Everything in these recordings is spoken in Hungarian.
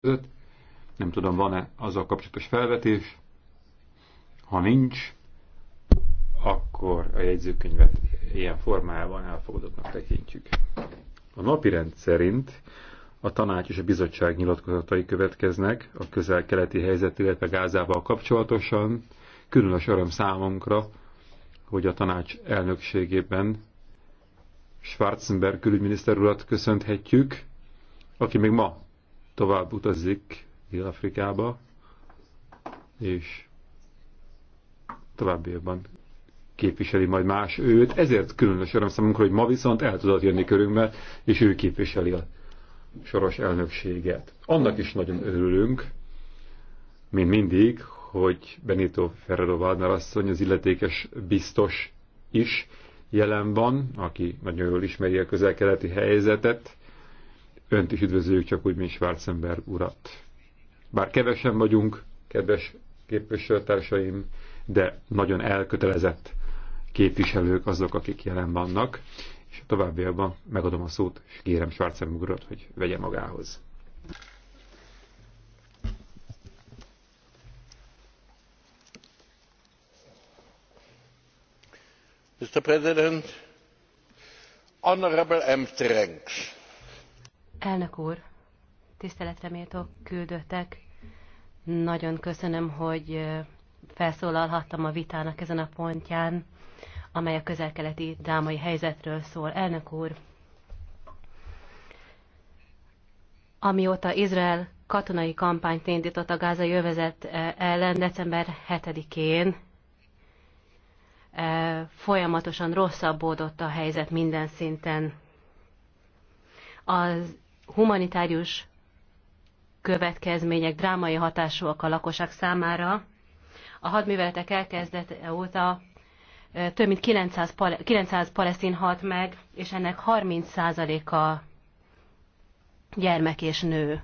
között. Nem tudom, van-e azzal kapcsolatos felvetés. Ha nincs, akkor a jegyzőkönyvet ilyen formában elfogadottnak tekintjük. A napirend szerint a tanács és a bizottság nyilatkozatai következnek a közel-keleti helyzet, illetve Gázával kapcsolatosan. Különös öröm számunkra, hogy a tanács elnökségében Schwarzenberg külügyminiszter urat köszönhetjük, aki még ma tovább utazik Dél-Afrikába, és évben képviseli majd más őt. Ezért különös öröm számunkra, hogy ma viszont el tudott jönni körünkbe, és ő képviseli a soros elnökséget. Annak is nagyon örülünk, mint mindig, hogy Benito Ferrero Wagner asszony, az illetékes biztos is jelen van, aki nagyon jól ismeri a közel-keleti helyzetet, Önt is üdvözöljük csak úgy, mint Schwarzenberg urat. Bár kevesen vagyunk, kedves képviselőtársaim, de nagyon elkötelezett képviselők azok, akik jelen vannak, és a továbbiakban megadom a szót, és kérem Schwarzenberg urat, hogy vegye magához. Mr. President, Honorable M. Trenks, Elnök úr, tiszteletre méltó küldöttek. Nagyon köszönöm, hogy felszólalhattam a vitának ezen a pontján, amely a közelkeleti drámai helyzetről szól. Elnök úr, amióta Izrael katonai kampányt indított a gázai övezet ellen december 7-én, folyamatosan rosszabbódott a helyzet minden szinten. Az humanitárius következmények drámai hatásúak a lakosság számára. A hadműveletek elkezdete óta több mint 900, pal 900 palesztin halt meg, és ennek 30%-a gyermek és nő.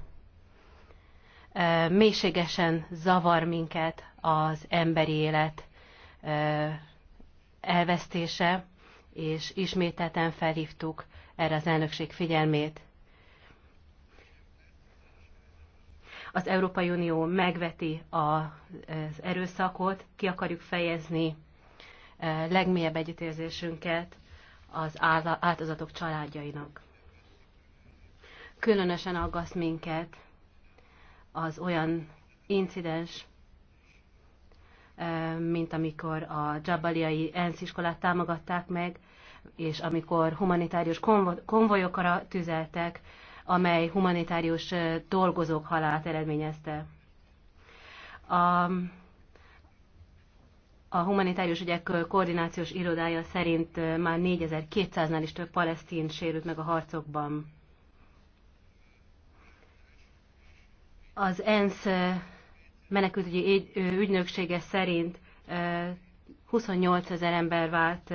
Mélységesen zavar minket az emberi élet elvesztése, és ismételten felhívtuk erre az elnökség figyelmét. az Európai Unió megveti az erőszakot, ki akarjuk fejezni e, legmélyebb együttérzésünket az áldozatok családjainak. Különösen aggaszt minket az olyan incidens, e, mint amikor a Jabaliai ENSZ iskolát támogatták meg, és amikor humanitárius konvojokra tüzeltek, amely humanitárius dolgozók halálát eredményezte. A, a humanitárius ügyek koordinációs irodája szerint már 4200-nál is több palesztin sérült meg a harcokban. Az ENSZ menekültügyi ügynöksége szerint 28 ezer ember vált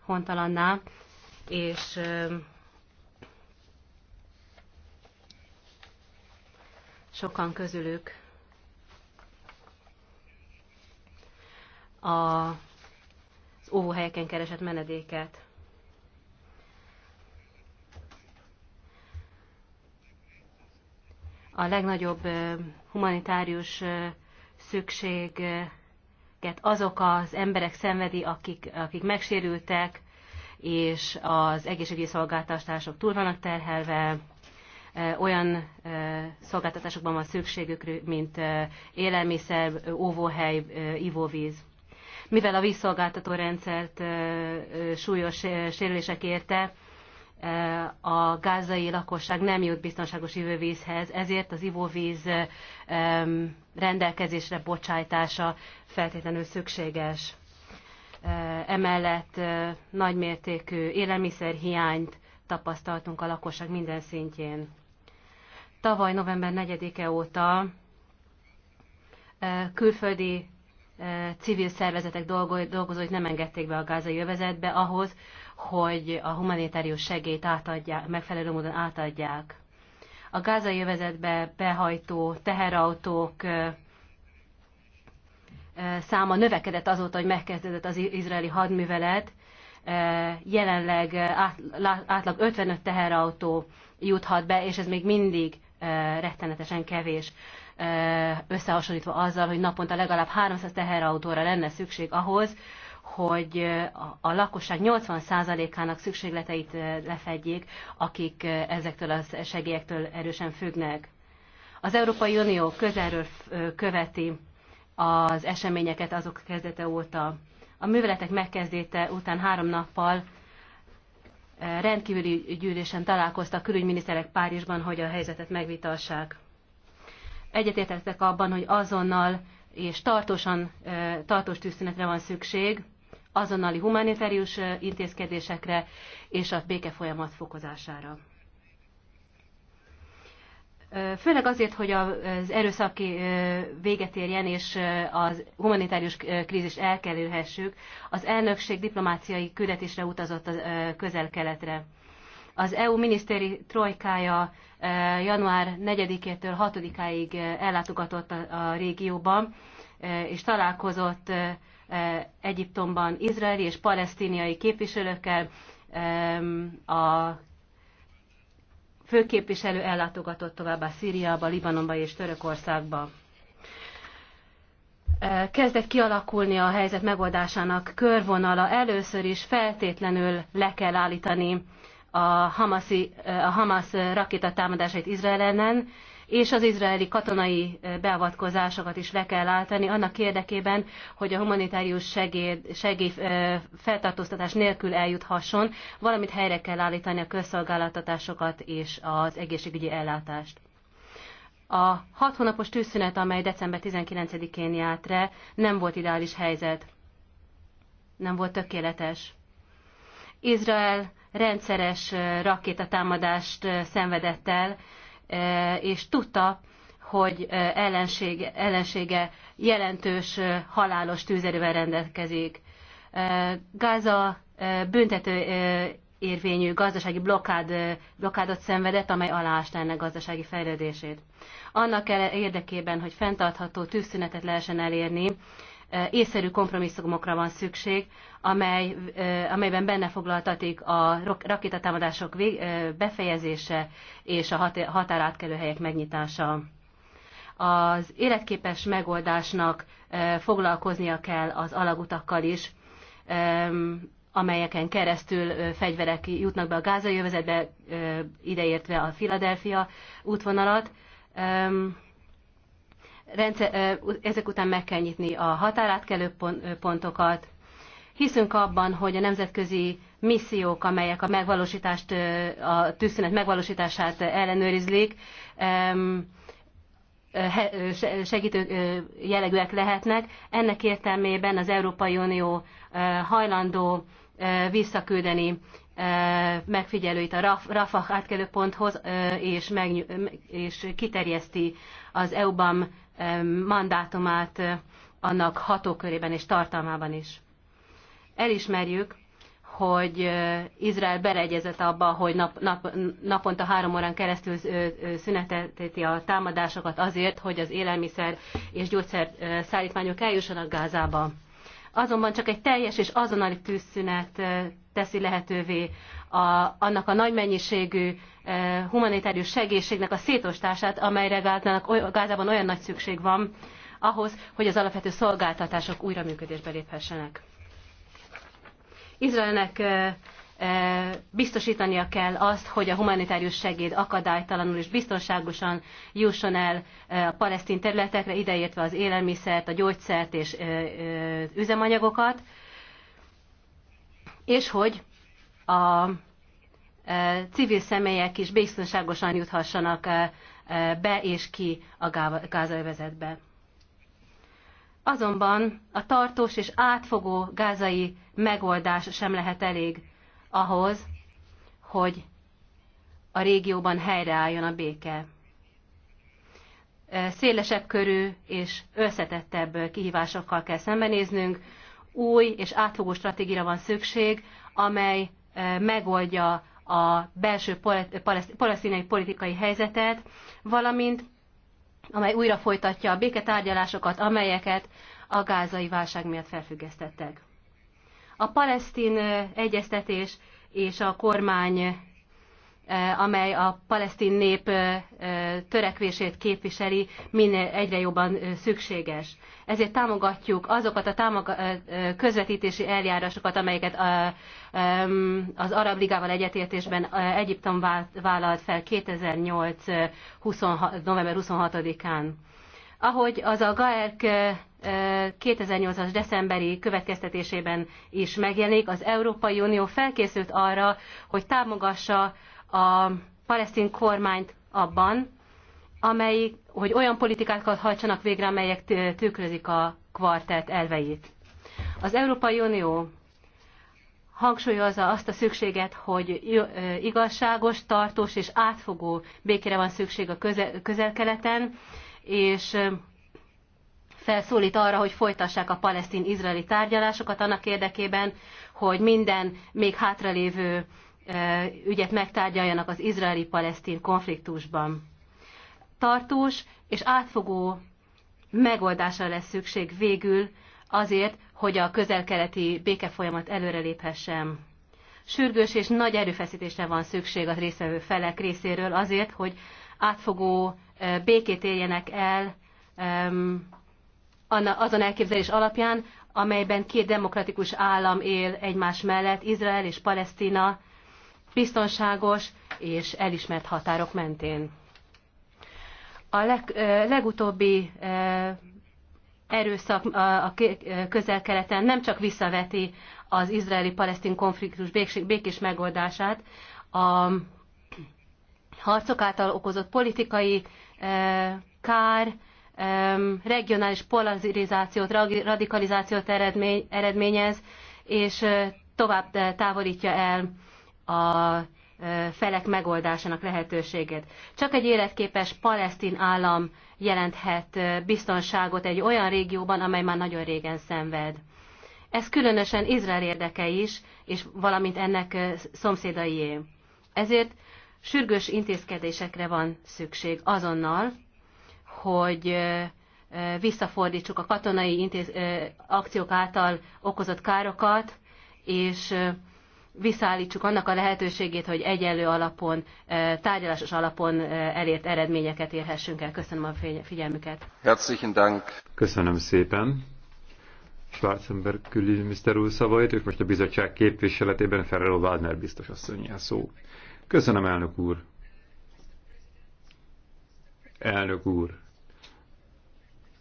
hontalanná, és sokan közülük a az óvóhelyeken keresett menedéket. A legnagyobb humanitárius szükséget azok az emberek szenvedi, akik, akik megsérültek, és az egészségügyi szolgáltatások túl vannak terhelve, olyan szolgáltatásokban van szükségük, mint élelmiszer, óvóhely, ivóvíz. Mivel a vízszolgáltató rendszert súlyos sérülések érte, a gázai lakosság nem jut biztonságos ivóvízhez, ezért az ivóvíz rendelkezésre bocsájtása feltétlenül szükséges. Emellett nagymértékű élelmiszerhiányt tapasztaltunk a lakosság minden szintjén. Tavaly november 4-e óta eh, külföldi eh, civil szervezetek dolgozóit nem engedték be a gázai övezetbe ahhoz, hogy a humanitárius segélyt átadják, megfelelő módon átadják. A gázai övezetbe behajtó teherautók eh, száma növekedett azóta, hogy megkezdődött az izraeli hadművelet. Jelenleg átlag 55 teherautó juthat be, és ez még mindig rettenetesen kevés összehasonlítva azzal, hogy naponta legalább 300 teherautóra lenne szükség ahhoz, hogy a lakosság 80%-ának szükségleteit lefedjék, akik ezektől a segélyektől erősen függnek. Az Európai Unió közelről követi az eseményeket azok kezdete óta. A műveletek megkezdéte után három nappal rendkívüli gyűlésen találkoztak külügyminiszterek Párizsban, hogy a helyzetet megvitassák. Egyetértettek abban, hogy azonnal és tartósan, tartós tűzszünetre van szükség, azonnali humanitárius intézkedésekre és a béke folyamat fokozására. Főleg azért, hogy az erőszak véget érjen, és az humanitárius krízis elkerülhessük, az elnökség diplomáciai küldetésre utazott a közel-keletre. Az EU minisztéri trojkája január 4-től 6 ig ellátogatott a régióban, és találkozott Egyiptomban izraeli és palesztíniai képviselőkkel, a főképviselő ellátogatott továbbá Szíriába, Libanonba és Törökországba. Kezdett kialakulni a helyzet megoldásának körvonala. Először is feltétlenül le kell állítani a, Hamasi, a Hamas rakétatámadásait Izrael ellen, és az izraeli katonai eh, beavatkozásokat is le kell állítani annak érdekében, hogy a humanitárius segély, segély eh, feltartóztatás nélkül eljuthasson, valamint helyre kell állítani a közszolgáltatásokat és az egészségügyi ellátást. A hat hónapos tűzszünet, amely december 19-én járt re, nem volt ideális helyzet. Nem volt tökéletes. Izrael rendszeres eh, rakétatámadást szenvedett el, E, és tudta, hogy e, ellenség, ellensége jelentős e, halálos tűzerővel rendelkezik. Gáza büntető érvényű gazdasági blokkád, blokkádot szenvedett, amely aláásta ennek gazdasági fejlődését. Annak érdekében, hogy fenntartható tűzszünetet lehessen elérni, Eh, észszerű kompromisszumokra van szükség, amely, eh, amelyben benne foglaltatik a rakétatámadások eh, befejezése és a határátkelő helyek megnyitása. Az életképes megoldásnak foglalkoznia kell az alagutakkal is, amelyeken keresztül fegyverek jutnak be a gázai jövezetbe, ideértve a Philadelphia útvonalat rendszer, ezek után meg kell nyitni a határátkelő pontokat. Hiszünk abban, hogy a nemzetközi missziók, amelyek a megvalósítást, a tűzszünet megvalósítását ellenőrizlik, segítő jellegűek lehetnek. Ennek értelmében az Európai Unió hajlandó visszaküldeni megfigyelőit a Rafah átkelőponthoz, és, és kiterjeszti az EU-ban mandátumát eh, annak hatókörében és tartalmában is. Elismerjük, hogy eh, Izrael beregyezett abba, hogy nap, nap, naponta három órán keresztül eh, szünetelteti a támadásokat azért, hogy az élelmiszer és gyógyszer szállítmányok eljussanak Gázába. Azonban csak egy teljes és azonnali tűzszünet teszi lehetővé a, annak a nagy mennyiségű e, humanitárius segélységnek a szétosztását, amelyre Gázában olyan nagy szükség van, ahhoz, hogy az alapvető szolgáltatások újra működésbe léphessenek. Izraelnek e, e, biztosítania kell azt, hogy a humanitárius segéd akadálytalanul és biztonságosan jusson el a palesztin területekre, ideértve az élelmiszert, a gyógyszert és üzemanyagokat, és hogy a e, civil személyek is biztonságosan juthassanak e, e, be és ki a gázaövezetbe. Azonban a tartós és átfogó gázai megoldás sem lehet elég ahhoz, hogy a régióban helyreálljon a béke. Szélesebb körű és összetettebb kihívásokkal kell szembenéznünk, új és átfogó stratégiára van szükség, amely megoldja a belső palesztinai politikai helyzetet, valamint amely újra folytatja a béketárgyalásokat, amelyeket a gázai válság miatt felfüggesztettek. A palesztin egyeztetés és a kormány amely a palesztin nép törekvését képviseli, minél egyre jobban szükséges. Ezért támogatjuk azokat a támog- közvetítési eljárásokat, amelyeket az Arab Ligával egyetértésben Egyiptom vállalt fel 2008. 26, november 26-án. Ahogy az a GAERK 2008-as decemberi következtetésében is megjelenik, az Európai Unió felkészült arra, hogy támogassa a palesztin kormányt abban, amelyik, hogy olyan politikákat hajtsanak végre, amelyek tükrözik a kvartett elveit. Az Európai Unió hangsúlyozza azt a szükséget, hogy igazságos, tartós és átfogó békére van szükség a közel-keleten, és felszólít arra, hogy folytassák a palesztin-izraeli tárgyalásokat annak érdekében, hogy minden még hátralévő ügyet megtárgyaljanak az izraeli-palesztin konfliktusban. Tartós és átfogó megoldásra lesz szükség végül azért, hogy a közel-keleti békefolyamat előreléphessen. Sürgős és nagy erőfeszítésre van szükség az részvevő felek részéről azért, hogy átfogó békét éljenek el azon elképzelés alapján, amelyben két demokratikus állam él egymás mellett, Izrael és Palesztina, biztonságos és elismert határok mentén. A leg, legutóbbi erőszak a közel-keleten nem csak visszaveti az izraeli-palesztin konfliktus békés megoldását, a harcok által okozott politikai kár, regionális polarizációt, radikalizációt eredményez, és tovább távolítja el a felek megoldásának lehetőségét. Csak egy életképes palesztin állam jelenthet biztonságot egy olyan régióban, amely már nagyon régen szenved. Ez különösen Izrael érdeke is, és valamint ennek szomszédaié. Ezért sürgős intézkedésekre van szükség azonnal, hogy visszafordítsuk a katonai intéz, akciók által okozott károkat, és visszaállítsuk annak a lehetőségét, hogy egyenlő alapon, tárgyalásos alapon elért eredményeket érhessünk el. Köszönöm a figyelmüket. Herzlichen Dank. Köszönöm szépen. Schwarzenberg külügyminiszter úr szavait, ők most a bizottság képviseletében Ferrero Wagner biztos asszonyja szó. Köszönöm, elnök úr. Elnök úr.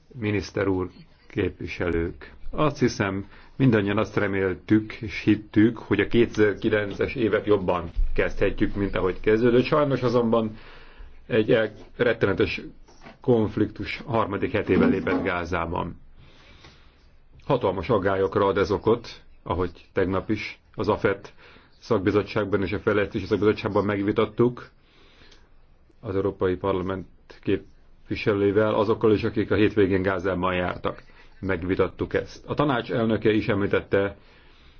Miniszter úr, képviselők. Azt hiszem, Mindannyian azt reméltük és hittük, hogy a 2009-es évet jobban kezdhetjük, mint ahogy kezdődött. Sajnos azonban egy rettenetes konfliktus harmadik hetében lépett Gázában. Hatalmas aggályokra ad ez okot, ahogy tegnap is az AFET szakbizottságban és a fejlesztési szakbizottságban megvitattuk az Európai Parlament képviselővel, azokkal is, akik a hétvégén Gázában jártak megvitattuk ezt. A tanács elnöke is említette,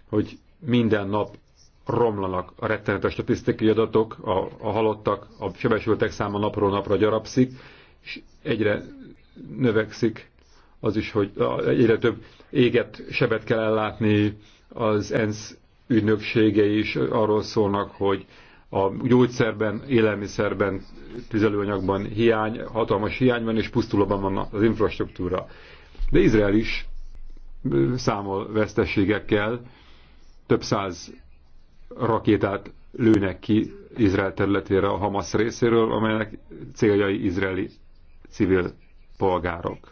hogy minden nap romlanak a rettenetes statisztikai adatok, a, a halottak, a sebesültek száma napról napra gyarapszik, és egyre növekszik az is, hogy egyre több éget sebet kell ellátni, az ENSZ ügynöksége is arról szólnak, hogy a gyógyszerben, élelmiszerben, tüzelőanyagban hiány, hatalmas hiány van, és pusztulóban van az infrastruktúra. De Izrael is számol vesztességekkel, több száz rakétát lőnek ki Izrael területére a Hamas részéről, amelynek céljai izraeli civil polgárok.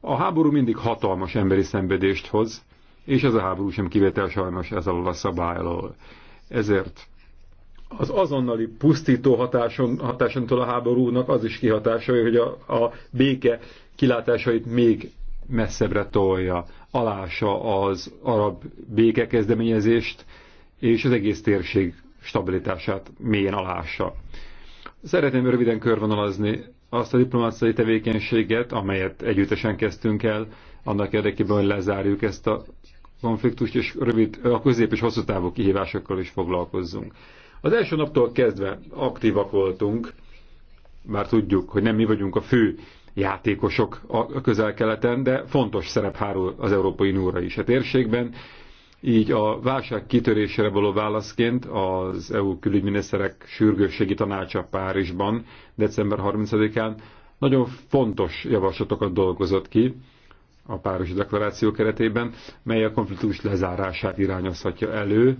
A háború mindig hatalmas emberi szenvedést hoz, és ez a háború sem kivétel sajnos ez alól a szabály alól. Ezért az azonnali pusztító hatáson, hatásontól a háborúnak az is kihatása, hogy a, a béke kilátásait még messzebbre tolja, alása az arab békekezdeményezést és az egész térség stabilitását mélyen alása. Szeretném röviden körvonalazni azt a diplomáciai tevékenységet, amelyet együttesen kezdtünk el, annak érdekében, hogy lezárjuk ezt a konfliktust, és rövid, a közép és hosszú távú kihívásokkal is foglalkozzunk. Az első naptól kezdve aktívak voltunk, bár tudjuk, hogy nem mi vagyunk a fő játékosok a közel-keleten, de fontos szerep hárul az Európai Unióra is a térségben. Így a válság kitörésére való válaszként az EU külügyminiszterek sürgősségi tanácsa Párizsban december 30-án nagyon fontos javaslatokat dolgozott ki a Párizsi Deklaráció keretében, mely a konfliktus lezárását irányozhatja elő,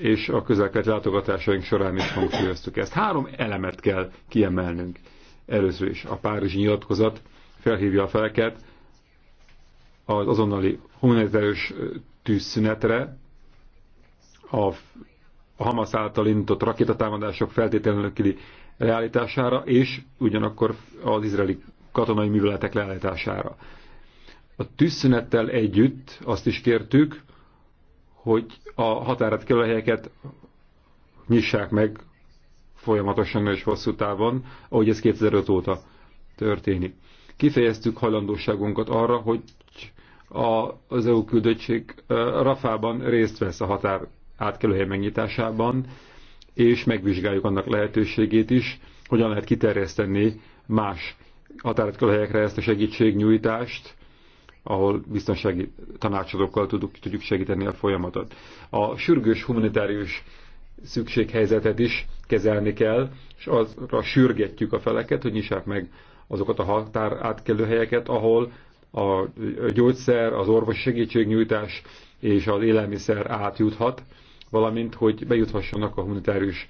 és a közelkelet látogatásaink során is hangsúlyoztuk ezt. Három elemet kell kiemelnünk. Először is a Párizsi nyilatkozat felhívja a feleket az azonnali humanitárius tűzszünetre, a Hamas által indított rakétatámadások feltétlenül leállítására, és ugyanakkor az izraeli katonai műveletek leállítására. A tűzszünettel együtt azt is kértük, hogy a határát a helyeket nyissák meg folyamatosan és hosszú távon, ahogy ez 2005 óta történik. Kifejeztük hajlandóságunkat arra, hogy a, az EU küldöttség Rafában részt vesz a határ átkelőhely megnyitásában, és megvizsgáljuk annak lehetőségét is, hogyan lehet kiterjeszteni más határátkelőhelyekre ezt a segítségnyújtást, ahol biztonsági tanácsadókkal tudjuk, tudjuk segíteni a folyamatot. A sürgős humanitárius szükséghelyzetet is kezelni kell, és azra sürgetjük a feleket, hogy nyissák meg azokat a határ helyeket, ahol a gyógyszer, az orvos segítségnyújtás és az élelmiszer átjuthat, valamint hogy bejuthassanak a humanitárius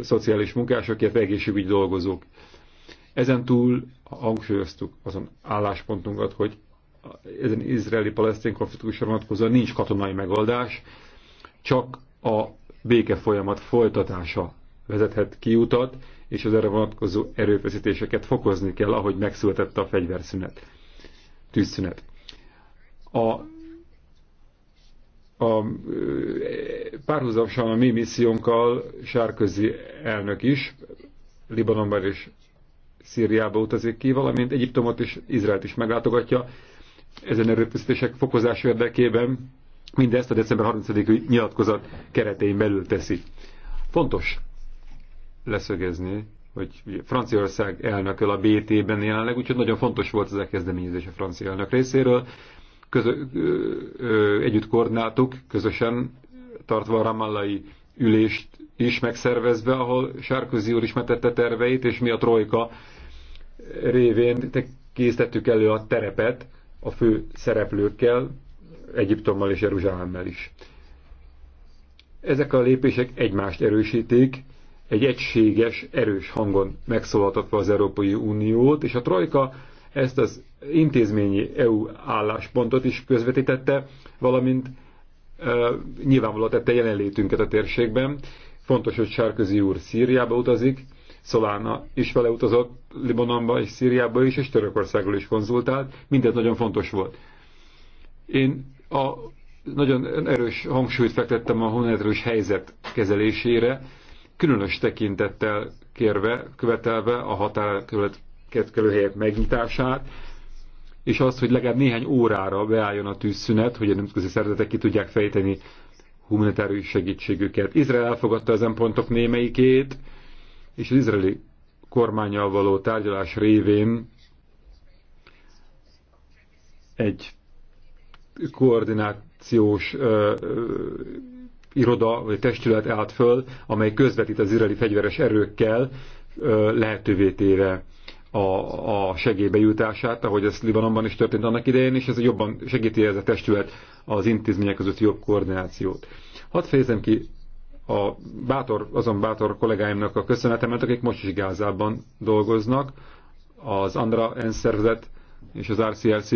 szociális munkások, illetve egészségügyi dolgozók. Ezen túl hangsúlyoztuk azon álláspontunkat, hogy ezen izraeli-palesztin konfliktusra vonatkozóan nincs katonai megoldás, csak a béke folyamat folytatása vezethet kiutat, és az erre vonatkozó erőfeszítéseket fokozni kell, ahogy megszületett a fegyverszünet, tűzszünet. A, a párhuzamosan a mi missziónkkal Sárközi elnök is Libanonban és Szíriába utazik ki, valamint Egyiptomot és Izraelt is meglátogatja. Ezen erőfeszítések fokozása érdekében Mindezt a december 30-i nyilatkozat keretein belül teszi. Fontos leszögezni, hogy Franciaország elnököl a BT-ben jelenleg, úgyhogy nagyon fontos volt ez a kezdeményezés a francia elnök részéről. Közö, ö, ö, együtt koordináltuk, közösen tartva a ramallai ülést is megszervezve, ahol Sárközi úr ismertette terveit, és mi a Trojka révén készítettük elő a terepet a fő szereplőkkel, Egyiptommal és Jeruzsálemmel is. Ezek a lépések egymást erősítik, egy egységes, erős hangon megszólaltatva az Európai Uniót, és a Trojka ezt az intézményi EU álláspontot is közvetítette, valamint e, nyilvánvalóan tette jelenlétünket a térségben. Fontos, hogy Sárközi úr Szíriába utazik, Szolána is vele utazott Libanonba és Szíriába is, és Törökországról is konzultált. Mindez nagyon fontos volt. Én a nagyon erős hangsúlyt fektettem a honetrős helyzet kezelésére, különös tekintettel kérve, követelve a határkövetkező megnyitását, és azt, hogy legalább néhány órára beálljon a tűzszünet, hogy a nemzetközi szervezetek ki tudják fejteni humanitárius segítségüket. Izrael elfogadta ezen pontok némelyikét, és az izraeli kormányjal való tárgyalás révén egy koordinációs ö, ö, iroda vagy testület állt föl, amely közvetít az izraeli fegyveres erőkkel, ö, lehetővé téve a, a segélybe jutását, ahogy ez Libanonban is történt annak idején, és ez jobban segíti ez a testület az intézmények között jobb koordinációt. Hadd fejezem ki a bátor, azon bátor kollégáimnak a köszönetemet, akik most is Gázában dolgoznak, az Andra ENSZ szervezet és az RCRC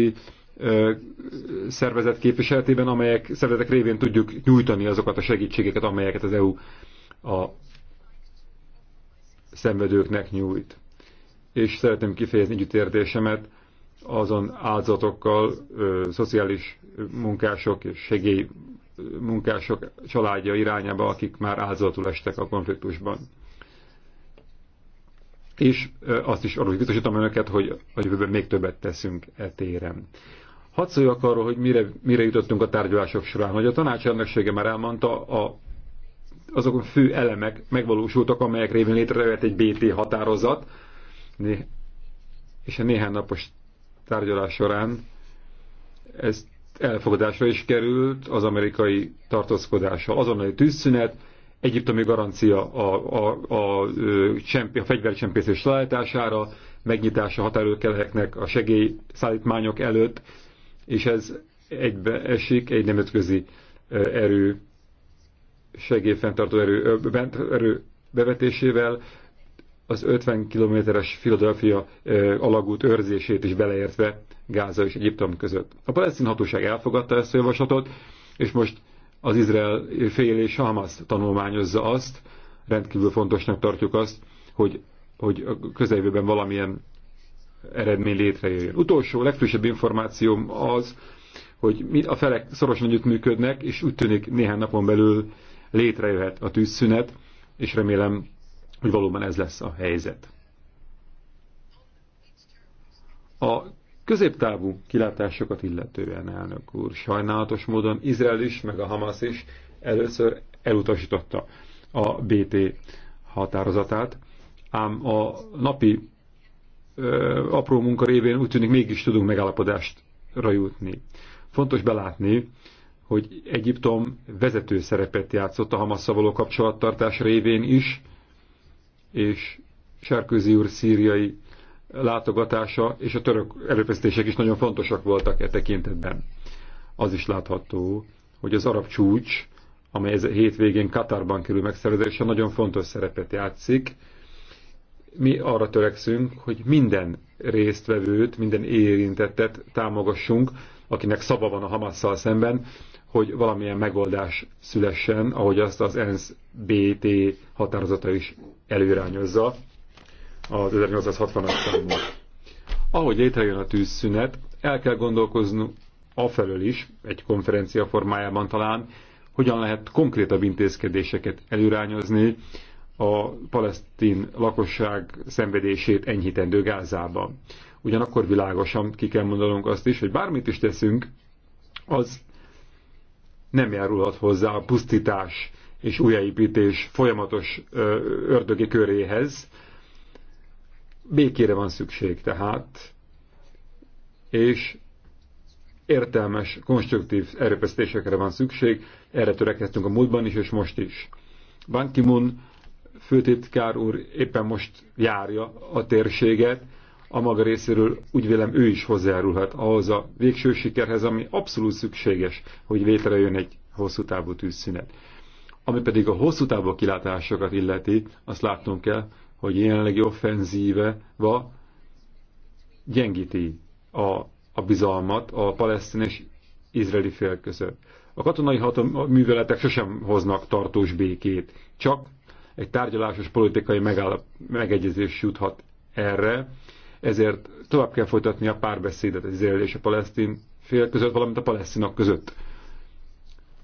szervezet képviseletében, amelyek szervezetek révén tudjuk nyújtani azokat a segítségeket, amelyeket az EU a szenvedőknek nyújt. És szeretném kifejezni együttérdésemet azon áldozatokkal, szociális munkások és segély munkások családja irányába, akik már áldozatul estek a konfliktusban. És azt is arról biztosítom önöket, hogy a jövőben még többet teszünk e téren. Hadd szóljak arról, hogy mire, mire jutottunk a tárgyalások során. Hogy a tanácselnöksége már elmondta, a, azok a fő elemek megvalósultak, amelyek révén létrejött egy BT határozat, és a néhány napos tárgyalás során ez elfogadásra is került az amerikai tartózkodása. Azonnali tűzszünet, egyiptomi garancia a, a, a, a, a fegyvercsempészés leállítására, megnyitása határőkeleknek a segélyszállítmányok előtt, és ez egybe esik egy nemzetközi erő segélyfenntartó erő, erő bevetésével, az 50 kilométeres Philadelphia alagút őrzését is beleértve Gáza és Egyiptom között. A palesztin hatóság elfogadta ezt a javaslatot, és most az Izrael fél és Hamas tanulmányozza azt, rendkívül fontosnak tartjuk azt, hogy, hogy a közeljövőben valamilyen eredmény létrejöjjön. Utolsó, legfrissebb információm az, hogy a felek szorosan együttműködnek, és úgy tűnik néhány napon belül létrejöhet a tűzszünet, és remélem, hogy valóban ez lesz a helyzet. A középtávú kilátásokat illetően, elnök úr, sajnálatos módon Izrael is, meg a Hamas is először elutasította a BT határozatát, ám a napi apró munka révén úgy tűnik mégis tudunk megállapodást jutni. Fontos belátni, hogy Egyiptom vezető szerepet játszott a Hamasszal való kapcsolattartás révén is, és Sárközi úr szíriai látogatása és a török erőfeszítések is nagyon fontosak voltak e tekintetben. Az is látható, hogy az arab csúcs, amely ez a hétvégén Katarban kerül megszervezésre, nagyon fontos szerepet játszik, mi arra törekszünk, hogy minden résztvevőt, minden érintettet támogassunk, akinek szava van a Hamasszal szemben, hogy valamilyen megoldás szülessen, ahogy azt az ENSZ BT határozata is előrányozza az 1860-as számban. Ahogy létrejön a tűzszünet, el kell gondolkoznunk afelől is, egy konferencia formájában talán, hogyan lehet konkrétabb intézkedéseket előrányozni, a palesztin lakosság szenvedését enyhítendő Gázában. Ugyanakkor világosan ki kell mondanunk azt is, hogy bármit is teszünk, az nem járulhat hozzá a pusztítás és újjáépítés folyamatos ördögi köréhez. Békére van szükség tehát, és értelmes, konstruktív erőfeszítésekre van szükség, erre törekedtünk a múltban is és most is. Ban Ki-moon főtitkár úr éppen most járja a térséget, a maga részéről úgy vélem ő is hozzájárulhat ahhoz a végső sikerhez, ami abszolút szükséges, hogy létrejön egy hosszú távú tűzszünet. Ami pedig a hosszú távú kilátásokat illeti, azt látnunk kell, hogy jelenlegi offenzíve va gyengíti a, a bizalmat a palesztin és izraeli fél között. A katonai hatom, a műveletek sosem hoznak tartós békét, csak egy tárgyalásos politikai megállap, megegyezés juthat erre, ezért tovább kell folytatni a párbeszédet az izrael és a palesztin fél között, valamint a palesztinok között.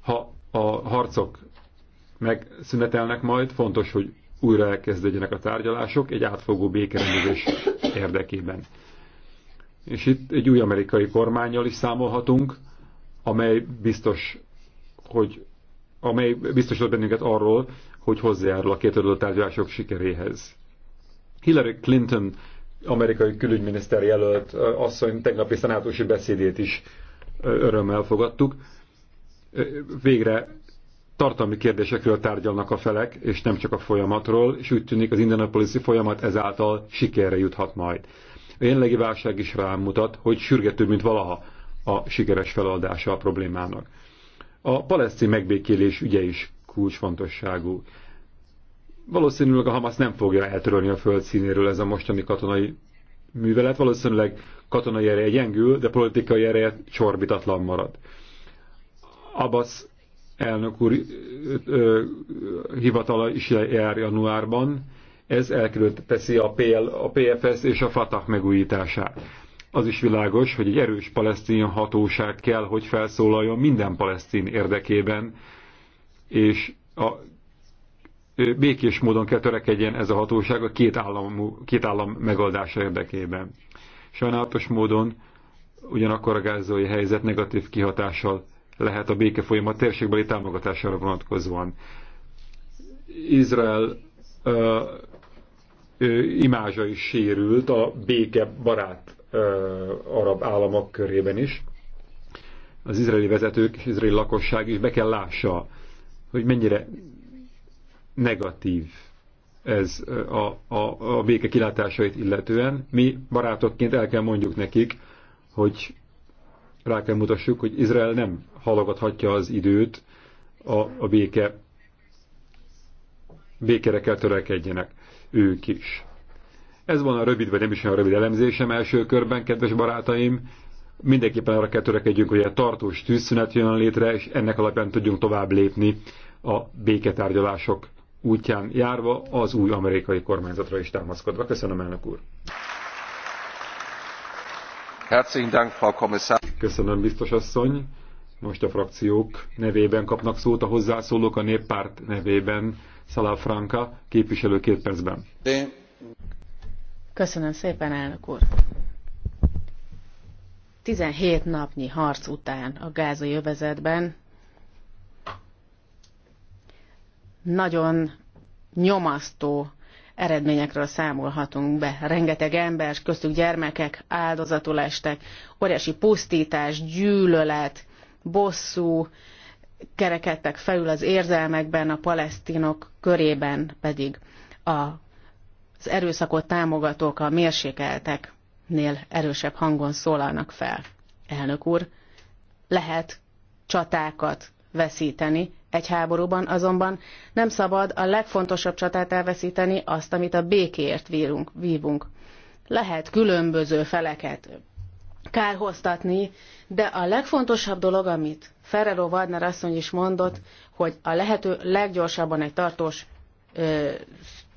Ha a harcok megszünetelnek majd, fontos, hogy újra elkezdődjenek a tárgyalások egy átfogó békerendezés érdekében. És itt egy új amerikai kormányjal is számolhatunk, amely biztos, hogy amely biztosított bennünket arról, hogy hozzájárul a két adott tárgyalások sikeréhez. Hillary Clinton amerikai külügyminiszter jelölt asszony tegnapi szenátusi beszédét is örömmel fogadtuk. Végre tartalmi kérdésekről tárgyalnak a felek, és nem csak a folyamatról, és úgy tűnik az indianapolis folyamat ezáltal sikerre juthat majd. A jelenlegi válság is rámutat, hogy sürgetőbb, mint valaha a sikeres feloldása a problémának. A palesztin megbékélés ügye is kulcsfontosságú. Valószínűleg a Hamas nem fogja eltörölni a föld színéről ez a mostani katonai művelet, valószínűleg katonai ereje gyengül, de politikai ereje csorbitatlan marad. Abbas elnök úr ö, ö, hivatala is jár januárban, ez elkerült teszi a, PL, a PFS és a Fatah megújítását. Az is világos, hogy egy erős palesztin hatóság kell, hogy felszólaljon minden palesztin érdekében, és a békés módon kell törekedjen ez a hatóság a két, állam, két állam megoldása érdekében. Sajnálatos módon ugyanakkor a gázói helyzet negatív kihatással lehet a béke folyamat térségbeli támogatására vonatkozóan. Izrael ö, ö, imázsa is sérült a béke barát ö, arab államok körében is. Az izraeli vezetők és izraeli lakosság is be kell lássa, hogy mennyire negatív ez a, a, a béke kilátásait illetően. Mi barátokként el kell mondjuk nekik, hogy rá kell mutassuk, hogy Izrael nem halogathatja az időt, a, a béke békére kell törekedjenek ők is. Ez van a rövid, vagy nem is olyan rövid elemzésem első körben, kedves barátaim mindenképpen arra kell törekedjünk, hogy a tartós tűzszünet jön létre, és ennek alapján tudjunk tovább lépni a béketárgyalások útján járva az új amerikai kormányzatra is támaszkodva. Köszönöm, elnök úr! Köszönöm, biztos asszony! Most a frakciók nevében kapnak szót a hozzászólók a néppárt nevében. Szalá Franka, képviselő két percben. Köszönöm szépen, elnök úr! 17 napnyi harc után a gázai övezetben nagyon nyomasztó eredményekről számolhatunk be. Rengeteg ember, köztük gyermekek áldozatul estek, óriási pusztítás, gyűlölet, bosszú, kerekedtek felül az érzelmekben, a palesztinok körében pedig a, az erőszakot támogatók a mérsékeltek nél erősebb hangon szólalnak fel. Elnök úr, lehet csatákat veszíteni egy háborúban, azonban nem szabad a legfontosabb csatát elveszíteni, azt, amit a békéért vírunk, vívunk. Lehet különböző feleket kárhoztatni, de a legfontosabb dolog, amit Ferrero Wagner asszony is mondott, hogy a lehető leggyorsabban egy tartós ö,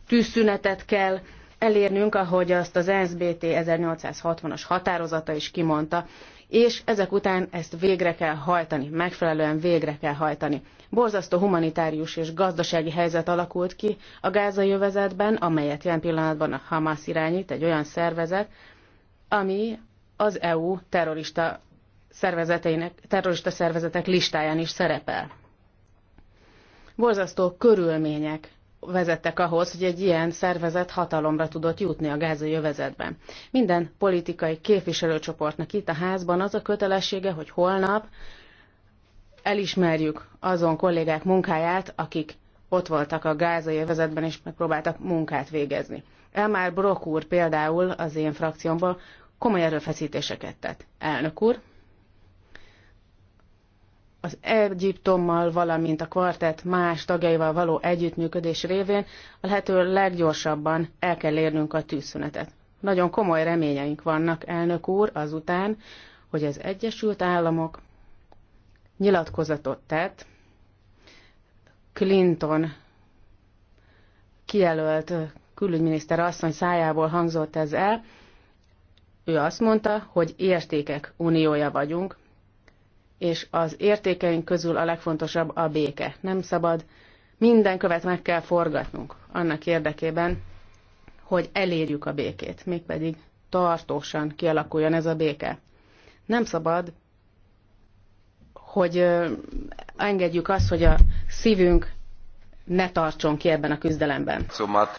tűzszünetet kell elérnünk, ahogy azt az NSBT 1860-as határozata is kimondta, és ezek után ezt végre kell hajtani, megfelelően végre kell hajtani. Borzasztó humanitárius és gazdasági helyzet alakult ki a gázai övezetben, amelyet jelen pillanatban a Hamas irányít, egy olyan szervezet, ami az EU terrorista, szervezeteinek, terrorista szervezetek listáján is szerepel. Borzasztó körülmények vezettek ahhoz, hogy egy ilyen szervezet hatalomra tudott jutni a gázai övezetben. Minden politikai képviselőcsoportnak itt a házban az a kötelessége, hogy holnap elismerjük azon kollégák munkáját, akik ott voltak a gázai övezetben és megpróbáltak munkát végezni. Elmár Brok úr például az én frakciómból komoly erőfeszítéseket tett. Elnök úr, az Egyiptommal, valamint a kvartett más tagjaival való együttműködés révén a lehető leggyorsabban el kell érnünk a tűzszünetet. Nagyon komoly reményeink vannak, elnök úr, azután, hogy az Egyesült Államok nyilatkozatot tett Clinton kijelölt külügyminiszter asszony szájából hangzott ez el. Ő azt mondta, hogy értékek uniója vagyunk, és az értékeink közül a legfontosabb a béke. Nem szabad, minden követ meg kell forgatnunk annak érdekében, hogy elérjük a békét, mégpedig tartósan kialakuljon ez a béke. Nem szabad, hogy engedjük azt, hogy a szívünk ne tartson ki ebben a küzdelemben.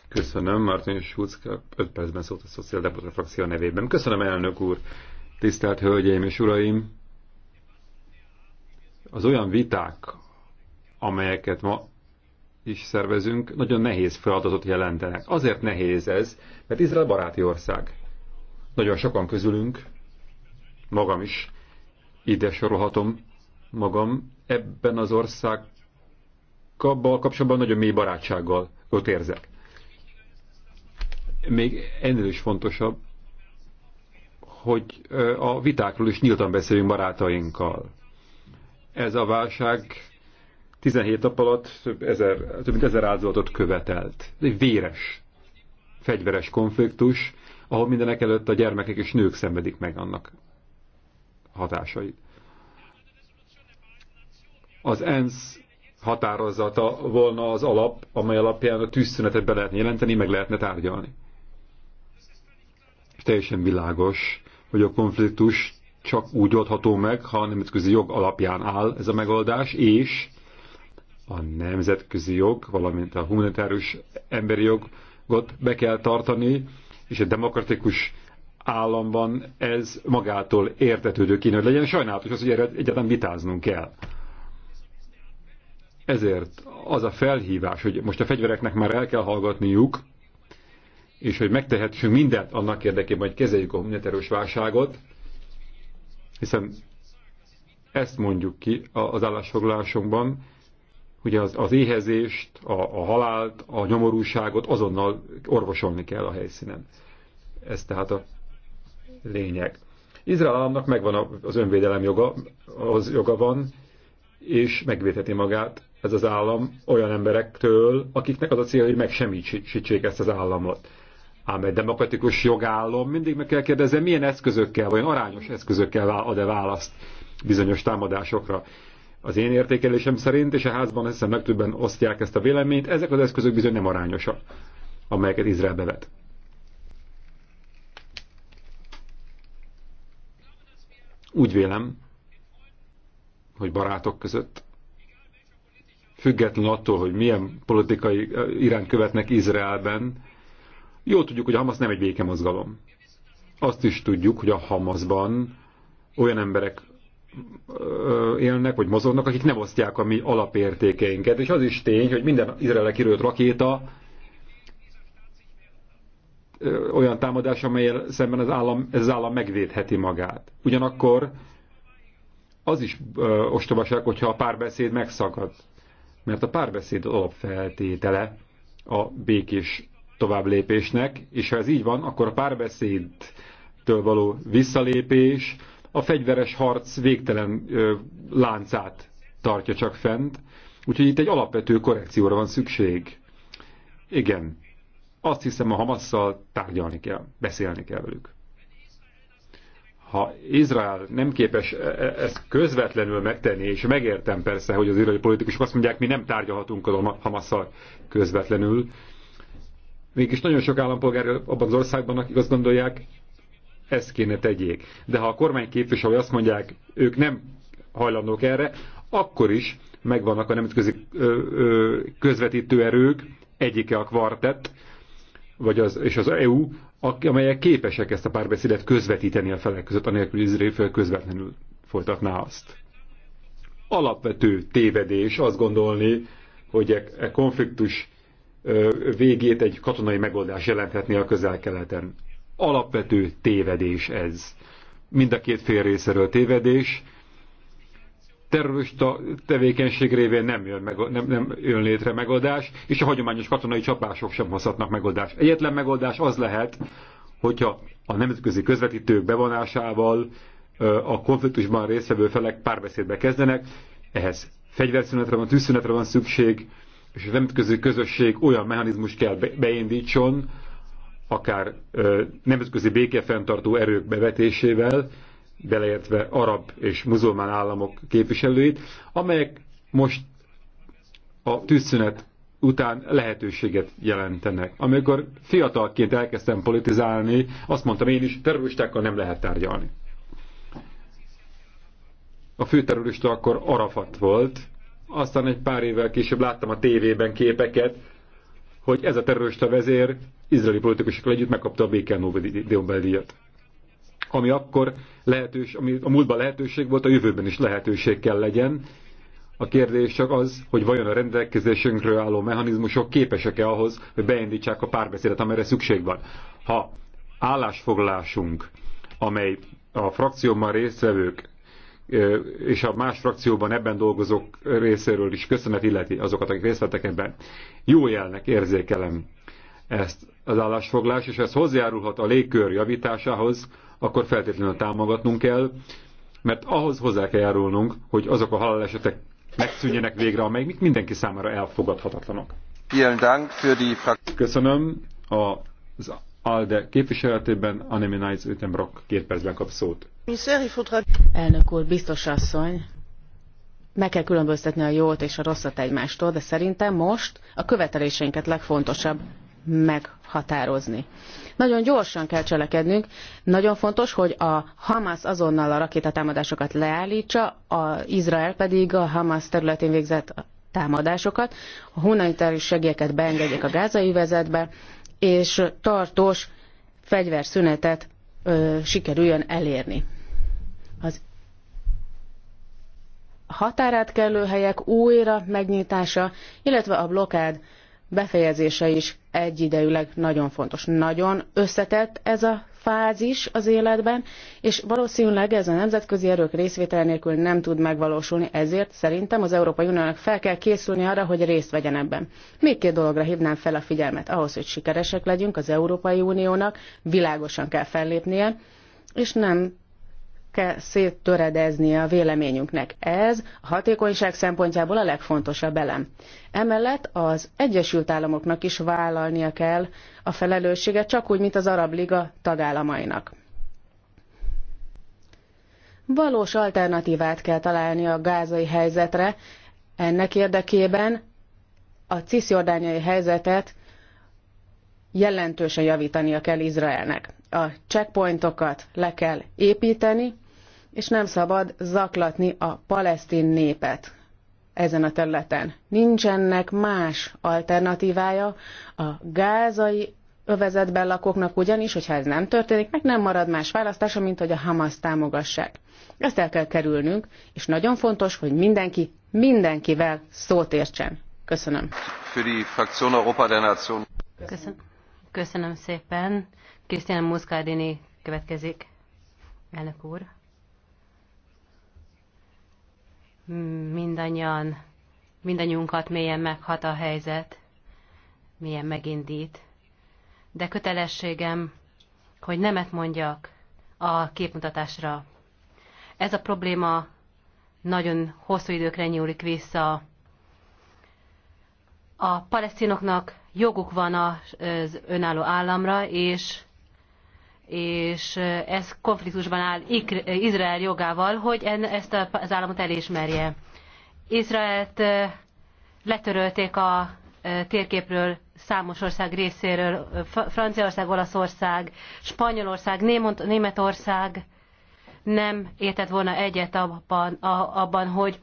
Köszönöm, Martin Schulz, 5 percben szólt a Szociáldemokrata frakció nevében. Köszönöm, elnök úr, tisztelt hölgyeim és uraim! Az olyan viták, amelyeket ma is szervezünk, nagyon nehéz feladatot jelentenek. Azért nehéz ez, mert Izrael baráti ország. Nagyon sokan közülünk, magam is, ide sorolhatom magam, ebben az országgal kapcsolatban nagyon mély barátsággal ott érzek. Még ennél is fontosabb, hogy a vitákról is nyíltan beszéljünk barátainkkal ez a válság 17 nap alatt több, ezer, több mint ezer áldozatot követelt. Ez egy véres, fegyveres konfliktus, ahol mindenek előtt a gyermekek és nők szenvedik meg annak hatásait. Az ENSZ határozata volna az alap, amely alapján a tűzszünetet be lehetne jelenteni, meg lehetne tárgyalni. És teljesen világos, hogy a konfliktus csak úgy oldható meg, ha a nemzetközi jog alapján áll ez a megoldás, és a nemzetközi jog, valamint a humanitárius emberi jogot be kell tartani, és a demokratikus államban ez magától értetődő kéne, hogy legyen. Sajnálatos az, hogy erre egyáltalán vitáznunk kell. Ezért az a felhívás, hogy most a fegyvereknek már el kell hallgatniuk, és hogy megtehetünk mindent annak érdekében, hogy kezeljük a humanitárius válságot, hiszen ezt mondjuk ki az állásfoglalásunkban, hogy az, az éhezést, a, a halált, a nyomorúságot azonnal orvosolni kell a helyszínen. Ez tehát a lényeg. Izrael államnak megvan az önvédelem joga, az joga van, és megvédheti magát ez az állam olyan emberektől, akiknek az a célja, hogy megsemmisítsék ezt az államot. Ám egy demokratikus jogállom, mindig meg kell kérdezni, milyen eszközökkel, vagy arányos eszközökkel ad-e választ bizonyos támadásokra. Az én értékelésem szerint, és a házban hiszem legtöbben osztják ezt a véleményt, ezek az eszközök bizony nem arányosak, amelyeket Izrael bevet. Úgy vélem, hogy barátok között, független attól, hogy milyen politikai eh, irány követnek Izraelben, Jól tudjuk, hogy a Hamas nem egy békemozgalom. Azt is tudjuk, hogy a Hamasban olyan emberek élnek, vagy mozognak, akik nem osztják a mi alapértékeinket. És az is tény, hogy minden izraelre kirőlt rakéta olyan támadás, amelyel szemben az állam, ez az állam megvédheti magát. Ugyanakkor az is ostobaság, hogyha a párbeszéd megszakad. Mert a párbeszéd alapfeltétele a békés tovább lépésnek, és ha ez így van, akkor a párbeszédtől való visszalépés a fegyveres harc végtelen ö, láncát tartja csak fent, úgyhogy itt egy alapvető korrekcióra van szükség. Igen, azt hiszem a Hamasszal tárgyalni kell, beszélni kell velük. Ha Izrael nem képes e, e, ezt közvetlenül megtenni, és megértem persze, hogy az izraeli politikusok azt mondják, mi nem tárgyalhatunk a Hamasszal közvetlenül, Mégis nagyon sok állampolgár abban az országban, akik azt gondolják, ezt kéne tegyék. De ha a kormány képviselői azt mondják, ők nem hajlandók erre, akkor is megvannak a nemzetközi közvetítő erők, egyike a kvartett, vagy az, és az EU, amelyek képesek ezt a párbeszédet közvetíteni a felek között, anélkül Izrael közvetlenül folytatná azt. Alapvető tévedés azt gondolni, hogy e, e konfliktus végét egy katonai megoldás jelenthetné a közel-keleten. Alapvető tévedés ez. Mind a két fél részéről tévedés. Terrorista tevékenység révén nem jön, meg, nem, nem jön létre megoldás, és a hagyományos katonai csapások sem hozhatnak megoldást. Egyetlen megoldás az lehet, hogyha a nemzetközi közvetítők bevonásával a konfliktusban résztvevő felek párbeszédbe kezdenek, ehhez fegyverszünetre van, tűzszünetre van szükség, és a nemzetközi közösség olyan mechanizmus kell beindítson, akár ö, nemzetközi békefenntartó erők bevetésével, beleértve arab és muzulmán államok képviselőit, amelyek most a tűzszünet után lehetőséget jelentenek. Amikor fiatalként elkezdtem politizálni, azt mondtam én is, terroristákkal nem lehet tárgyalni. A fő terrorista akkor Arafat volt, aztán egy pár évvel később láttam a tévében képeket, hogy ez a terrorista vezér izraeli politikusokkal együtt megkapta a béke Nobel-díjat. Ami akkor lehetős, ami a múltban lehetőség volt, a jövőben is lehetőség kell legyen. A kérdés csak az, hogy vajon a rendelkezésünkről álló mechanizmusok képesek-e ahhoz, hogy beindítsák a párbeszédet, amire szükség van. Ha állásfoglalásunk, amely a frakcióban résztvevők és a más frakcióban ebben dolgozók részéről is köszönet illeti azokat, akik részt vettek ebben. Jó jelnek érzékelem ezt az állásfoglás, és ez hozzájárulhat a légkör javításához, akkor feltétlenül támogatnunk kell, mert ahhoz hozzá kell járulnunk, hogy azok a halálesetek megszűnjenek végre, amelyek mindenki számára elfogadhatatlanok. Köszönöm az ALDE képviseletében Annemie Nights Brock két percben kap szót. Elnök úr, biztos asszony, meg kell különböztetni a jót és a rosszat egymástól, de szerintem most a követeléseinket legfontosabb meghatározni. Nagyon gyorsan kell cselekednünk. Nagyon fontos, hogy a Hamas azonnal a rakétatámadásokat leállítsa, a Izrael pedig a Hamas területén végzett támadásokat, a humanitárius segélyeket beengedjék a gázai vezetbe, és tartós fegyverszünetet ö, sikerüljön elérni. határátkelő helyek újra megnyitása, illetve a blokád befejezése is egyidejűleg nagyon fontos. Nagyon összetett ez a fázis az életben, és valószínűleg ez a nemzetközi erők részvétel nélkül nem tud megvalósulni, ezért szerintem az Európai Uniónak fel kell készülni arra, hogy részt vegyen ebben. Még két dologra hívnám fel a figyelmet. Ahhoz, hogy sikeresek legyünk, az Európai Uniónak világosan kell fellépnie, és nem kell széttöredeznie a véleményünknek. Ez a hatékonyság szempontjából a legfontosabb elem. Emellett az Egyesült Államoknak is vállalnia kell a felelősséget, csak úgy, mint az Arab Liga tagállamainak. Valós alternatívát kell találni a gázai helyzetre, ennek érdekében a cisziordániai helyzetet jelentősen javítania kell Izraelnek. A checkpointokat le kell építeni, és nem szabad zaklatni a palesztin népet ezen a területen. Nincsenek más alternatívája a gázai övezetben lakóknak ugyanis, hogyha ez nem történik, meg nem marad más választása, mint hogy a Hamas támogassák. Ezt el kell kerülnünk, és nagyon fontos, hogy mindenki mindenkivel szót értsen. Köszönöm. Köszönöm, Köszönöm szépen. Krisztián Muszkádini következik. Elnök úr. mindannyian, mindannyiunkat mélyen meghat a helyzet, milyen megindít. De kötelességem, hogy nemet mondjak a képmutatásra. Ez a probléma nagyon hosszú időkre nyúlik vissza. A palesztinoknak joguk van az önálló államra, és és ez konfliktusban áll Izrael jogával, hogy ezt az államot elismerje. Izraelt letörölték a térképről számos ország részéről, Franciaország, Olaszország, Spanyolország, Németország nem értett volna egyet abban, abban hogy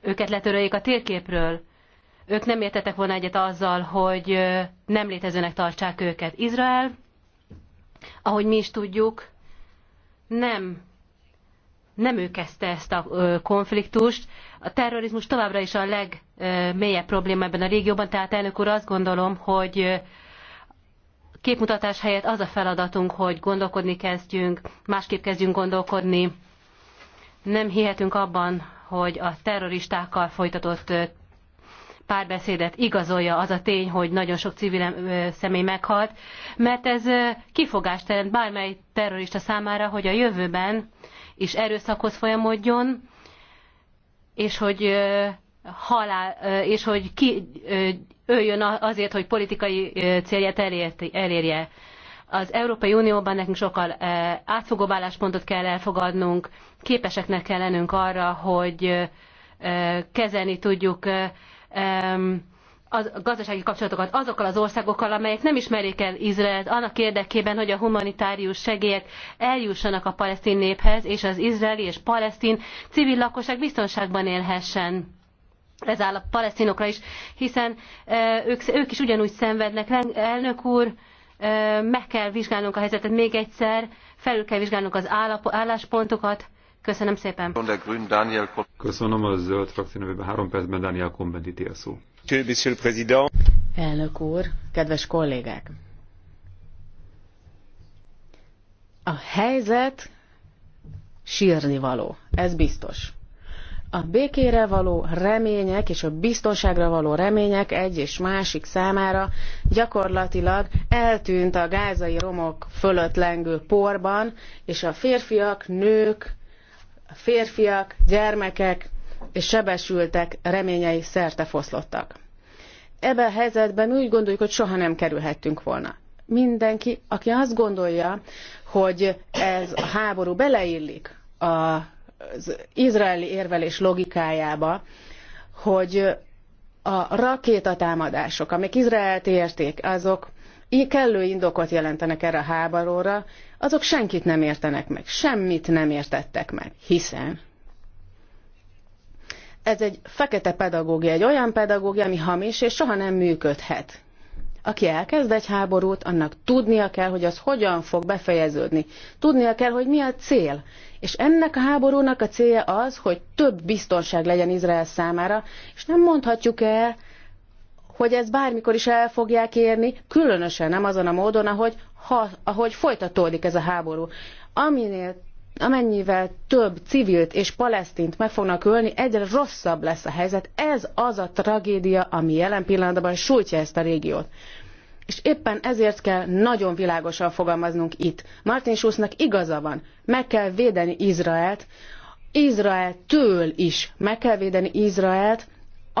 őket letöröljék a térképről. Ők nem értettek volna egyet azzal, hogy nem létezőnek tartsák őket. Izrael ahogy mi is tudjuk, nem, nem ő kezdte ezt a konfliktust. A terrorizmus továbbra is a legmélyebb probléma ebben a régióban, tehát elnök úr azt gondolom, hogy képmutatás helyett az a feladatunk, hogy gondolkodni kezdjünk, másképp kezdjünk gondolkodni. Nem hihetünk abban, hogy a terroristákkal folytatott párbeszédet igazolja az a tény, hogy nagyon sok civil személy meghalt, mert ez kifogást teremt bármely terrorista számára, hogy a jövőben is erőszakhoz folyamodjon, és hogy halál, és hogy ki öljön azért, hogy politikai célját elérje. Az Európai Unióban nekünk sokkal átfogóbb álláspontot kell elfogadnunk, képeseknek kell lennünk arra, hogy kezelni tudjuk az, gazdasági kapcsolatokat azokkal az országokkal, amelyek nem ismerik el Izraelt, annak érdekében, hogy a humanitárius segélyek eljussanak a palesztin néphez, és az izraeli és palesztin civil lakosság biztonságban élhessen. Ez áll a palesztinokra is, hiszen e, ők, ők is ugyanúgy szenvednek. Elnök úr, e, meg kell vizsgálnunk a helyzetet még egyszer, felül kell vizsgálnunk az álláspontokat, Köszönöm szépen. Köszönöm a zöld frakció nevében. Három percben Daniel Kombenditi a szó. Elnök úr, kedves kollégák! A helyzet sírni való, ez biztos. A békére való remények és a biztonságra való remények egy és másik számára gyakorlatilag eltűnt a gázai romok fölött lengő porban, és a férfiak, nők, férfiak, gyermekek és sebesültek reményei szerte foszlottak. Ebben a helyzetben úgy gondoljuk, hogy soha nem kerülhettünk volna. Mindenki, aki azt gondolja, hogy ez a háború beleillik az izraeli érvelés logikájába, hogy a rakétatámadások, amik Izraelt érték, azok kellő indokot jelentenek erre a háborúra, azok senkit nem értenek meg, semmit nem értettek meg, hiszen ez egy fekete pedagógia, egy olyan pedagógia, ami hamis és soha nem működhet. Aki elkezd egy háborút, annak tudnia kell, hogy az hogyan fog befejeződni. Tudnia kell, hogy mi a cél. És ennek a háborúnak a célja az, hogy több biztonság legyen Izrael számára, és nem mondhatjuk el, hogy ezt bármikor is el fogják érni, különösen nem azon a módon, ahogy, ha, ahogy folytatódik ez a háború. Aminél amennyivel több civilt és palesztint meg fognak ölni, egyre rosszabb lesz a helyzet. Ez az a tragédia, ami jelen pillanatban sújtja ezt a régiót. És éppen ezért kell nagyon világosan fogalmaznunk itt. Martin Schulznak igaza van, meg kell védeni Izraelt, Izrael től is meg kell védeni Izraelt,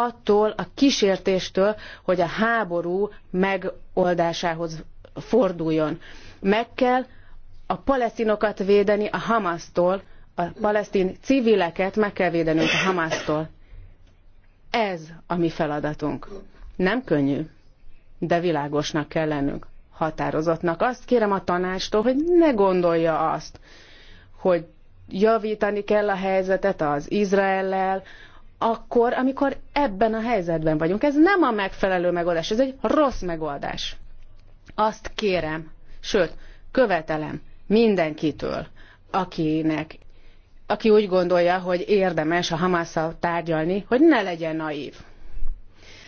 attól a kísértéstől, hogy a háború megoldásához forduljon. Meg kell a palesztinokat védeni a Hamasztól, a palesztin civileket meg kell védenünk a Hamasztól. Ez a mi feladatunk. Nem könnyű, de világosnak kell lennünk, határozottnak. Azt kérem a tanástól, hogy ne gondolja azt, hogy javítani kell a helyzetet az Izraellel, akkor, amikor ebben a helyzetben vagyunk. Ez nem a megfelelő megoldás, ez egy rossz megoldás. Azt kérem, sőt, követelem mindenkitől, akinek, aki úgy gondolja, hogy érdemes a Hamasszal tárgyalni, hogy ne legyen naív.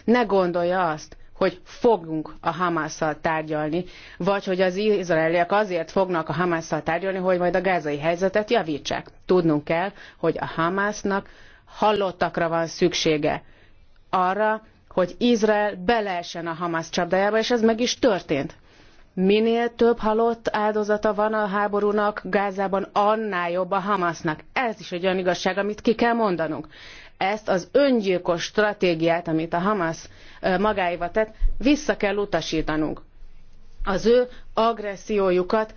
Ne gondolja azt, hogy fogunk a Hamásszal tárgyalni, vagy hogy az izraeliek azért fognak a Hamásszal tárgyalni, hogy majd a gázai helyzetet javítsák. Tudnunk kell, hogy a Hamásznak halottakra van szüksége. Arra, hogy Izrael beleessen a Hamas csapdájába, és ez meg is történt. Minél több halott áldozata van a háborúnak Gázában, annál jobb a Hamasnak. Ez is egy olyan igazság, amit ki kell mondanunk. Ezt az öngyilkos stratégiát, amit a Hamas magáéva tett, vissza kell utasítanunk. Az ő agressziójukat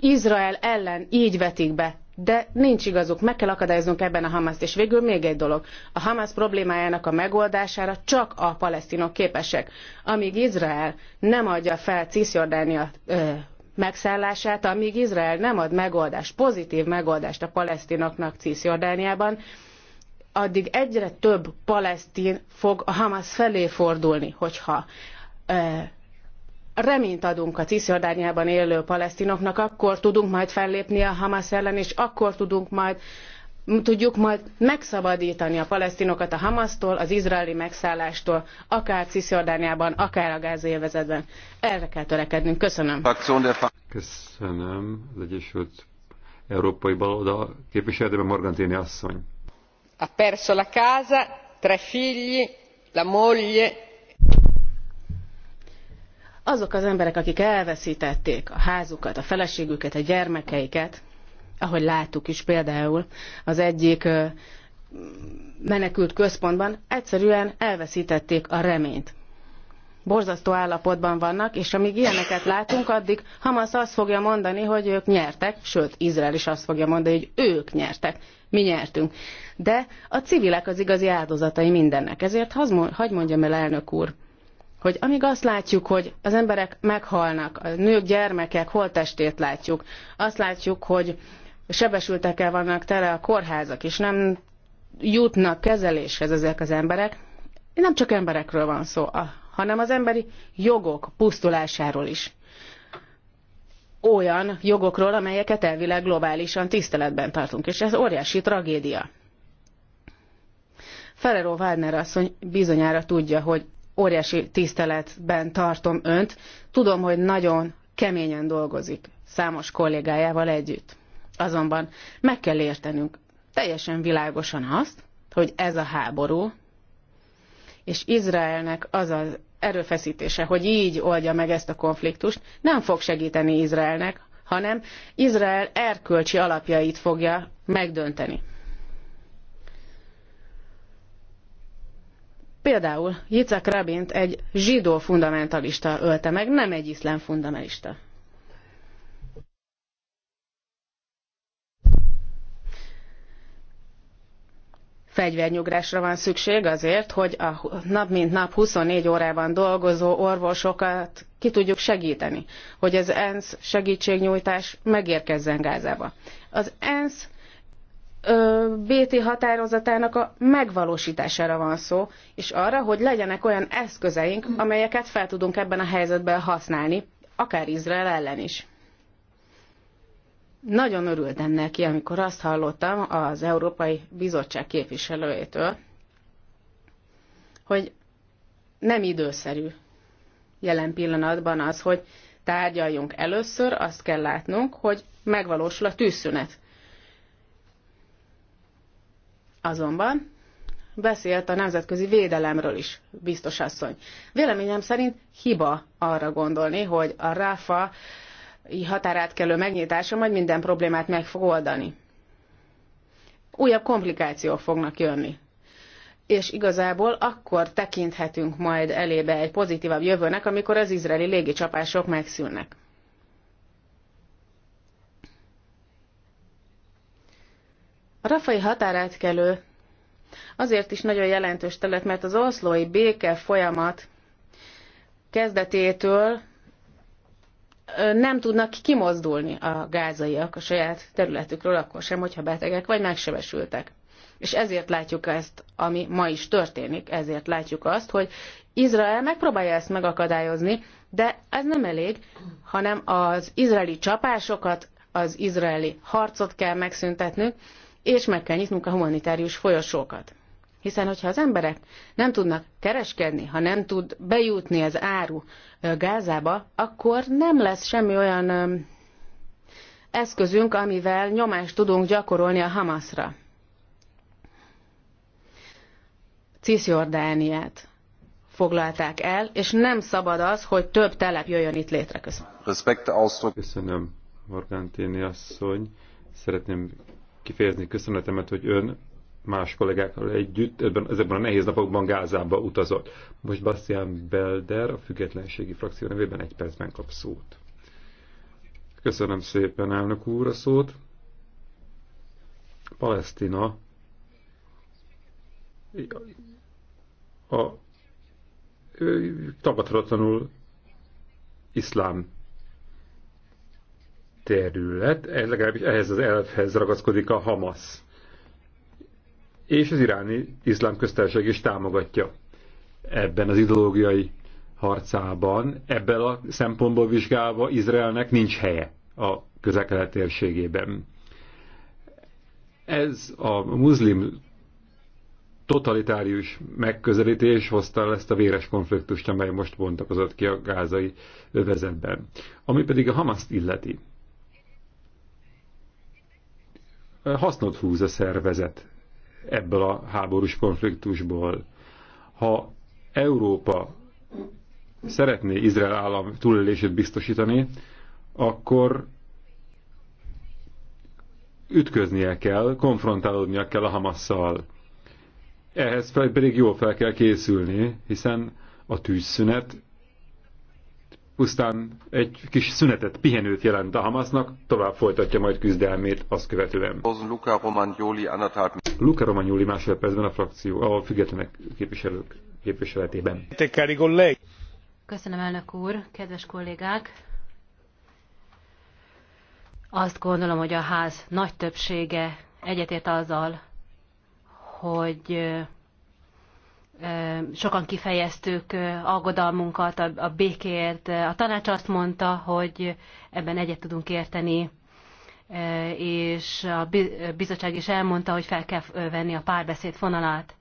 Izrael ellen így vetik be de nincs igazuk, meg kell akadályoznunk ebben a Hamaszt. És végül még egy dolog, a Hamas problémájának a megoldására csak a palesztinok képesek. Amíg Izrael nem adja fel Cisjordánia ö, megszállását, amíg Izrael nem ad megoldást, pozitív megoldást a palesztinoknak Cisjordániában, addig egyre több palesztin fog a Hamas felé fordulni, hogyha ö, reményt adunk a Cisziordániában élő palesztinoknak, akkor tudunk majd fellépni a Hamas ellen, és akkor tudunk majd tudjuk majd megszabadítani a palesztinokat a Hamasztól, az izraeli megszállástól, akár Cisziordániában, akár a gázélvezetben. Erre kell törekednünk. Köszönöm. Köszönöm. Az Egyesült Európai Baloldal Morgantini asszony. perso la casa, tre figli, la moglie, azok az emberek, akik elveszítették a házukat, a feleségüket, a gyermekeiket, ahogy láttuk is például az egyik menekült központban, egyszerűen elveszítették a reményt. Borzasztó állapotban vannak, és amíg ilyeneket látunk, addig Hamas azt fogja mondani, hogy ők nyertek, sőt, Izrael is azt fogja mondani, hogy ők nyertek, mi nyertünk. De a civilek az igazi áldozatai mindennek. Ezért hagyd mondjam el, elnök úr, hogy amíg azt látjuk, hogy az emberek meghalnak, a nők, gyermekek holttestét látjuk, azt látjuk, hogy sebesültekkel vannak tele a kórházak, és nem jutnak kezeléshez ezek az emberek, nem csak emberekről van szó, hanem az emberi jogok pusztulásáról is. Olyan jogokról, amelyeket elvileg globálisan tiszteletben tartunk, és ez óriási tragédia. Ferrero Wagner asszony bizonyára tudja, hogy óriási tiszteletben tartom önt. Tudom, hogy nagyon keményen dolgozik számos kollégájával együtt. Azonban meg kell értenünk teljesen világosan azt, hogy ez a háború, és Izraelnek az az erőfeszítése, hogy így oldja meg ezt a konfliktust, nem fog segíteni Izraelnek, hanem Izrael erkölcsi alapjait fogja megdönteni. Például Yitzhak Rabint egy zsidó fundamentalista ölte meg, nem egy iszlám fundamentalista. Fegyvernyugrásra van szükség azért, hogy a nap mint nap 24 órában dolgozó orvosokat ki tudjuk segíteni, hogy az ENSZ segítségnyújtás megérkezzen Gázába. Az ENSZ BT határozatának a megvalósítására van szó, és arra, hogy legyenek olyan eszközeink, amelyeket fel tudunk ebben a helyzetben használni, akár Izrael ellen is. Nagyon örültem neki, amikor azt hallottam az Európai Bizottság képviselőjétől, hogy nem időszerű jelen pillanatban az, hogy tárgyaljunk először, azt kell látnunk, hogy megvalósul a tűzszünet Azonban beszélt a nemzetközi védelemről is, biztos asszony. Véleményem szerint hiba arra gondolni, hogy a ráfa határátkelő megnyitása majd minden problémát meg fog oldani. Újabb komplikációk fognak jönni. És igazából akkor tekinthetünk majd elébe egy pozitívabb jövőnek, amikor az izraeli légicsapások megszűnnek. A rafai határátkelő azért is nagyon jelentős terület, mert az oszlói béke folyamat kezdetétől nem tudnak kimozdulni a gázaiak a saját területükről, akkor sem, hogyha betegek vagy megsebesültek. És ezért látjuk ezt, ami ma is történik, ezért látjuk azt, hogy Izrael megpróbálja ezt megakadályozni, de ez nem elég, hanem az izraeli csapásokat, az izraeli harcot kell megszüntetnünk, és meg kell nyitnunk a humanitárius folyosókat. Hiszen, hogyha az emberek nem tudnak kereskedni, ha nem tud bejutni az áru Gázába, akkor nem lesz semmi olyan eszközünk, amivel nyomást tudunk gyakorolni a Hamasra. Cisjordániát foglalták el, és nem szabad az, hogy több telep jöjjön itt létre. Köszönöm. Köszönöm, Morgantini asszony. Szeretném kifejezni köszönetemet, hogy ön más kollégákkal együtt ebben, ezekben a nehéz napokban Gázába utazott. Most Bastian Belder a függetlenségi frakció nevében egy percben kap szót. Köszönöm szépen, elnök úr, a szót. Palesztina a tagadhatatlanul iszlám terület, legalábbis ehhez az elfhez ragaszkodik a Hamas. És az iráni iszlám köztársaság is támogatja ebben az ideológiai harcában, ebben a szempontból vizsgálva Izraelnek nincs helye a közel térségében. Ez a muszlim totalitárius megközelítés hozta el ezt a véres konfliktust, amely most bontakozott ki a gázai övezetben. Ami pedig a Hamaszt illeti. hasznot húz a szervezet ebből a háborús konfliktusból. Ha Európa szeretné Izrael állam túlélését biztosítani, akkor ütköznie kell, konfrontálódnia kell a Hamasszal. Ehhez pedig jól fel kell készülni, hiszen a tűzszünet pusztán egy kis szünetet, pihenőt jelent a Hamasnak, tovább folytatja majd küzdelmét azt követően. Luca Romagnoli, Luca Romagnoli másodpercben a frakció, a függetlenek képviselők képviseletében. Köszönöm, elnök úr, kedves kollégák! Azt gondolom, hogy a ház nagy többsége egyetért azzal, hogy sokan kifejeztük aggodalmunkat a, békért. A tanács azt mondta, hogy ebben egyet tudunk érteni, és a bizottság is elmondta, hogy fel kell venni a párbeszéd fonalát.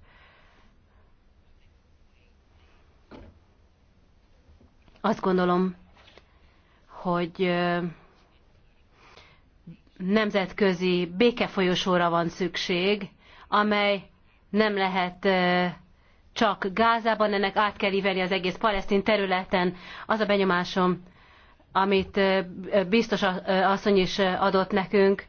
Azt gondolom, hogy nemzetközi békefolyosóra van szükség, amely nem lehet csak Gázában, ennek át kell ívelni az egész palesztin területen. Az a benyomásom, amit biztos asszony is adott nekünk.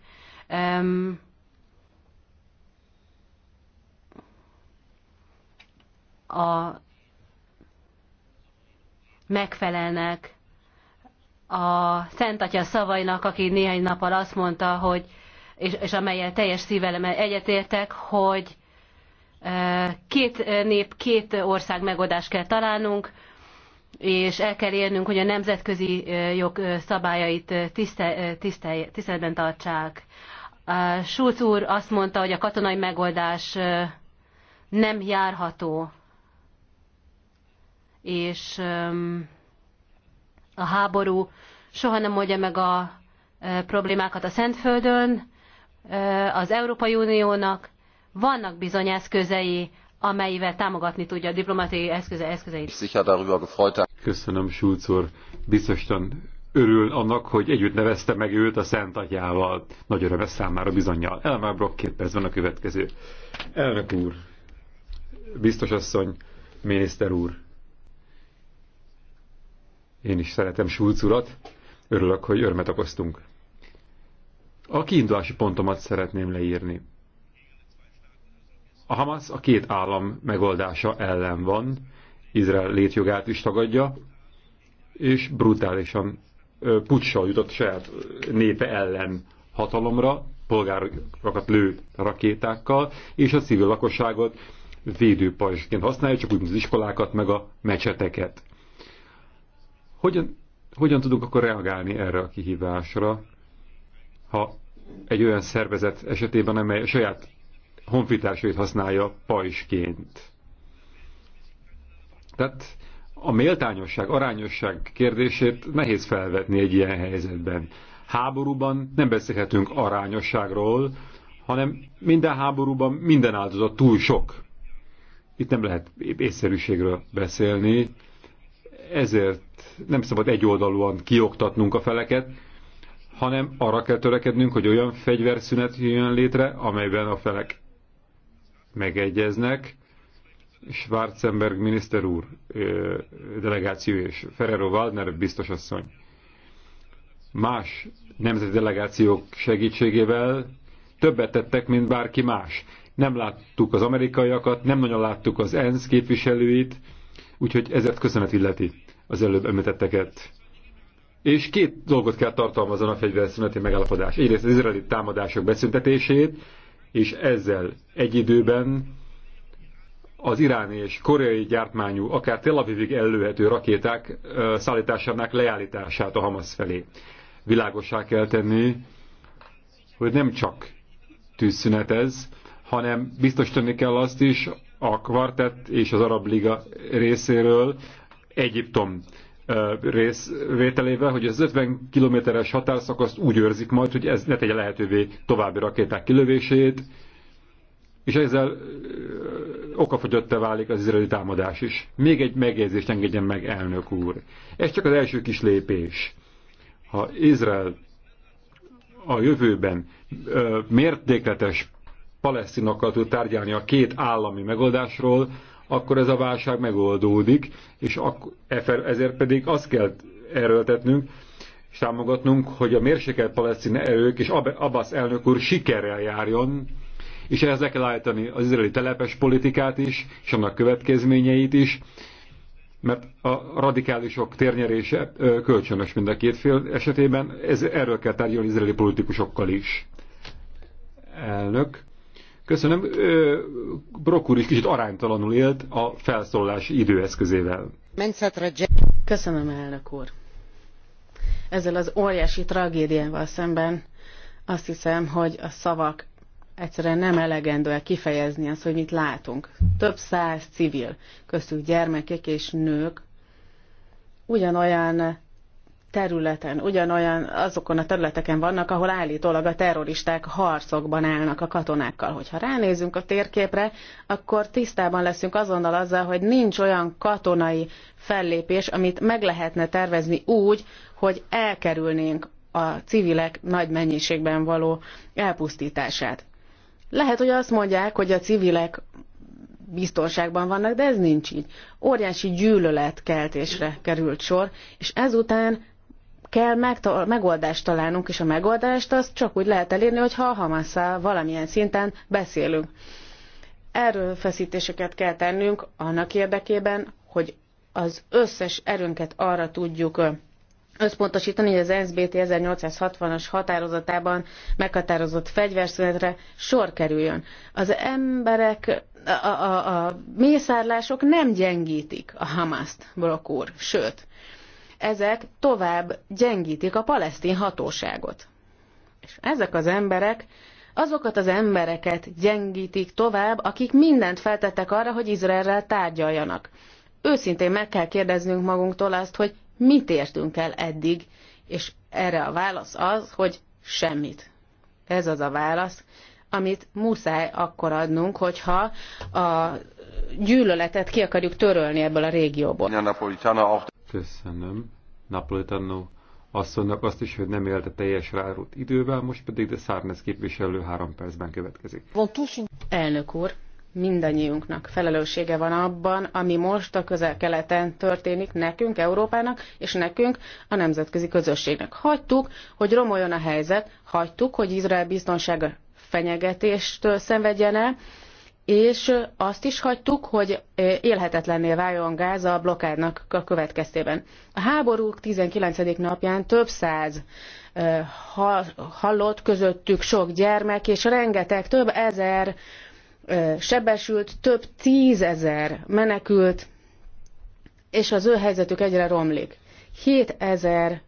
A megfelelnek a Szent Atya szavainak, aki néhány nappal azt mondta, hogy, és, és amelyel teljes szívvel egyetértek, hogy Két nép, két ország megoldást kell találnunk, és el kell érnünk, hogy a nemzetközi jog szabályait tisztel, tisztel, tiszteletben tartsák. Schulz úr azt mondta, hogy a katonai megoldás nem járható, és a háború soha nem oldja meg a problémákat a Szentföldön, az Európai Uniónak vannak bizony eszközei, amelyivel támogatni tudja a diplomáciai eszköze eszközeit. Köszönöm, Schulz úr. Biztosan örül annak, hogy együtt nevezte meg őt a Szent Atyával. Nagy öröm számára bizonyal. Elmár Brock két van a következő. Elnök úr, biztos asszony, miniszter úr. Én is szeretem Schulz urat. Örülök, hogy örmet okoztunk. A kiindulási pontomat szeretném leírni. A Hamas a két állam megoldása ellen van, Izrael létjogát is tagadja, és brutálisan puccsal jutott saját népe ellen hatalomra, polgárokat lő rakétákkal, és a civil lakosságot védőpajzsként használja, csak úgy, mint az iskolákat, meg a mecseteket. Hogyan, hogyan tudunk akkor reagálni erre a kihívásra, ha egy olyan szervezet esetében, amely a saját honfitársait használja pajsként. Tehát a méltányosság, arányosság kérdését nehéz felvetni egy ilyen helyzetben. Háborúban nem beszélhetünk arányosságról, hanem minden háborúban minden áldozat túl sok. Itt nem lehet észszerűségről beszélni, ezért nem szabad egyoldalúan kioktatnunk a feleket, hanem arra kell törekednünk, hogy olyan fegyverszünet jön létre, amelyben a felek megegyeznek. Schwarzenberg miniszter úr delegáció és Ferrero Waldner biztos asszony más nemzeti delegációk segítségével többet tettek, mint bárki más. Nem láttuk az amerikaiakat, nem nagyon láttuk az ENSZ képviselőit, úgyhogy ezért köszönet illeti az előbb említetteket. És két dolgot kell tartalmazni a fegyverszüneti megállapodás. Egyrészt az izraeli támadások beszüntetését, és ezzel egy időben az iráni és koreai gyártmányú, akár Tel Avivig ellőhető rakéták szállításának leállítását a Hamas felé. Világosá kell tenni, hogy nem csak tűzszünet ez, hanem biztosítani kell azt is a kvartett és az Arab Liga részéről Egyiptom részvételével, hogy az 50 kilométeres határszakaszt úgy őrzik majd, hogy ez ne tegye lehetővé további rakéták kilövését, és ezzel okafogyottá válik az izraeli támadás is. Még egy megjegyzést engedjen meg, elnök úr. Ez csak az első kis lépés. Ha Izrael a jövőben mértékletes palesztinokkal tud tárgyalni a két állami megoldásról, akkor ez a válság megoldódik, és e ezért pedig azt kell erőltetnünk, és támogatnunk, hogy a mérsékelt palesztin erők és Abbas elnök úr sikerrel járjon, és ehhez le kell állítani az izraeli telepes politikát is, és annak következményeit is, mert a radikálisok térnyerése kölcsönös mind a két fél esetében, ez, erről kell tárgyalni izraeli politikusokkal is. Elnök, Köszönöm. Brokk úr is kicsit aránytalanul élt a felszólalási időeszközével. Köszönöm, elnök úr. Ezzel az óriási tragédiával szemben azt hiszem, hogy a szavak egyszerűen nem elegendőek kifejezni azt, hogy mit látunk. Több száz civil, köztük gyermekek és nők ugyanolyan területen, ugyanolyan azokon a területeken vannak, ahol állítólag a terroristák harcokban állnak a katonákkal. Hogyha ránézünk a térképre, akkor tisztában leszünk azonnal azzal, hogy nincs olyan katonai fellépés, amit meg lehetne tervezni úgy, hogy elkerülnénk a civilek nagy mennyiségben való elpusztítását. Lehet, hogy azt mondják, hogy a civilek biztonságban vannak, de ez nincs így. Óriási gyűlöletkeltésre került sor, és ezután kell megoldást találnunk, és a megoldást azt csak úgy lehet elérni, hogyha a Hamasszal valamilyen szinten beszélünk. Erőfeszítéseket kell tennünk annak érdekében, hogy az összes erőnket arra tudjuk összpontosítani, hogy az SBT 1860-as határozatában meghatározott fegyverszünetre sor kerüljön. Az emberek, a, a, a mészárlások nem gyengítik a Hamaszt, blokkúr, sőt, ezek tovább gyengítik a palesztin hatóságot. És ezek az emberek azokat az embereket gyengítik tovább, akik mindent feltettek arra, hogy Izraelrel tárgyaljanak. Őszintén meg kell kérdeznünk magunktól azt, hogy mit értünk el eddig, és erre a válasz az, hogy semmit. Ez az a válasz, amit muszáj akkor adnunk, hogyha a gyűlöletet ki akarjuk törölni ebből a régióból. Köszönöm. Napolitannó asszonynak azt is, hogy nem élte teljes rárút idővel, most pedig de Szárnez képviselő három percben következik. Elnök úr, mindannyiunknak felelőssége van abban, ami most a közel-keleten történik nekünk, Európának, és nekünk, a nemzetközi közösségnek. Hagytuk, hogy romoljon a helyzet, hagytuk, hogy Izrael biztonsága fenyegetést szenvedjen el, és azt is hagytuk, hogy élhetetlenné váljon Gáza a blokádnak a következtében. A háború 19. napján több száz halott, közöttük sok gyermek, és rengeteg, több ezer sebesült, több tízezer menekült, és az ő helyzetük egyre romlik. ezer,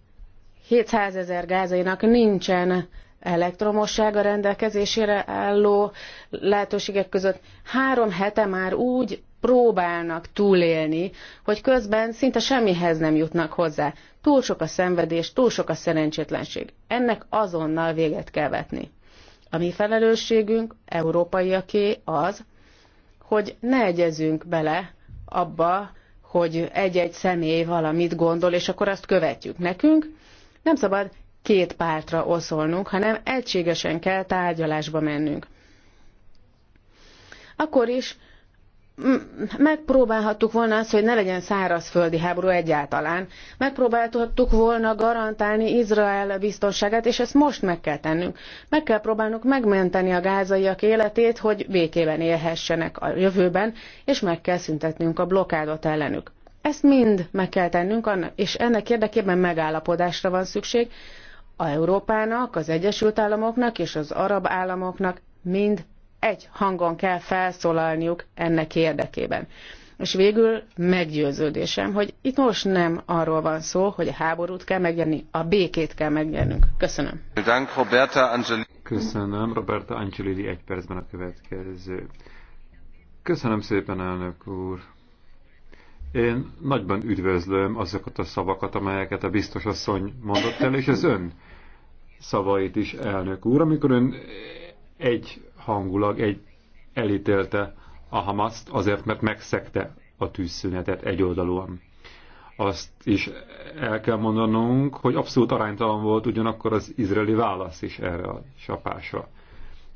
700 ezer gázainak nincsen elektromossága rendelkezésére álló lehetőségek között három hete már úgy próbálnak túlélni, hogy közben szinte semmihez nem jutnak hozzá. Túl sok a szenvedés, túl sok a szerencsétlenség. Ennek azonnal véget kell vetni. A mi felelősségünk, európaiaké az, hogy ne egyezünk bele abba, hogy egy-egy személy valamit gondol, és akkor azt követjük nekünk. Nem szabad két pártra oszolnunk, hanem egységesen kell tárgyalásba mennünk. Akkor is megpróbálhattuk volna azt, hogy ne legyen szárazföldi háború egyáltalán. Megpróbálhattuk volna garantálni Izrael biztonságát, és ezt most meg kell tennünk. Meg kell próbálnunk megmenteni a gázaiak életét, hogy békében élhessenek a jövőben, és meg kell szüntetnünk a blokádot ellenük. Ezt mind meg kell tennünk, és ennek érdekében megállapodásra van szükség, a Európának, az Egyesült Államoknak és az arab államoknak mind egy hangon kell felszólalniuk ennek érdekében. És végül meggyőződésem, hogy itt most nem arról van szó, hogy a háborút kell megjelni, a békét kell megjelnünk. Köszönöm. Köszönöm, Roberta Angelini egy percben a következő. Köszönöm szépen, elnök úr. Én nagyban üdvözlöm azokat a szavakat, amelyeket a biztos asszony mondott el, és az ön szavait is, elnök úr, amikor ön egy hangulag egy elítélte a Hamaszt azért, mert megszegte a tűzszünetet egyoldalúan. Azt is el kell mondanunk, hogy abszolút aránytalan volt ugyanakkor az izraeli válasz is erre a csapásra.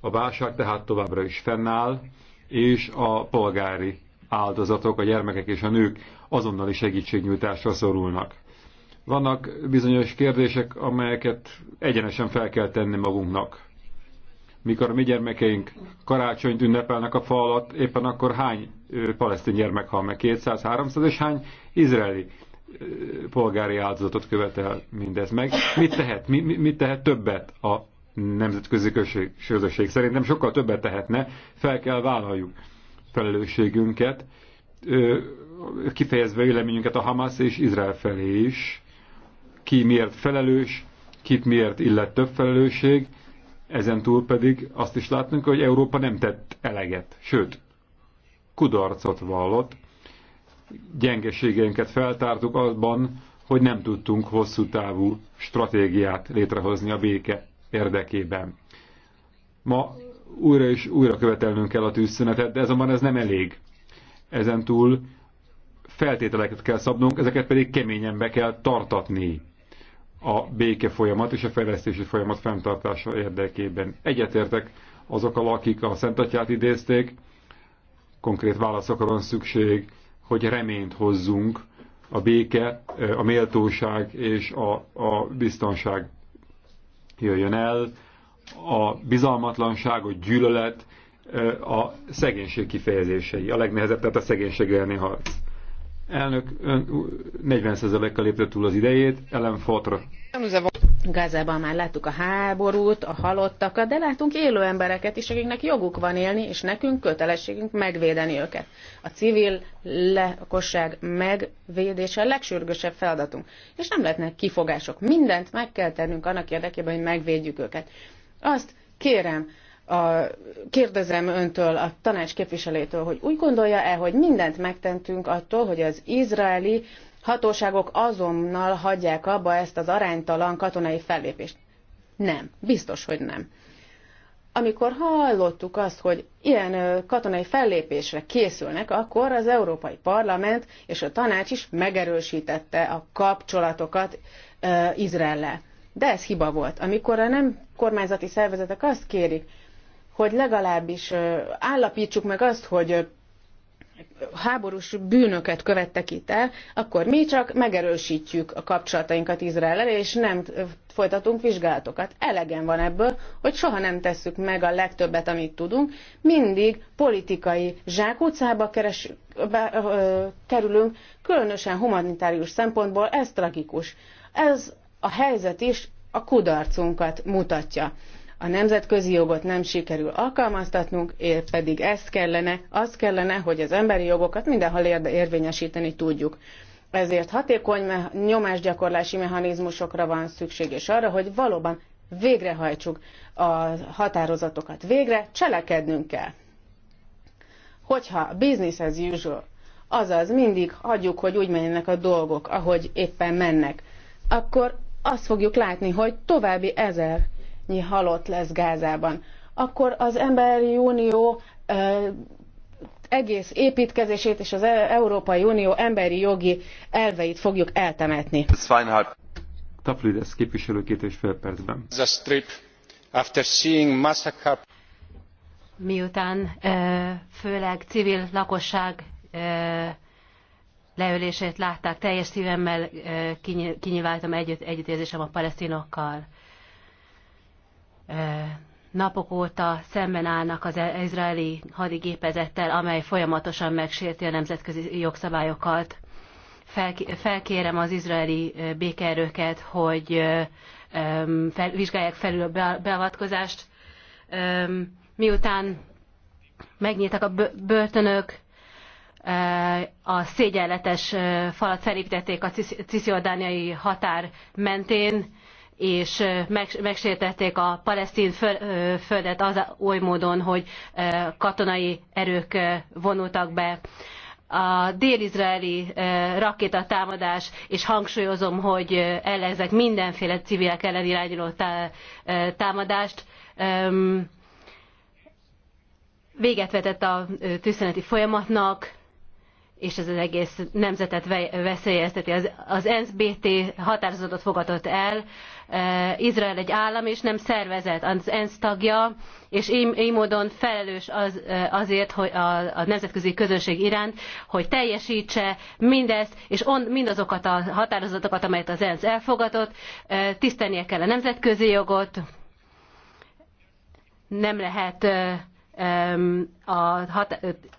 A válság tehát továbbra is fennáll, és a polgári áldozatok, a gyermekek és a nők azonnali segítségnyújtásra szorulnak. Vannak bizonyos kérdések, amelyeket egyenesen fel kell tenni magunknak. Mikor a mi gyermekeink karácsonyt ünnepelnek a fa alatt, éppen akkor hány palesztin gyermek hal meg? 200-300, és hány izraeli polgári áldozatot követel mindez meg. Mit tehet? Mi, mi, mit tehet többet a nemzetközi közösség? Szerintem sokkal többet tehetne, fel kell vállaljuk felelősségünket, kifejezve véleményünket a Hamas és Izrael felé is, ki miért felelős, kit miért illet több felelősség, ezen túl pedig azt is látnunk, hogy Európa nem tett eleget, sőt, kudarcot vallott. Gyengeségeinket feltártuk abban, hogy nem tudtunk hosszú távú stratégiát létrehozni a béke érdekében. Ma újra és újra követelnünk kell a tűzszünetet, de azonban ez nem elég. Ezen túl feltételeket kell szabnunk, ezeket pedig keményen be kell tartatni a béke folyamat és a fejlesztési folyamat fenntartása érdekében. Egyetértek azokkal, akik a Szent Atyát idézték, konkrét válaszokra van szükség, hogy reményt hozzunk a béke, a méltóság és a, a biztonság jöjjön el, a bizalmatlanság, a gyűlölet, a szegénység kifejezései. A legnehezebb, tehát a szegénység elleni harc. Elnök ön 40%-kal lépte túl az idejét, Ellen Fotra. Gázában már láttuk a háborút, a halottakat, de látunk élő embereket is, akiknek joguk van élni, és nekünk kötelességünk megvédeni őket. A civil lakosság megvédése a legsürgősebb feladatunk, és nem lehetnek kifogások. Mindent meg kell tennünk annak érdekében, hogy megvédjük őket. Azt kérem, a, kérdezem öntől, a tanács képviselőtől, hogy úgy gondolja-e, hogy mindent megtentünk attól, hogy az izraeli hatóságok azonnal hagyják abba ezt az aránytalan katonai fellépést? Nem, biztos, hogy nem. Amikor hallottuk azt, hogy ilyen katonai fellépésre készülnek, akkor az Európai Parlament és a tanács is megerősítette a kapcsolatokat Izraellel. De ez hiba volt. Amikor a nem kormányzati szervezetek azt kérik, hogy legalábbis állapítsuk meg azt, hogy háborús bűnöket követtek itt el, akkor mi csak megerősítjük a kapcsolatainkat Izrael és nem folytatunk vizsgálatokat. Elegen van ebből, hogy soha nem tesszük meg a legtöbbet, amit tudunk, mindig politikai zsákutcába keres, be, ö, kerülünk, különösen humanitárius szempontból, ez tragikus. Ez a helyzet is a kudarcunkat mutatja a nemzetközi jogot nem sikerül alkalmaztatnunk, épp pedig ezt kellene, az kellene, hogy az emberi jogokat mindenhol érvényesíteni tudjuk. Ezért hatékony nyomásgyakorlási mechanizmusokra van szükség, és arra, hogy valóban végrehajtsuk a határozatokat. Végre cselekednünk kell. Hogyha business as usual, azaz mindig hagyjuk, hogy úgy menjenek a dolgok, ahogy éppen mennek, akkor azt fogjuk látni, hogy további ezer halott lesz Gázában, akkor az Emberi Unió egész építkezését és az e- Európai Unió emberi jogi elveit fogjuk eltemetni. Taplides képviselő két és fél percben. Miután főleg civil lakosság leölését látták, teljes szívemmel kinyilváltam együtt, együttérzésem a palesztinokkal napok óta szemben állnak az e- izraeli hadigépezettel, amely folyamatosan megsérti a nemzetközi jogszabályokat. Felkérem az izraeli békeerőket, hogy vizsgálják felül a beavatkozást. Miután megnyíltak a börtönök, a szégyenletes falat felépítették a cisziordániai határ mentén, és megsértették a palesztin földet az oly módon, hogy katonai erők vonultak be. A dél-izraeli rakétatámadás, és hangsúlyozom, hogy ellenzek mindenféle civilek ellen irányuló támadást, véget vetett a tűzszeneti folyamatnak, és ez az egész nemzetet veszélyezteti. Az, az ENSZ BT határozatot fogadott el, Eh, Izrael egy állam és nem szervezet, az ENSZ tagja, és így, módon felelős az, eh, azért, hogy a, a nemzetközi közösség iránt, hogy teljesítse mindezt, és on, mindazokat a határozatokat, amelyet az ENSZ elfogadott, eh, tisztelnie kell a nemzetközi jogot, nem lehet a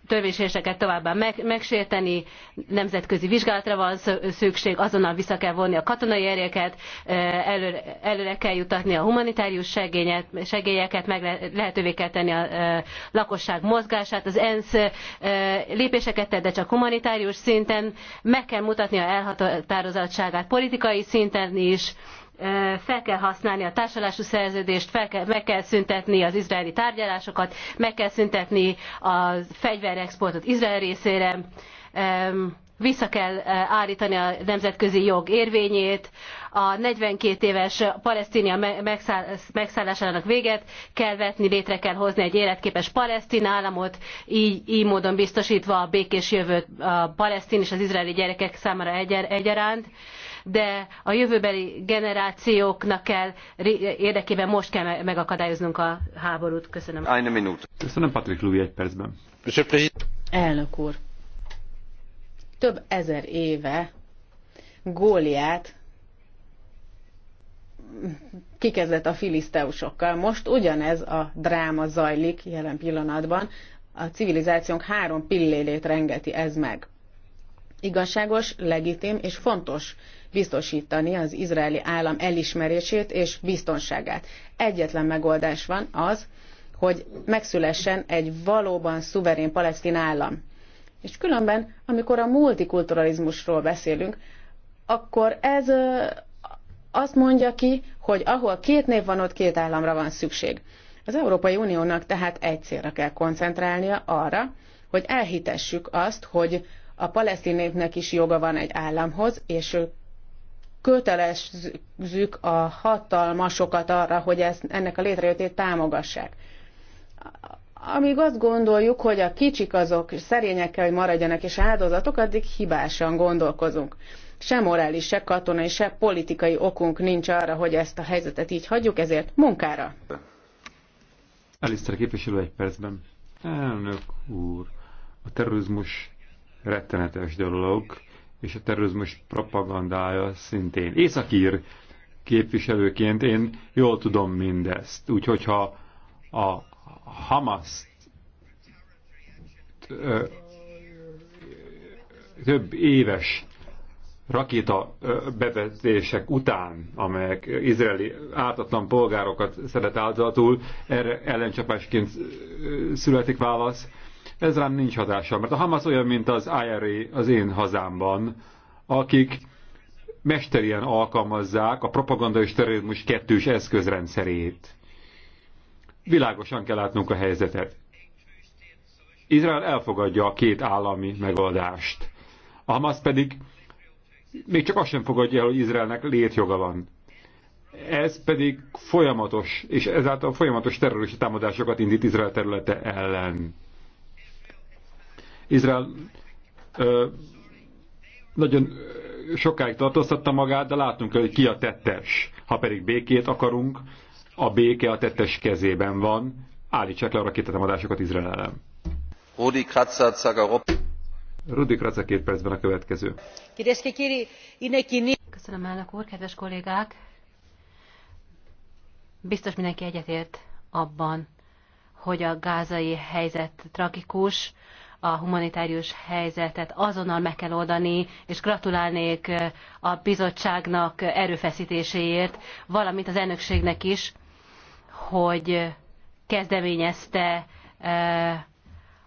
törvényséréseket továbbá megsérteni, nemzetközi vizsgálatra van szükség, azonnal vissza kell vonni a katonai erőket, e, előre, kell jutatni a humanitárius segélyeket, meg lehetővé kell tenni a e, lakosság mozgását. Az ENSZ e, lépéseket tett, de csak humanitárius szinten, meg kell mutatni a elhatározottságát politikai szinten is, fel kell használni a társulású szerződést, fel kell, meg kell szüntetni az izraeli tárgyalásokat, meg kell szüntetni a fegyverexportot Izrael részére, vissza kell állítani a nemzetközi jog érvényét, a 42 éves Palesztina megszállásának véget kell vetni, létre kell hozni egy életképes palesztin államot, így, így módon biztosítva a békés jövőt a palesztin és az izraeli gyerekek számára egyaránt de a jövőbeli generációknak kell érdekében most kell megakadályoznunk a háborút. Köszönöm. Eine minute. Köszönöm, Patrick Lúvi, egy percben. Elnök úr, több ezer éve Góliát kikezdett a filiszteusokkal. Most ugyanez a dráma zajlik jelen pillanatban. A civilizációnk három pillérét rengeti ez meg. Igazságos, legitim és fontos biztosítani az izraeli állam elismerését és biztonságát. Egyetlen megoldás van az, hogy megszülessen egy valóban szuverén palesztin állam. És különben, amikor a multikulturalizmusról beszélünk, akkor ez azt mondja ki, hogy ahol két név van, ott két államra van szükség. Az Európai Uniónak tehát egy célra kell koncentrálnia arra, hogy elhitessük azt, hogy a palesztin népnek is joga van egy államhoz, és kötelezzük a hatalmasokat arra, hogy ezt, ennek a létrejöttét támogassák. Amíg azt gondoljuk, hogy a kicsik azok szerényekkel, hogy maradjanak és áldozatok, addig hibásan gondolkozunk. Se morális, se katonai, se politikai okunk nincs arra, hogy ezt a helyzetet így hagyjuk, ezért munkára. Elisztere képviselő egy percben. Elnök úr, a terrorizmus rettenetes dolog és a terrorizmus propagandája szintén. Északír képviselőként én jól tudom mindezt. Úgyhogy ha a Hamas több éves rakéta bevetések után, amelyek izraeli ártatlan polgárokat szeret áldozatul, erre ellencsapásként születik válasz ez rám nincs hatása, mert a Hamas olyan, mint az IRA az én hazámban, akik mesterien alkalmazzák a propaganda és terrorizmus kettős eszközrendszerét. Világosan kell látnunk a helyzetet. Izrael elfogadja a két állami megoldást. A Hamas pedig még csak azt sem fogadja el, hogy Izraelnek létjoga van. Ez pedig folyamatos, és ezáltal folyamatos terrorista támadásokat indít Izrael területe ellen. Izrael ö, nagyon sokáig tartóztatta magát, de látunk, hogy ki a tettes. Ha pedig békét akarunk, a béke a tettes kezében van. Állítsák le a rakétatámadásokat Izrael ellen. Rudi Kratza, Zagarop. Rudi Kratza két percben a következő. Köszönöm, elnök úr, kedves kollégák! Biztos mindenki egyetért abban, hogy a gázai helyzet tragikus, a humanitárius helyzetet azonnal meg kell oldani, és gratulálnék a bizottságnak erőfeszítéséért, valamint az elnökségnek is, hogy kezdeményezte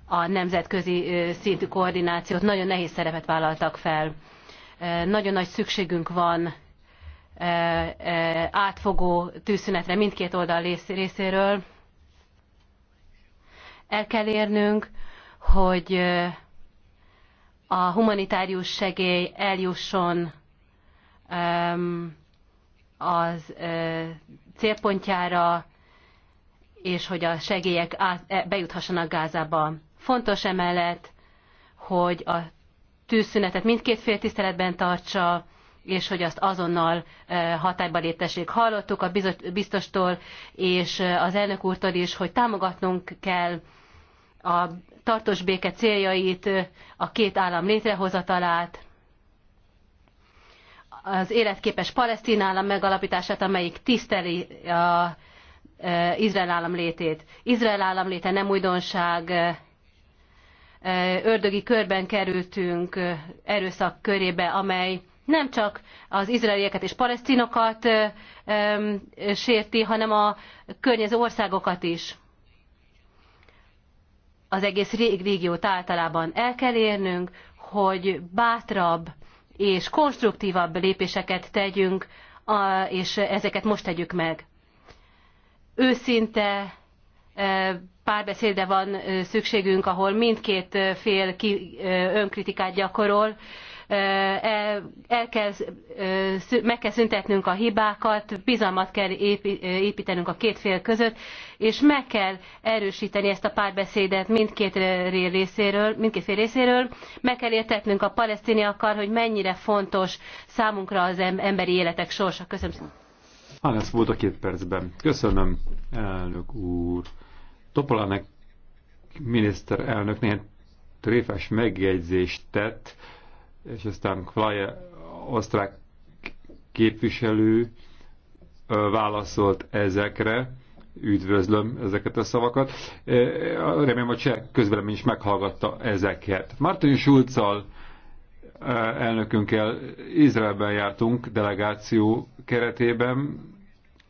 a nemzetközi szintű koordinációt. Nagyon nehéz szerepet vállaltak fel. Nagyon nagy szükségünk van átfogó tűzszünetre mindkét oldal részéről. El kell érnünk, hogy a humanitárius segély eljusson az célpontjára, és hogy a segélyek e, bejuthassanak Gázába. Fontos emellett, hogy a tűzszünetet mindkét fél tiszteletben tartsa, és hogy azt azonnal hatályba léptessék. Hallottuk a biztostól és az elnök úrtól is, hogy támogatnunk kell a tartós béke céljait, a két állam létrehozatalát, az életképes palesztin állam megalapítását, amelyik tiszteli a Izrael állam létét. Izrael állam léte nem újdonság, ördögi körben kerültünk erőszak körébe, amely nem csak az izraelieket és palesztinokat sérti, hanem a környező országokat is az egész régiót általában el kell érnünk, hogy bátrabb és konstruktívabb lépéseket tegyünk, és ezeket most tegyük meg. Őszinte e, párbeszédre van e, szükségünk, ahol mindkét e, fél önkritikát gyakorol, E, el kell, meg kell szüntetnünk a hibákat, bizalmat kell építenünk a két fél között, és meg kell erősíteni ezt a párbeszédet mindkét, részéről, mindkét fél részéről, meg kell értetnünk a palesztiniakkal, hogy mennyire fontos számunkra az emberi életek sorsa. Köszönöm szépen. ez volt a két percben. Köszönöm, elnök úr. Topolának miniszterelnök néhány tréfás megjegyzést tett, és aztán Klaje osztrák képviselő válaszolt ezekre, üdvözlöm ezeket a szavakat. Remélem, hogy cseh közvelemény is meghallgatta ezeket. Martin schulz elnökünkkel Izraelben jártunk delegáció keretében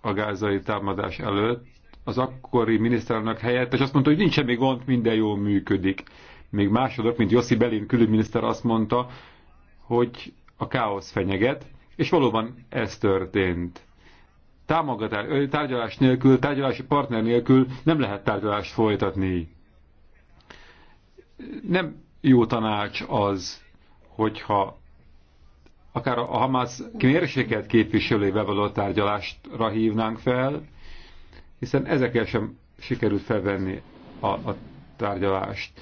a gázai támadás előtt. Az akkori miniszterelnök helyett, és azt mondta, hogy nincs semmi gond, minden jól működik. Még másodok, mint Jossi Belin külügyminiszter azt mondta, hogy a káosz fenyeget, és valóban ez történt. Támogatás, tárgyalás nélkül, tárgyalási partner nélkül nem lehet tárgyalást folytatni. Nem jó tanács az, hogyha akár a Hamász mérséket képviselőivel való tárgyalásra hívnánk fel, hiszen ezekkel sem sikerült felvenni a, a tárgyalást.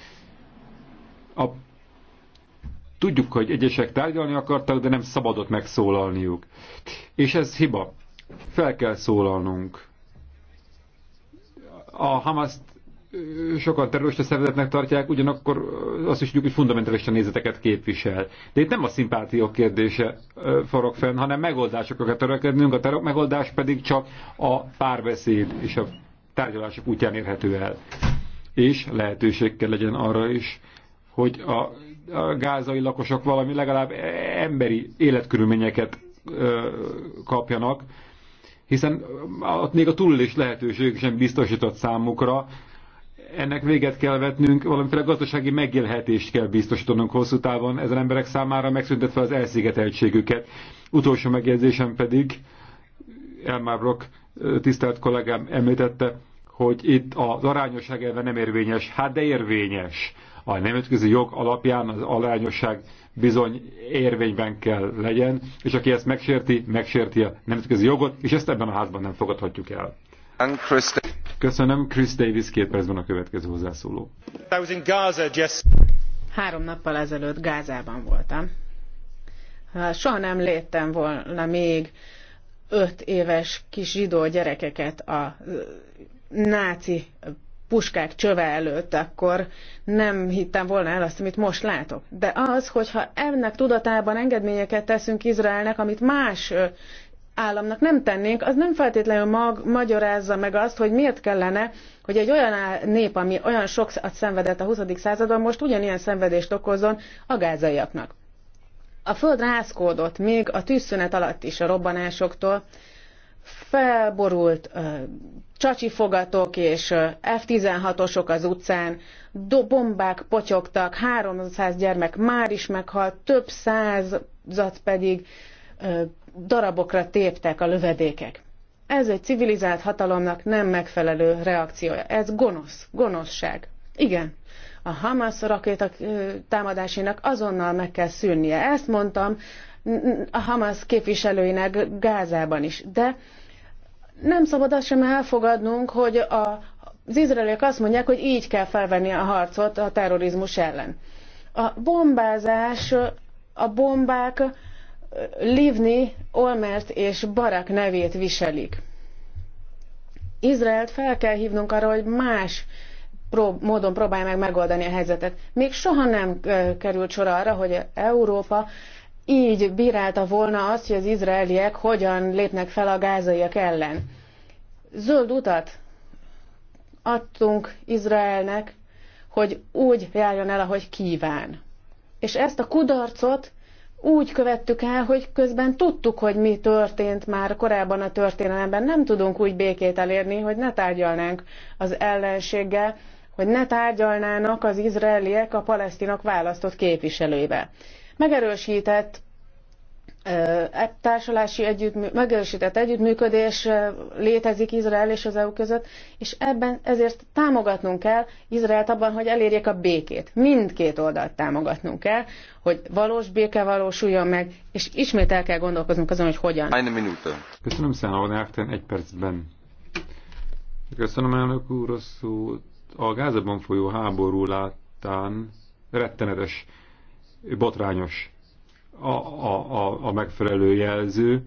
A Tudjuk, hogy egyesek tárgyalni akartak, de nem szabadott megszólalniuk. És ez hiba. Fel kell szólalnunk. A Hamaszt sokan terrorista szervezetnek tartják, ugyanakkor azt is tudjuk, hogy fundamentalista nézeteket képvisel. De itt nem a szimpátiók kérdése forog fenn, hanem megoldásokat kell törekednünk, a terror megoldás pedig csak a párbeszéd és a tárgyalások útján érhető el. És lehetőség kell legyen arra is, hogy a a gázai lakosok valami legalább emberi életkörülményeket kapjanak, hiszen ott még a túlélés lehetőség sem biztosított számukra. Ennek véget kell vetnünk, valamiféle gazdasági megélhetést kell biztosítanunk hosszú távon ezen emberek számára, megszüntetve az elszigeteltségüket. Utolsó megjegyzésem pedig, Elmar Brock tisztelt kollégám említette, hogy itt az arányosság elve nem érvényes. Hát de érvényes a nemzetközi jog alapján az alányosság bizony érvényben kell legyen, és aki ezt megsérti, megsérti a nemzetközi jogot, és ezt ebben a házban nem fogadhatjuk el. Köszönöm, Chris Davis két percben a következő hozzászóló. Három nappal ezelőtt Gázában voltam. Soha nem léptem volna még öt éves kis zsidó gyerekeket a náci puskák csöve előtt, akkor nem hittem volna el azt, amit most látok. De az, hogyha ennek tudatában engedményeket teszünk Izraelnek, amit más államnak nem tennénk, az nem feltétlenül mag, magyarázza meg azt, hogy miért kellene, hogy egy olyan nép, ami olyan sokat szenvedett a 20. században, most ugyanilyen szenvedést okozzon a gázaiaknak. A föld rászkódott még a tűzszünet alatt is a robbanásoktól, felborult csacsifogatok és F-16-osok az utcán, bombák potyogtak, 300 gyermek már is meghalt, több százat pedig darabokra téptek a lövedékek. Ez egy civilizált hatalomnak nem megfelelő reakciója. Ez gonosz, gonoszság. Igen, a Hamas rakéták támadásének azonnal meg kell szűnnie. Ezt mondtam a Hamas képviselőinek Gázában is. De nem szabad azt sem elfogadnunk, hogy a, az izraeliek azt mondják, hogy így kell felvenni a harcot a terrorizmus ellen. A bombázás, a bombák Livni, Olmert és Barak nevét viselik. Izraelt fel kell hívnunk arra, hogy más prób módon próbálja meg megoldani a helyzetet. Még soha nem került sor arra, hogy Európa így bírálta volna azt, hogy az izraeliek hogyan lépnek fel a gázaiak ellen. Zöld utat adtunk Izraelnek, hogy úgy járjon el, ahogy kíván. És ezt a kudarcot úgy követtük el, hogy közben tudtuk, hogy mi történt már korábban a történelemben. Nem tudunk úgy békét elérni, hogy ne tárgyalnánk az ellenséggel, hogy ne tárgyalnának az izraeliek a palesztinok választott képviselőivel. Megerősített e- társulási együttmű, megerősített együttműködés létezik Izrael és az EU között, és ebben ezért támogatnunk kell Izraelt abban, hogy elérjék a békét. Mindkét oldalt támogatnunk kell, hogy valós béke valósuljon meg, és ismét el kell gondolkoznunk azon, hogy hogyan. Eine Minute. Köszönöm szépen, egy percben. Köszönöm elnök úr a szót. A Gázában folyó háború láttán rettenetes botrányos a, a, a, a megfelelő jelző.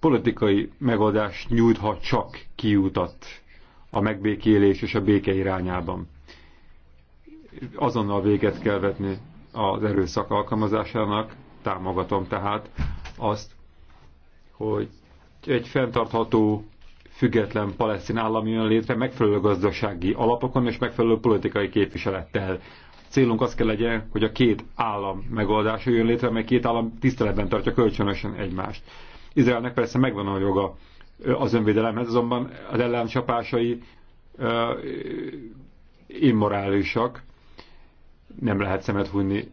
Politikai megoldást nyújthat csak kiutat a megbékélés és a béke irányában. Azonnal véget kell vetni az erőszak alkalmazásának, támogatom tehát azt, hogy egy fenntartható, független palesztin állam jön létre megfelelő gazdasági alapokon és megfelelő politikai képviselettel. Célunk az kell legyen, hogy a két állam megoldása jön létre, mert két állam tiszteletben tartja kölcsönösen egymást. Izraelnek persze megvan a joga az önvédelemhez, azonban az ellencsapásai uh, immorálisak, nem lehet szemet hunni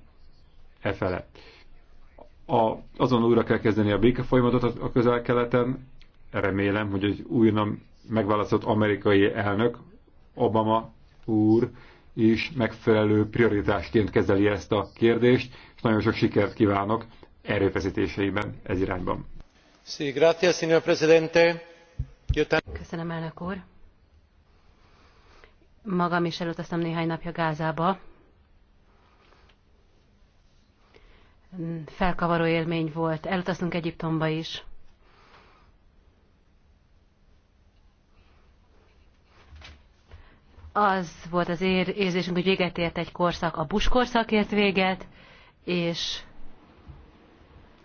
e felett. A, azon újra kell kezdeni a béke folyamatot a közel-keleten. Remélem, hogy egy újonnan megválasztott amerikai elnök, Obama úr is megfelelő prioritásként kezeli ezt a kérdést, és nagyon sok sikert kívánok erőfeszítéseiben ez irányban. Sí, gracias, señor presidente. Köszönöm, elnök úr. Magam is elutaztam néhány napja Gázába. Felkavaró élmény volt. Elutaztunk Egyiptomba is. az volt az ér, érzésünk, hogy véget ért egy korszak, a Bush korszak ért véget, és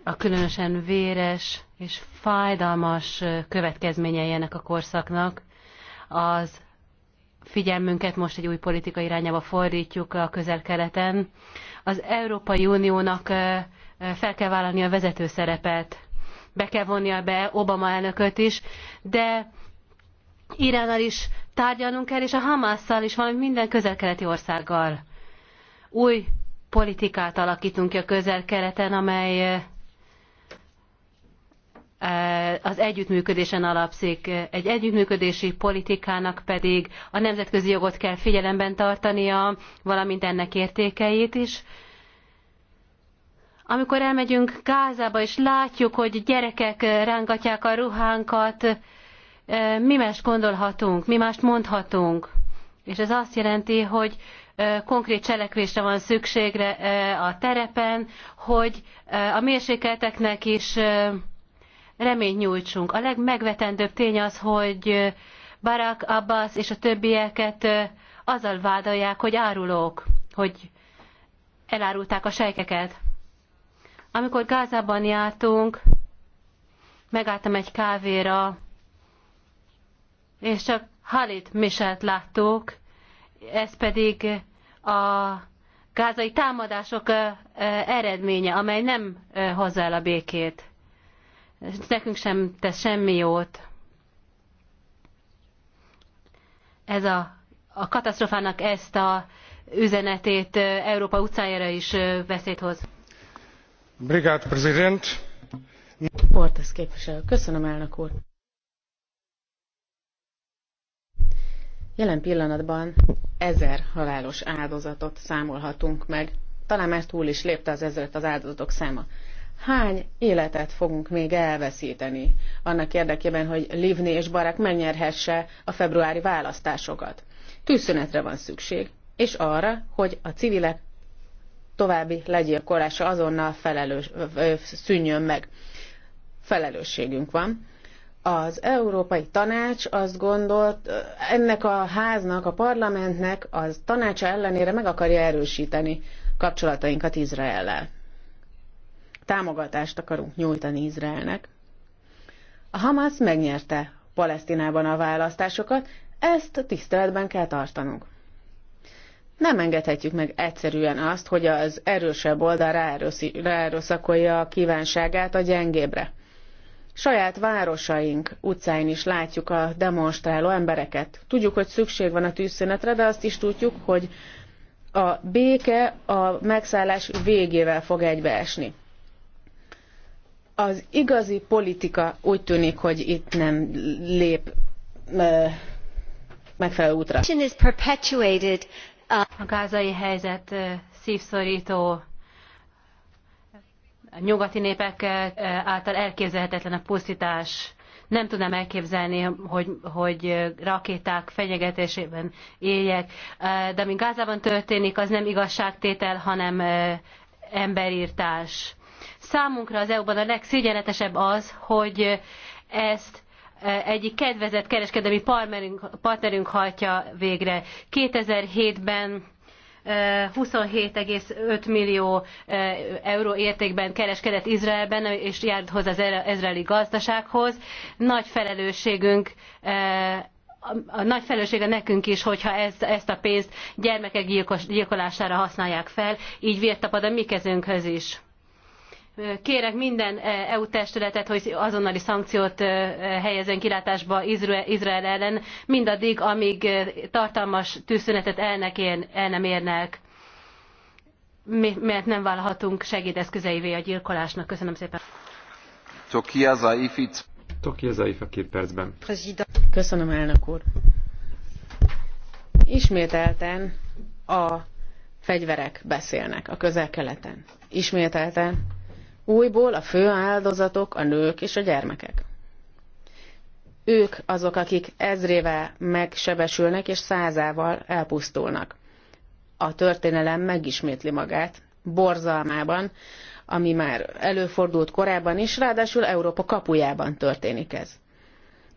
a különösen véres és fájdalmas következményei ennek a korszaknak az figyelmünket most egy új politika irányába fordítjuk a közel-keleten. Az Európai Uniónak fel kell vállalni a vezető szerepet, be kell vonnia be Obama elnököt is, de Iránnal is tárgyalnunk kell, és a Hamásszal is, valamint minden közel-keleti országgal. Új politikát alakítunk ki a közel-keleten, amely eh, eh, az együttműködésen alapszik. Egy együttműködési politikának pedig a nemzetközi jogot kell figyelemben tartania, valamint ennek értékeit is. Amikor elmegyünk Gázába és látjuk, hogy gyerekek rángatják a ruhánkat, mi más gondolhatunk, mi mást mondhatunk. És ez azt jelenti, hogy konkrét cselekvésre van szükségre a terepen, hogy a mérsékelteknek is reményt nyújtsunk. A legmegvetendőbb tény az, hogy Barack Abbas és a többieket azzal vádolják, hogy árulók, hogy elárulták a sejkeket. Amikor Gázában jártunk, megálltam egy kávéra, és csak Halit Misát láttuk, ez pedig a gázai támadások eredménye, amely nem hozza el a békét. Nekünk sem tesz semmi jót. Ez a, a katasztrofának ezt a üzenetét Európa utcájára is veszélyt hoz. Brigád prezident. Portes képviselő. Köszönöm, elnök úr. Jelen pillanatban ezer halálos áldozatot számolhatunk meg. Talán már túl is lépte az ezeret az áldozatok száma. Hány életet fogunk még elveszíteni annak érdekében, hogy Livni és Barak megnyerhesse a februári választásokat? Tűzszünetre van szükség, és arra, hogy a civilek további legyilkolása azonnal felelős, szűnjön meg. Felelősségünk van, az Európai Tanács azt gondolt, ennek a háznak, a parlamentnek az tanácsa ellenére meg akarja erősíteni kapcsolatainkat Izraellel. Támogatást akarunk nyújtani Izraelnek. A Hamas megnyerte Palesztinában a választásokat, ezt tiszteletben kell tartanunk. Nem engedhetjük meg egyszerűen azt, hogy az erősebb oldal ráerőszakolja a kívánságát a gyengébre Saját városaink utcáin is látjuk a demonstráló embereket. Tudjuk, hogy szükség van a tűzszünetre, de azt is tudjuk, hogy a béke a megszállás végével fog egybeesni. Az igazi politika úgy tűnik, hogy itt nem lép megfelelő útra. Uh, a gázai helyzet szívszorító a nyugati népek eh, által elképzelhetetlen a pusztítás. Nem tudnám elképzelni, hogy, hogy eh, rakéták fenyegetésében éljek. Eh, de ami Gázában történik, az nem igazságtétel, hanem emberírtás. Számunkra az EU-ban a legszégyenletesebb az, hogy ezt egyik kedvezett kereskedelmi partnerünk, partnerünk hajtja végre. 2007-ben 27,5 millió euró értékben kereskedett Izraelben, és járt hozzá az izraeli gazdasághoz. Nagy felelősségünk a nagy felelőssége nekünk is, hogyha ez, ezt a pénzt gyermekek gyilkos, gyilkolására használják fel, így vért tapad a mi kezünkhöz is Kérek minden eh, EU testületet, hogy azonnali szankciót eh, helyezzen kilátásba Izrael ellen, mindaddig, amíg eh, tartalmas tűzszünetet el, el nem érnek, mert nem válhatunk segédeszközeivé a gyilkolásnak. Köszönöm szépen. Tokia Zaif a két percben. Köszönöm, elnök úr. Ismételten a fegyverek beszélnek a közel-keleten. Ismételten Újból a fő áldozatok a nők és a gyermekek. Ők azok, akik ezrével megsebesülnek és százával elpusztulnak. A történelem megismétli magát, borzalmában, ami már előfordult korábban is, ráadásul Európa kapujában történik ez.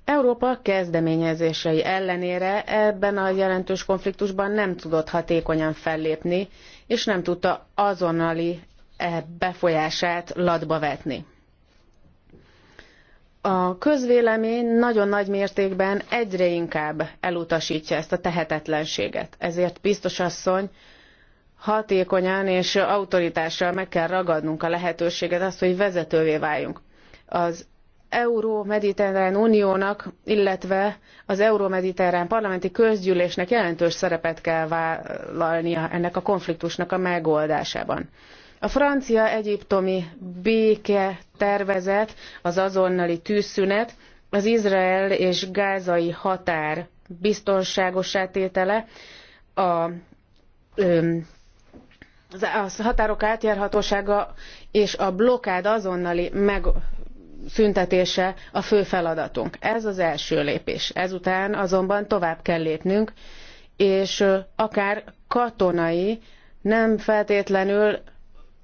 Európa kezdeményezései ellenére ebben a jelentős konfliktusban nem tudott hatékonyan fellépni, és nem tudta azonnali E befolyását latba vetni. A közvélemény nagyon nagy mértékben egyre inkább elutasítja ezt a tehetetlenséget. Ezért biztos asszony, hatékonyan és autoritással meg kell ragadnunk a lehetőséget, azt, hogy vezetővé váljunk. Az Euró-Mediterrán Uniónak, illetve az Euró-Mediterrán Parlamenti Közgyűlésnek jelentős szerepet kell vállalnia ennek a konfliktusnak a megoldásában. A francia egyiptomi béke tervezet, az azonnali tűzszünet, az Izrael és gázai határ biztonságossá tétele, a, a határok átjárhatósága és a blokád azonnali megszüntetése a fő feladatunk. Ez az első lépés. Ezután azonban tovább kell lépnünk, és akár katonai, nem feltétlenül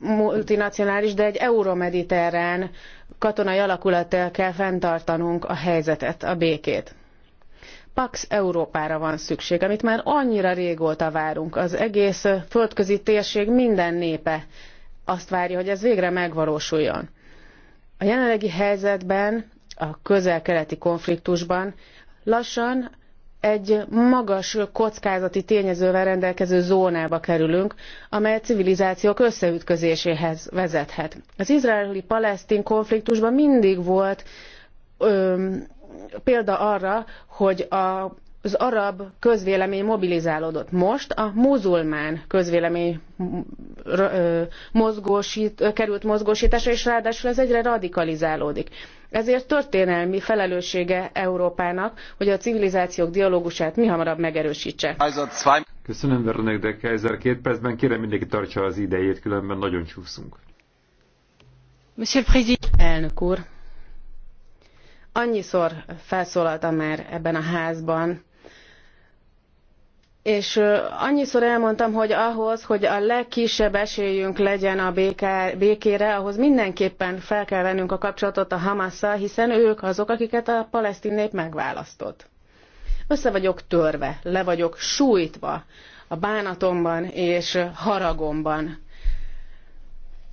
multinacionális, de egy euromediterrán katonai alakulattal kell fenntartanunk a helyzetet, a békét. Pax Európára van szükség, amit már annyira régóta várunk. Az egész földközi térség minden népe azt várja, hogy ez végre megvalósuljon. A jelenlegi helyzetben, a közel-keleti konfliktusban lassan egy magas kockázati tényezővel rendelkező zónába kerülünk, amely a civilizációk összeütközéséhez vezethet. Az izraeli-palesztin konfliktusban mindig volt példa arra, hogy a az arab közvélemény mobilizálódott. Most a muzulmán közvélemény mozgósít, került mozgósításra, és ráadásul ez egyre radikalizálódik. Ezért történelmi felelőssége Európának, hogy a civilizációk dialógusát mihamarabb megerősítse. Köszönöm, Veronek de Kaiser. Két percben kérem mindenki tartsa az idejét, különben nagyon csúszunk. Monsieur Président. Elnök úr, annyiszor felszólaltam már ebben a házban, és annyiszor elmondtam, hogy ahhoz, hogy a legkisebb esélyünk legyen a békére, ahhoz mindenképpen fel kell vennünk a kapcsolatot a Hamasszal, hiszen ők azok, akiket a palesztin nép megválasztott. Össze vagyok törve, le vagyok sújtva a bánatomban és haragomban.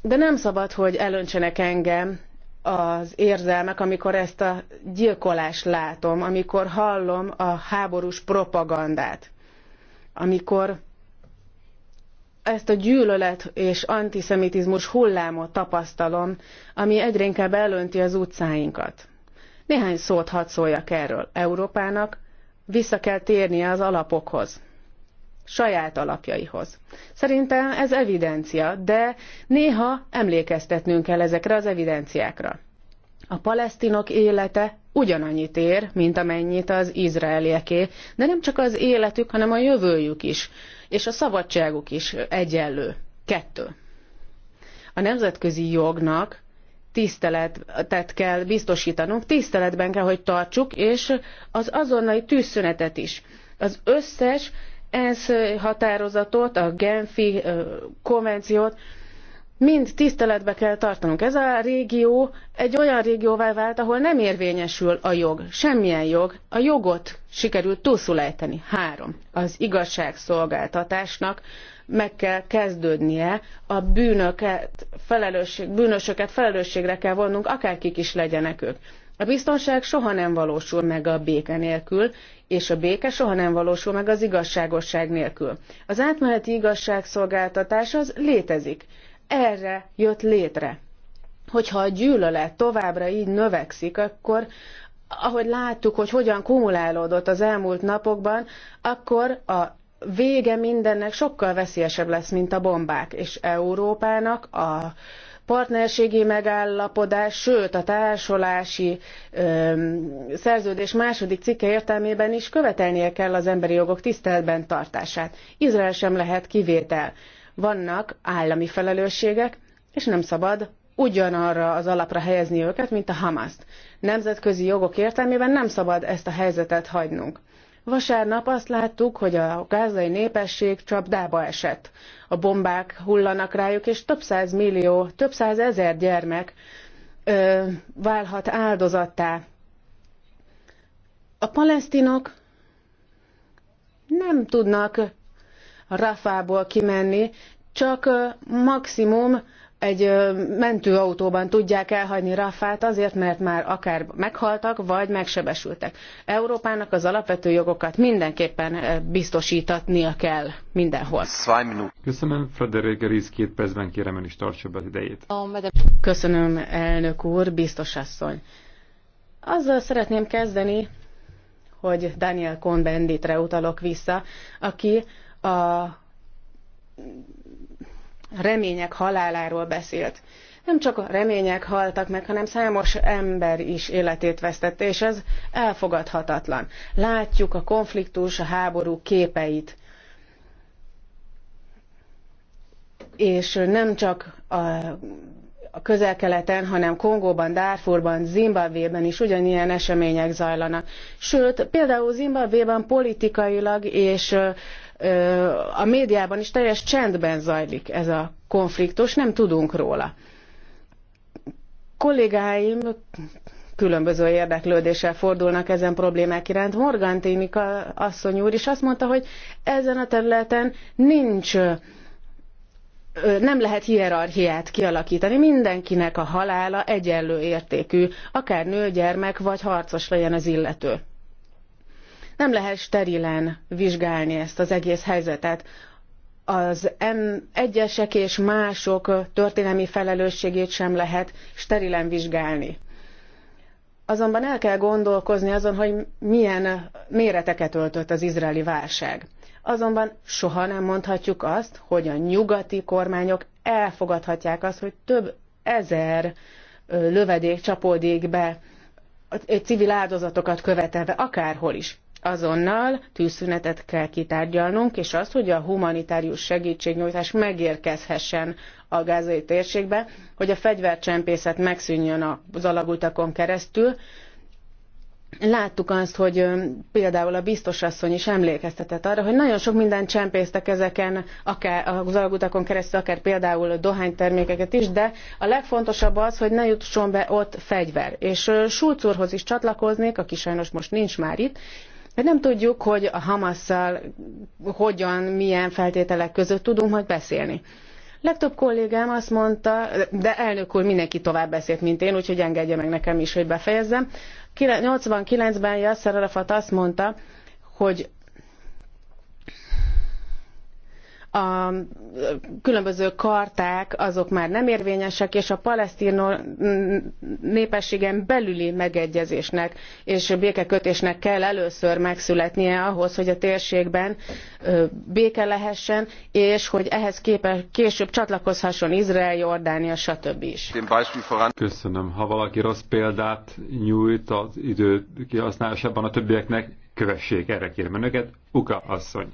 De nem szabad, hogy elöntsenek engem az érzelmek, amikor ezt a gyilkolást látom, amikor hallom a háborús propagandát amikor ezt a gyűlölet és antiszemitizmus hullámot tapasztalom, ami egyre inkább elönti az utcáinkat. Néhány szót hadd szóljak erről. Európának vissza kell térnie az alapokhoz, saját alapjaihoz. Szerintem ez evidencia, de néha emlékeztetnünk kell ezekre az evidenciákra. A palesztinok élete ugyanannyit ér, mint amennyit az izraelieké, de nem csak az életük, hanem a jövőjük is, és a szabadságuk is egyenlő. Kettő. A nemzetközi jognak tiszteletet kell biztosítanunk, tiszteletben kell, hogy tartsuk, és az azonnali tűzszünetet is. Az összes ENSZ határozatot, a Genfi konvenciót mind tiszteletbe kell tartanunk. Ez a régió egy olyan régióvá vált, ahol nem érvényesül a jog, semmilyen jog. A jogot sikerült túlszul ejteni. Három. Az igazságszolgáltatásnak meg kell kezdődnie, a bűnöket, felelősség, bűnösöket felelősségre kell vonnunk, akárkik is legyenek ők. A biztonság soha nem valósul meg a béke nélkül, és a béke soha nem valósul meg az igazságosság nélkül. Az átmeneti igazságszolgáltatás az létezik erre jött létre. Hogyha a gyűlölet továbbra így növekszik, akkor ahogy láttuk, hogy hogyan kumulálódott az elmúlt napokban, akkor a vége mindennek sokkal veszélyesebb lesz, mint a bombák, és Európának a partnerségi megállapodás, sőt a társulási öm, szerződés második cikke értelmében is követelnie kell az emberi jogok tiszteletben tartását. Izrael sem lehet kivétel vannak állami felelősségek, és nem szabad ugyanarra az alapra helyezni őket, mint a Hamaszt. Nemzetközi jogok értelmében nem szabad ezt a helyzetet hagynunk. Vasárnap azt láttuk, hogy a gázai népesség csapdába esett. A bombák hullanak rájuk, és több száz millió, több száz ezer gyermek ö, válhat áldozattá. A palesztinok nem tudnak Rafából kimenni, csak maximum egy mentőautóban tudják elhagyni Rafát azért, mert már akár meghaltak, vagy megsebesültek. Európának az alapvető jogokat mindenképpen biztosítatnia kell mindenhol. Köszönöm, Frederik Riz, két percben kérem ön is tartsa be az idejét. Köszönöm, elnök úr, biztos asszony. Azzal szeretném kezdeni, hogy Daniel Cohn-Benditre utalok vissza, aki a remények haláláról beszélt. Nem csak a remények haltak meg, hanem számos ember is életét vesztette, és ez elfogadhatatlan. Látjuk a konfliktus, a háború képeit. És nem csak a a közel-keleten, hanem Kongóban, Darfurban, Zimbabvében is ugyanilyen események zajlanak. Sőt, például Zimbabvében politikailag és a médiában is teljes csendben zajlik ez a konfliktus, nem tudunk róla. Kollégáim különböző érdeklődéssel fordulnak ezen problémák iránt. Morgan Ténika asszony úr is azt mondta, hogy ezen a területen nincs nem lehet hierarchiát kialakítani, mindenkinek a halála egyenlő értékű, akár nő, gyermek vagy harcos legyen az illető. Nem lehet sterilen vizsgálni ezt az egész helyzetet. Az egyesek és mások történelmi felelősségét sem lehet sterilen vizsgálni. Azonban el kell gondolkozni azon, hogy milyen méreteket öltött az izraeli válság. Azonban soha nem mondhatjuk azt, hogy a nyugati kormányok elfogadhatják azt, hogy több ezer lövedék csapódik be civil áldozatokat követelve, akárhol is azonnal tűzszünetet kell kitárgyalnunk, és azt, hogy a humanitárius segítségnyújtás megérkezhessen a gázai térségbe, hogy a fegyvercsempészet megszűnjön az alagutakon keresztül. Láttuk azt, hogy például a biztosasszony is emlékeztetett arra, hogy nagyon sok mindent csempésztek ezeken, akár az alagutakon keresztül, akár például dohánytermékeket is, de a legfontosabb az, hogy ne jutson be ott fegyver. És Schulz úrhoz is csatlakoznék, aki sajnos most nincs már itt, nem tudjuk, hogy a Hamasszal hogyan, milyen feltételek között tudunk majd beszélni. Legtöbb kollégám azt mondta, de elnök úr mindenki tovább beszélt, mint én, úgyhogy engedje meg nekem is, hogy befejezzem. 89-ben Yasser Arafat azt mondta, hogy a különböző karták azok már nem érvényesek, és a palesztin népességen belüli megegyezésnek és békekötésnek kell először megszületnie ahhoz, hogy a térségben béke lehessen, és hogy ehhez képe, később csatlakozhasson Izrael, Jordánia, stb. is. Köszönöm. Ha valaki rossz példát nyújt az idő kihasználásában a többieknek, kövessék erre kérem önöket. Uka asszony.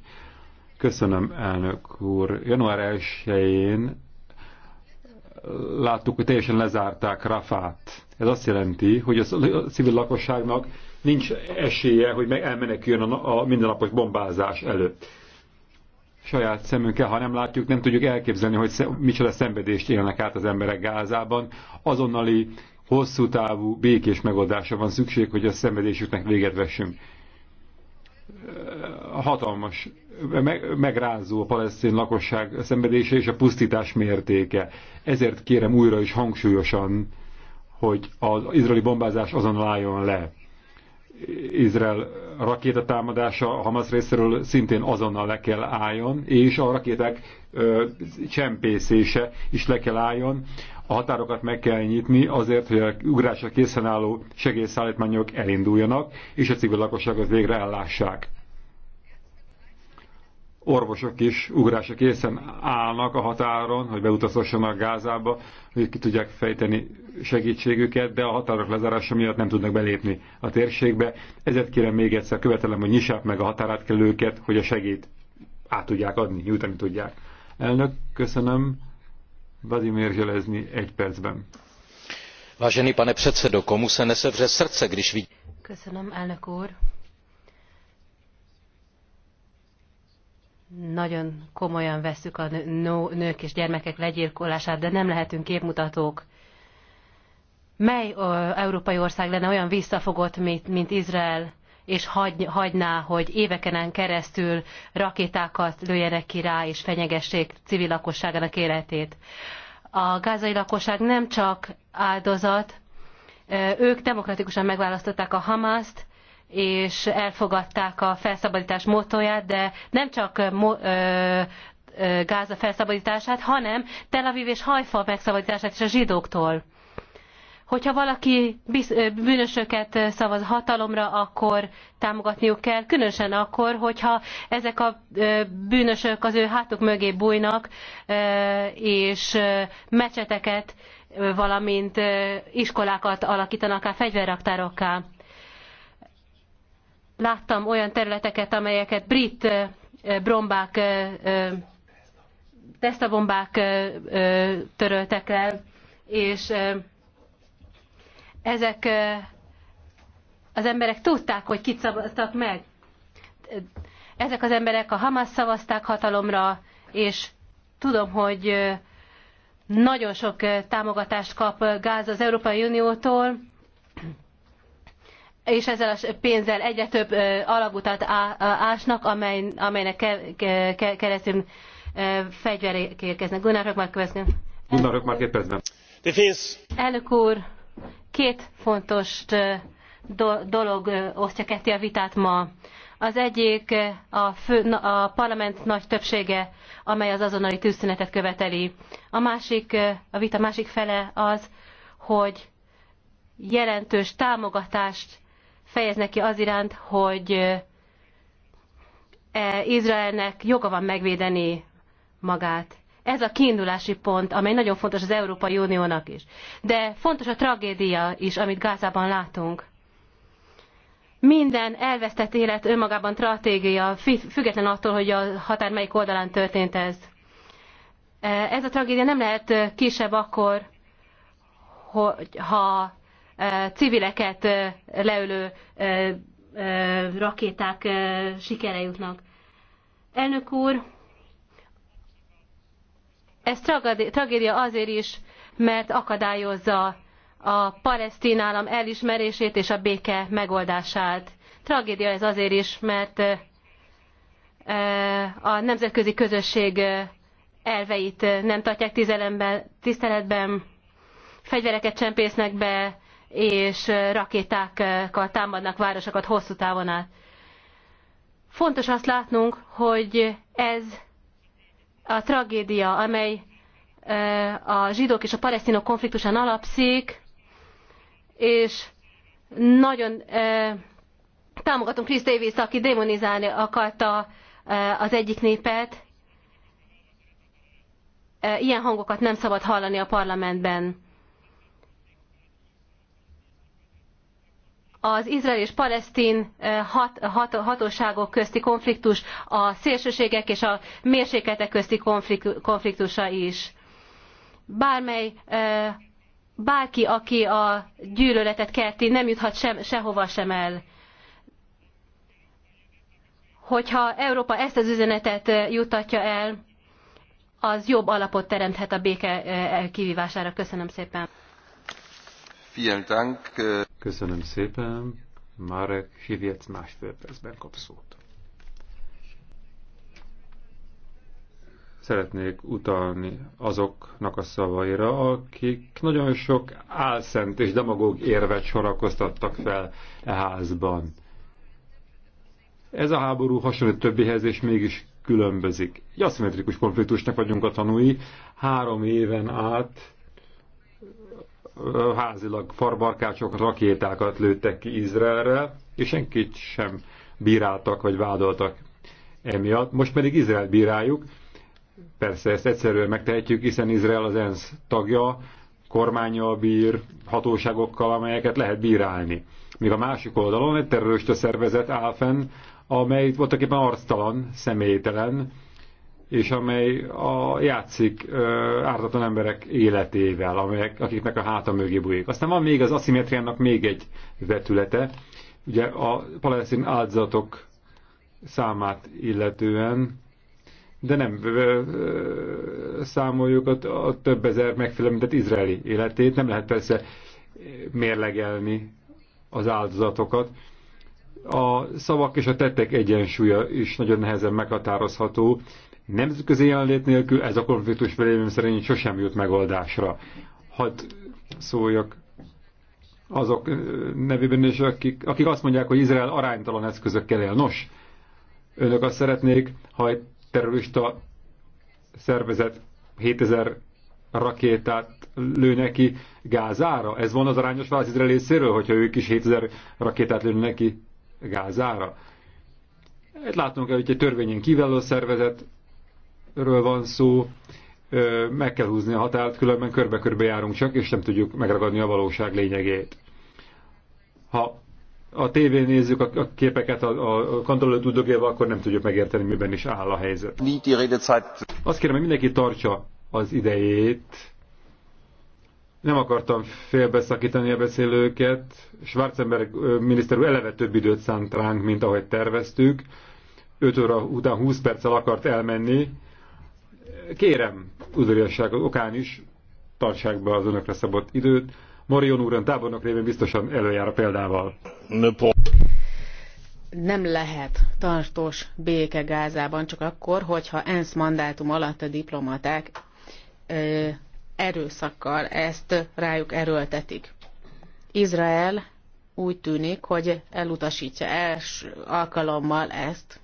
Köszönöm, elnök úr. Január 1-én láttuk, hogy teljesen lezárták Rafát. Ez azt jelenti, hogy a civil lakosságnak nincs esélye, hogy meg elmeneküljön a, mindennapos bombázás előtt. Saját szemünkkel, ha nem látjuk, nem tudjuk elképzelni, hogy micsoda szenvedést élnek át az emberek Gázában. Azonnali, hosszú távú, békés megoldásra van szükség, hogy a szenvedésüknek véget vessünk hatalmas, megrázó a palesztin lakosság szenvedése és a pusztítás mértéke. Ezért kérem újra is hangsúlyosan, hogy az izraeli bombázás azon álljon le. Izrael rakétatámadása a Hamas részéről szintén azonnal le kell álljon, és a rakéták ö, csempészése is le kell álljon. A határokat meg kell nyitni azért, hogy a ugrásra készen álló segélyszállítmányok elinduljanak, és a civil lakosságot végre ellássák. Orvosok is ugrásra készen állnak a határon, hogy beutazhassanak Gázába, hogy ki tudják fejteni segítségüket, de a határok lezárása miatt nem tudnak belépni a térségbe. Ezért kérem még egyszer, követelem, hogy nyissák meg a határátkelőket, hogy a segít át tudják adni, nyújtani tudják. Elnök, köszönöm. Vladimír Železni egy percben. Vážený pane předsedo, komu se nesevře srdce, když vidí... Köszönöm, elnök úr. Nagyon komolyan veszük a nő, nők és gyermekek legyilkolását, de nem lehetünk képmutatók. Mely európai ország lenne olyan visszafogott, mint, mint Izrael? és hagy, hagyná, hogy éveken keresztül rakétákat lőjenek ki rá, és fenyegessék civil lakosságának életét. A gázai lakosság nem csak áldozat, ők demokratikusan megválasztották a Hamaszt, és elfogadták a felszabadítás motóját, de nem csak Gáza felszabadítását, hanem Tel Aviv és Hajfa megszabadítását is a zsidóktól hogyha valaki bűnösöket szavaz hatalomra, akkor támogatniuk kell, különösen akkor, hogyha ezek a bűnösök az ő hátuk mögé bújnak, és mecseteket, valamint iskolákat alakítanak át fegyverraktárokká. Láttam olyan területeket, amelyeket brit brombák, tesztabombák töröltek el, és ezek az emberek tudták, hogy kit szavaztak meg. Ezek az emberek a Hamas szavazták hatalomra, és tudom, hogy nagyon sok támogatást kap Gáz az Európai Uniótól, és ezzel a pénzzel egyre több alagutat ásnak, amely, amelynek ke, ke, keresztül fegyverek érkeznek. Gunnar Hökmark következő. Gunnar Hökmark Elnök úr, Két fontos dolog osztja ketté a vitát ma. Az egyik a, fő, a parlament nagy többsége, amely az azonnali tűzszünetet követeli. A másik, a vita másik fele az, hogy jelentős támogatást fejeznek ki az iránt, hogy e, Izraelnek joga van megvédeni magát. Ez a kiindulási pont, amely nagyon fontos az Európai Uniónak is. De fontos a tragédia is, amit Gázában látunk. Minden elvesztett élet önmagában stratégia, független attól, hogy a határ melyik oldalán történt ez. E, ez a tragédia nem lehet kisebb akkor, ha e, civileket leülő rakéták sikere jutnak. Elnök úr, ez tragédia azért is, mert akadályozza a palesztin állam elismerését és a béke megoldását. Tragédia ez azért is, mert eh, a nemzetközi közösség eh, elveit nem tartják tiszteletben, fegyvereket csempésznek be, és eh, rakétákkal támadnak városokat hosszú távon át. Fontos azt látnunk, hogy ez a tragédia, amely a zsidók és a palesztinok konfliktusán alapszik, és nagyon támogatom Chris Davis, aki démonizálni akarta az egyik népet. Ilyen hangokat nem szabad hallani a parlamentben. az izrael és palesztin eh, hat, hat, hatóságok közti konfliktus, a szélsőségek és a mérsékletek közti konfliktusa is. Bármely eh, bárki, aki a gyűlöletet kelti, nem juthat sem, sehova sem el. Hogyha Európa ezt az üzenetet eh, juttatja el, az jobb alapot teremthet a béke kivívására. Köszönöm szépen. Vielen Dank. Äh, Köszönöm szépen. Marek Hivjec másfél percben kap szót. Szeretnék utalni azoknak a szavaira, akik nagyon sok álszent és demagóg érvet sorakoztattak fel e házban. Ez a háború hasonlít többihez, és mégis különbözik. Egy aszimmetrikus konfliktusnak vagyunk a tanúi. Három éven át házilag farbarkácsokat, rakétákat lőttek ki Izraelre, és senkit sem bíráltak vagy vádoltak emiatt. Most pedig Izrael bíráljuk, persze ezt egyszerűen megtehetjük, hiszen Izrael az ENSZ tagja, kormányjal bír, hatóságokkal, amelyeket lehet bírálni. Míg a másik oldalon egy terrorista szervezet áll fenn, amely voltaképpen arctalan, személytelen, és amely a, játszik ö, ártatlan emberek életével, amelyek, akiknek a háta mögé bújik. Aztán van még az aszimetriának még egy vetülete, ugye a palesztin áldozatok számát illetően, de nem ö, ö, számoljuk a, a több ezer megfélemlített izraeli életét, nem lehet persze mérlegelni az áldozatokat. A szavak és a tettek egyensúlya is nagyon nehezen meghatározható, Nemzetközi jelenlét nélkül ez a konfliktus velem szerint sosem jut megoldásra. Hadd szóljak azok nevében is, akik, akik azt mondják, hogy Izrael aránytalan eszközökkel él. Nos, önök azt szeretnék, ha egy terrorista szervezet 7000 rakétát lő neki Gázára? Ez van az arányos válasz Izrael részéről, hogyha ők is 7000 rakétát lő neki Gázára? Itt látnunk kell, hogy egy törvényen kiváló szervezet, ről van szó, meg kell húzni a határt, különben körbe-körbe járunk csak, és nem tudjuk megragadni a valóság lényegét. Ha a tévén nézzük a képeket a, a kontrollőt tudogélve, akkor nem tudjuk megérteni, miben is áll a helyzet. Azt kérem, hogy mindenki tartsa az idejét. Nem akartam félbeszakítani a beszélőket. Schwarzenberg miniszter úr eleve több időt szánt ránk, mint ahogy terveztük. 5 óra után 20 perccel akart elmenni, Kérem, udvariasság okán is, tartsák be az önökre szabott időt. Marion úr tábornok révén biztosan előjár a példával. Nem lehet tartós béke Gázában csak akkor, hogyha ENSZ mandátum alatt a diplomaták ö, erőszakkal ezt rájuk erőltetik. Izrael úgy tűnik, hogy elutasítja első alkalommal ezt,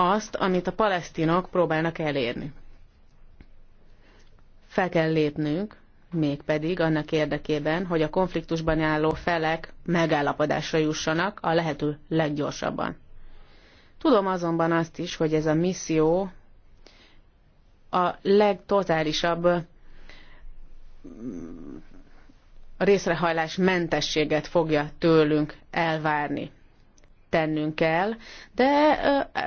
azt, amit a palesztinok próbálnak elérni. Fel kell lépnünk, mégpedig annak érdekében, hogy a konfliktusban álló felek megállapodásra jussanak a lehető leggyorsabban. Tudom azonban azt is, hogy ez a misszió a legtotálisabb mm, részrehajlás mentességet fogja tőlünk elvárni tennünk kell, de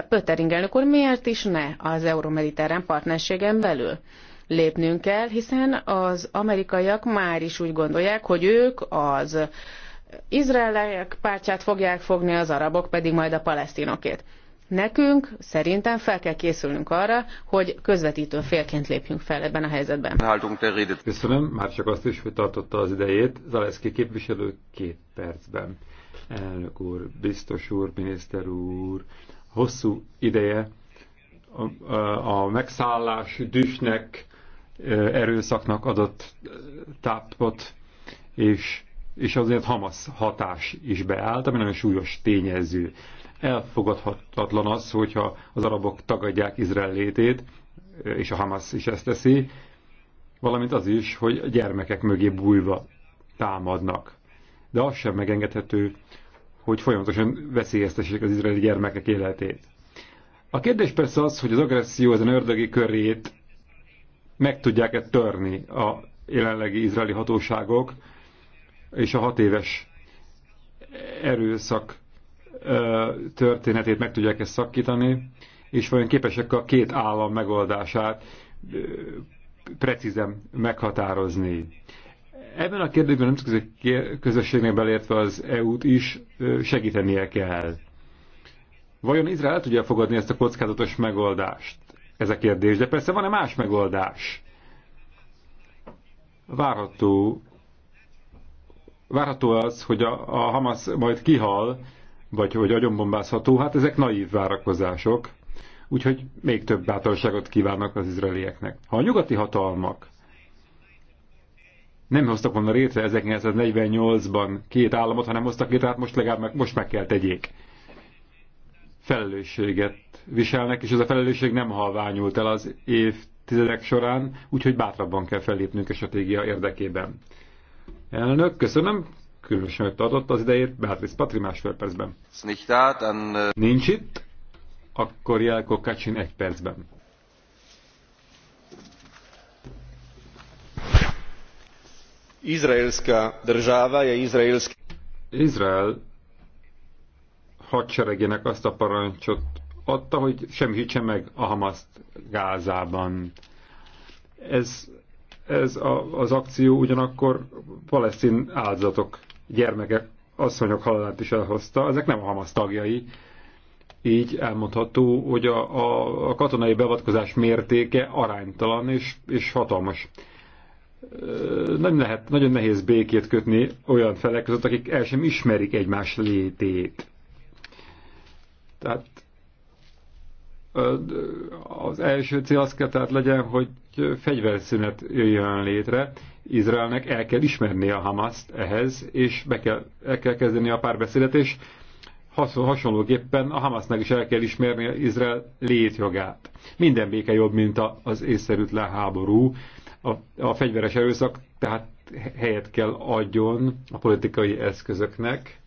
Pöttering elnök úr, miért is ne az euromediterrán partnerségen belül? Lépnünk kell, hiszen az amerikaiak már is úgy gondolják, hogy ők az izraeliek pártját fogják fogni, az arabok pedig majd a palesztinokét. Nekünk szerintem fel kell készülnünk arra, hogy közvetítő félként lépjünk fel ebben a helyzetben. Köszönöm, már csak azt is, hogy tartotta az idejét. Zaleszki képviselő két percben elnök úr, biztos úr, miniszter úr, hosszú ideje a, a, a megszállás düsnek, erőszaknak adott tápot, és, és azért Hamas hatás is beállt, ami nagyon súlyos tényező. Elfogadhatatlan az, hogyha az arabok tagadják Izrael létét, és a Hamas is ezt teszi, valamint az is, hogy a gyermekek mögé bújva támadnak de az sem megengedhető, hogy folyamatosan veszélyeztessék az izraeli gyermekek életét. A kérdés persze az, hogy az agresszió ezen ördögi körét meg tudják-e törni a jelenlegi izraeli hatóságok, és a hat éves erőszak történetét meg tudják ezt szakítani, és vajon képesek a két állam megoldását precízen meghatározni. Ebben a kérdésben nem nemzetközi közösségnek belértve az EU-t is segítenie kell. Vajon Izrael tudja fogadni ezt a kockázatos megoldást? Ez a kérdés. De persze van-e más megoldás? Várható, várható az, hogy a, a Hamas majd kihal, vagy hogy agyonbombázható. Hát ezek naív várakozások. Úgyhogy még több bátorságot kívánok az izraelieknek. Ha a nyugati hatalmak nem hoztak volna létre 1948-ban két államot, hanem hoztak létre, hát most legalább meg, most meg kell tegyék. Felelősséget viselnek, és ez a felelősség nem halványult el az évtizedek során, úgyhogy bátrabban kell fellépnünk a stratégia érdekében. Elnök, köszönöm, különösen, hogy adott az idejét, Beatrice Patri másfél percben. Nincs itt, hát, akkor Jelko Kacsin egy percben. izraelska država je izraelski... Izrael hadseregének azt a parancsot adta, hogy semmisítse meg a Hamaszt Gázában. Ez, ez a, az akció ugyanakkor palesztin áldozatok, gyermekek, asszonyok halálát is elhozta. Ezek nem a Hamas tagjai. Így elmondható, hogy a, a, a katonai beavatkozás mértéke aránytalan és, és hatalmas nem lehet, nagyon nehéz békét kötni olyan felek között, akik el sem ismerik egymás létét. Tehát az első cél az kell tehát legyen, hogy fegyverszünet jöjjön létre. Izraelnek el kell ismerni a Hamaszt ehhez, és be kell, el kell kezdeni a párbeszédet, és hasonlóképpen a Hamasznak is el kell ismerni Izrael létjogát. Minden béke jobb, mint az észszerűtlen háború, a, a fegyveres erőszak tehát helyet kell adjon a politikai eszközöknek.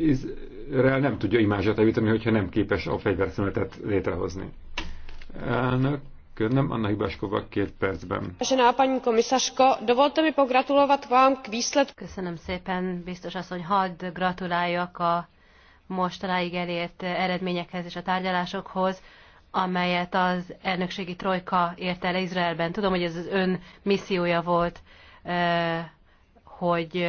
Izrael nem tudja imázsát evíteni, hogyha nem képes a fegyverszünetet létrehozni. Elnök, könnöm, Anna Hibáskova két percben. Vážená paní komisařko, dovolte mi pogratulovat vám k výsledku. Köszönöm szépen, biztos asszony, hadd gratuláljak a mostanáig elért eredményekhez és a tárgyalásokhoz amelyet az elnökségi trojka ért el Izraelben. Tudom, hogy ez az ön missziója volt, hogy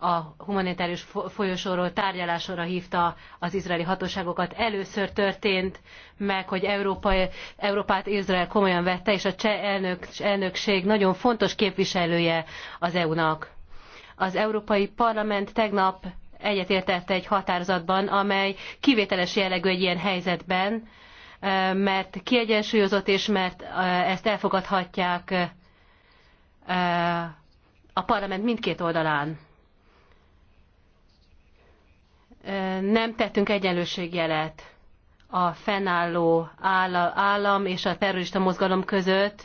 a humanitárius folyosóról tárgyalásra hívta az izraeli hatóságokat. Először történt meg, hogy Európa, Európát Izrael komolyan vette, és a cseh elnök, elnökség nagyon fontos képviselője az EU-nak. Az Európai Parlament tegnap egyetértette egy határozatban, amely kivételes jellegű egy ilyen helyzetben, mert kiegyensúlyozott, és mert ezt elfogadhatják a parlament mindkét oldalán. Nem tettünk egyenlőségjelet a fennálló állam és a terrorista mozgalom között.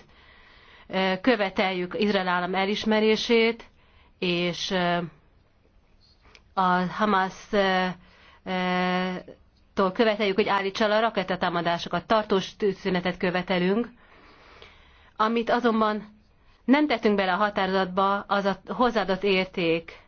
Követeljük Izrael állam elismerését, és a Hamas tól követeljük, hogy állítsa le a rakétatámadásokat, tartós tűzszünetet követelünk, amit azonban nem tettünk bele a határozatba, az a hozzáadott érték.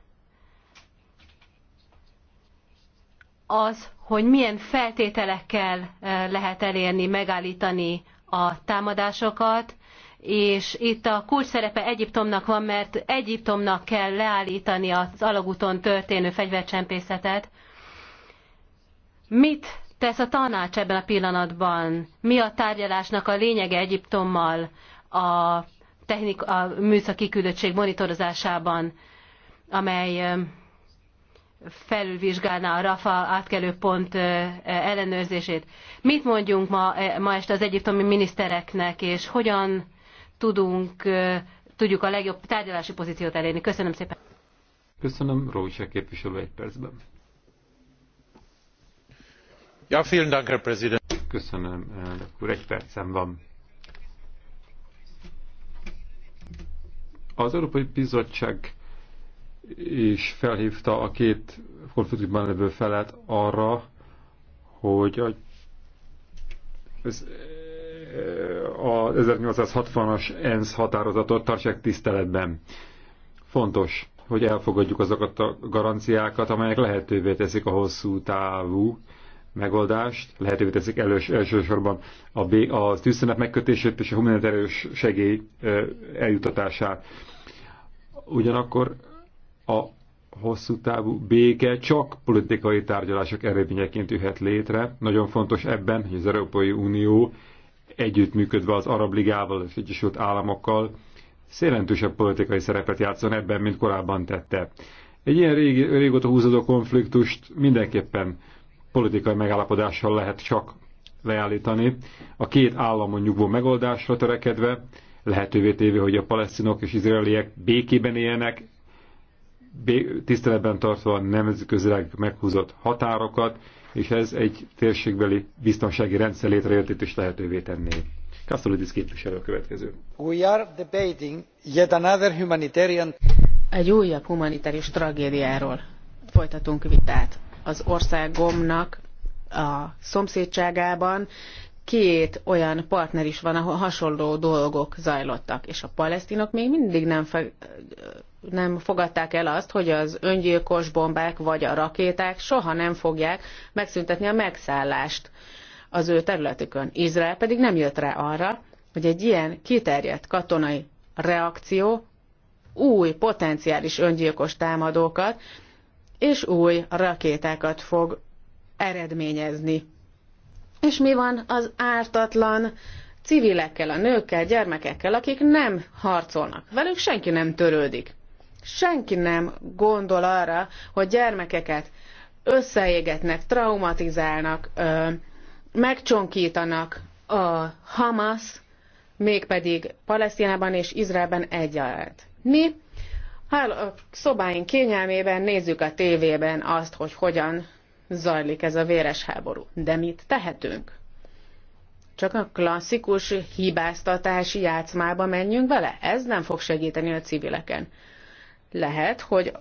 Az, hogy milyen feltételekkel eh, lehet elérni, megállítani a támadásokat, és itt a kulcs szerepe Egyiptomnak van, mert Egyiptomnak kell leállítani az alagúton történő fegyvercsempészetet, Mit tesz a tanács ebben a pillanatban? Mi a tárgyalásnak a lényege Egyiptommal a, technik, a műszaki küldöttség monitorozásában, amely felülvizsgálná a RAFA átkelőpont ellenőrzését. Mit mondjunk ma, e, ma este az egyiptomi minisztereknek, és hogyan tudunk, tudjuk a legjobb tárgyalási pozíciót elérni? Köszönöm szépen. Köszönöm, Rózsa képviselő egy percben. Köszönöm, elnök úr. Egy percem van. Az Európai Bizottság is felhívta a két konfliktusban levő felet arra, hogy a, ez, a 1860-as ENSZ határozatot tartsák tiszteletben. Fontos, hogy elfogadjuk azokat a garanciákat, amelyek lehetővé teszik a hosszú távú megoldást, lehetővé teszik elős, elsősorban a, B, a tűzszünet megkötését és a humanitárius segély eljutatását. Ugyanakkor a hosszú távú béke csak politikai tárgyalások eredményeként jöhet létre. Nagyon fontos ebben, hogy az Európai Unió együttműködve az Arab Ligával és Egyesült Államokkal szélentősebb politikai szerepet játszon ebben, mint korábban tette. Egy ilyen régi régóta húzódó konfliktust mindenképpen politikai megállapodással lehet csak leállítani. A két államon nyugvó megoldásra törekedve lehetővé téve, hogy a palesztinok és izraeliek békében éljenek, tiszteletben tartva a nemzetközileg meghúzott határokat, és ez egy térségbeli biztonsági rendszer létrejöttét is lehetővé tenné. Kasztolidis képviselő a következő. We are debating yet another humanitarian... Egy újabb humanitárius tragédiáról folytatunk vitát az országomnak a szomszédságában két olyan partner is van, ahol hasonló dolgok zajlottak, és a palesztinok még mindig nem, fe, nem fogadták el azt, hogy az öngyilkos bombák vagy a rakéták soha nem fogják megszüntetni a megszállást az ő területükön. Izrael pedig nem jött rá arra, hogy egy ilyen kiterjedt katonai reakció új potenciális öngyilkos támadókat és új rakétákat fog eredményezni. És mi van az ártatlan civilekkel, a nőkkel, gyermekekkel, akik nem harcolnak? Velük senki nem törődik. Senki nem gondol arra, hogy gyermekeket összeégetnek, traumatizálnak, ö, megcsonkítanak a Hamas, mégpedig Palesztinában és Izraelben egyaránt. Mi a szobáink kényelmében nézzük a tévében azt, hogy hogyan zajlik ez a véres háború. De mit tehetünk? Csak a klasszikus hibáztatási játszmába menjünk bele? Ez nem fog segíteni a civileken. Lehet, hogy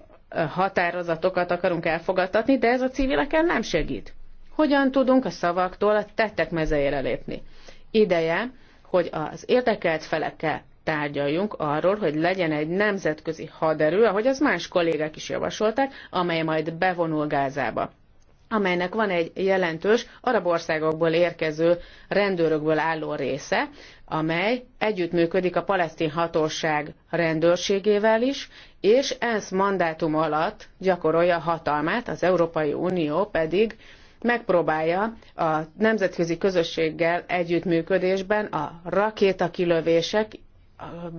határozatokat akarunk elfogadtatni, de ez a civileken nem segít. Hogyan tudunk a szavaktól a tettek mezejére lépni? Ideje, hogy az érdekelt felekkel tárgyaljunk arról, hogy legyen egy nemzetközi haderő, ahogy az más kollégák is javasolták, amely majd bevonul Gázába amelynek van egy jelentős arab országokból érkező rendőrökből álló része, amely együttműködik a palesztin hatóság rendőrségével is, és ENSZ mandátum alatt gyakorolja hatalmát, az Európai Unió pedig megpróbálja a nemzetközi közösséggel együttműködésben a rakétakilövések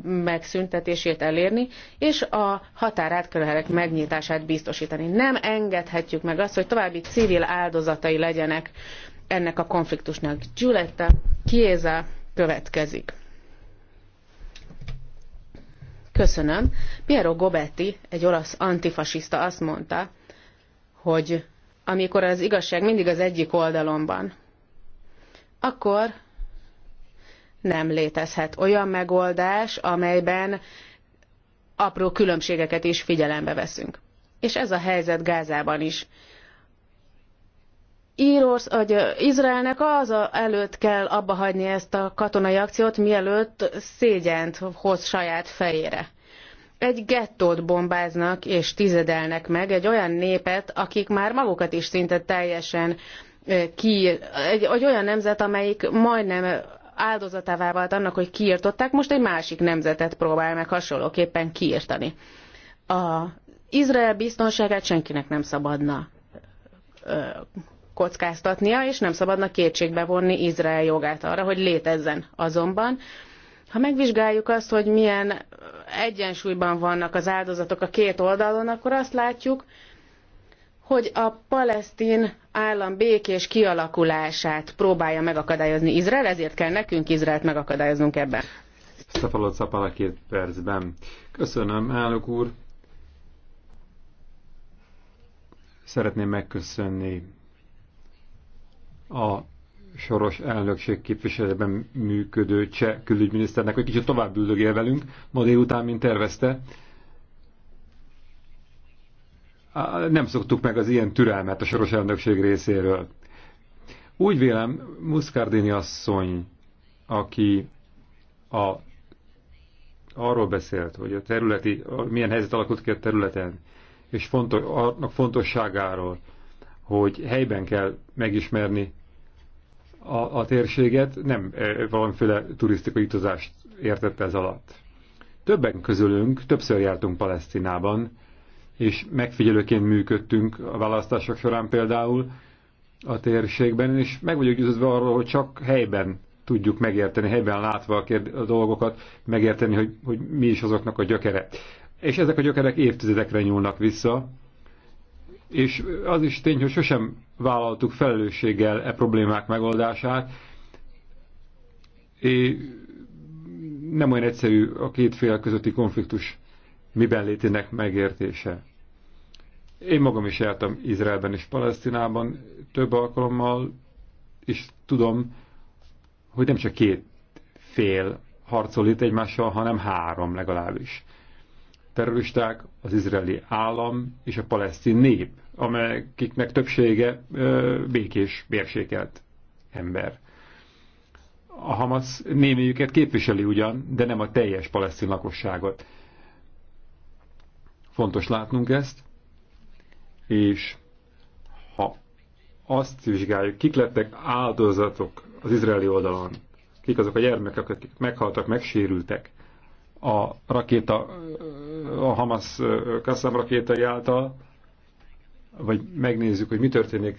megszüntetését elérni, és a határátkörehelek megnyitását biztosítani. Nem engedhetjük meg azt, hogy további civil áldozatai legyenek ennek a konfliktusnak. Giulietta Chiesa következik. Köszönöm. Piero Gobetti, egy olasz antifasiszta azt mondta, hogy amikor az igazság mindig az egyik oldalon van, akkor nem létezhet olyan megoldás, amelyben apró különbségeket is figyelembe veszünk. És ez a helyzet Gázában is. Írorsz, hogy Izraelnek az a, előtt kell abba hagyni ezt a katonai akciót, mielőtt szégyent hoz saját fejére. Egy gettót bombáznak és tizedelnek meg, egy olyan népet, akik már magukat is szinte teljesen ki, egy, egy olyan nemzet, amelyik majdnem áldozatává vált annak, hogy kiirtották, most egy másik nemzetet próbál meg hasonlóképpen kiirtani. A Izrael biztonságát senkinek nem szabadna ö, kockáztatnia, és nem szabadna kétségbe vonni Izrael jogát arra, hogy létezzen. Azonban, ha megvizsgáljuk azt, hogy milyen egyensúlyban vannak az áldozatok a két oldalon, akkor azt látjuk, hogy a palesztin állam békés kialakulását próbálja megakadályozni Izrael, ezért kell nekünk Izraelt megakadályoznunk ebben. Szapalod a két percben. Köszönöm, elnök úr. Szeretném megköszönni a soros elnökség képviseletben működő cseh külügyminiszternek, hogy kicsit tovább üldögél velünk ma délután, mint tervezte nem szoktuk meg az ilyen türelmet a soros elnökség részéről. Úgy vélem, Muscardini asszony, aki a, arról beszélt, hogy a területi, milyen helyzet alakult ki a területen, és fontos, annak fontosságáról, hogy helyben kell megismerni a, a térséget, nem e, valamiféle turisztikai utazást értette ez alatt. Többen közülünk többször jártunk Palesztinában, és megfigyelőként működtünk a választások során például a térségben, és meg vagyok győződve arról, hogy csak helyben tudjuk megérteni, helyben látva a, kérd- a dolgokat, megérteni, hogy, hogy mi is azoknak a gyökere. És ezek a gyökerek évtizedekre nyúlnak vissza, és az is tény, hogy sosem vállaltuk felelősséggel e problémák megoldását, és nem olyan egyszerű a két fél közötti konfliktus miben létének megértése. Én magam is jártam Izraelben és Palesztinában több alkalommal, és tudom, hogy nem csak két fél harcol itt egymással, hanem három legalábbis. Terroristák, az izraeli állam és a palesztin nép, amelyiknek többsége ö, békés, bérsékelt ember. A Hamas némiüket képviseli ugyan, de nem a teljes palesztin lakosságot. Fontos látnunk ezt, és ha azt vizsgáljuk, kik lettek áldozatok az izraeli oldalon, kik azok a gyermekek, akik meghaltak, megsérültek a rakéta, a Hamas Kassam rakétai által, vagy megnézzük, hogy mi történik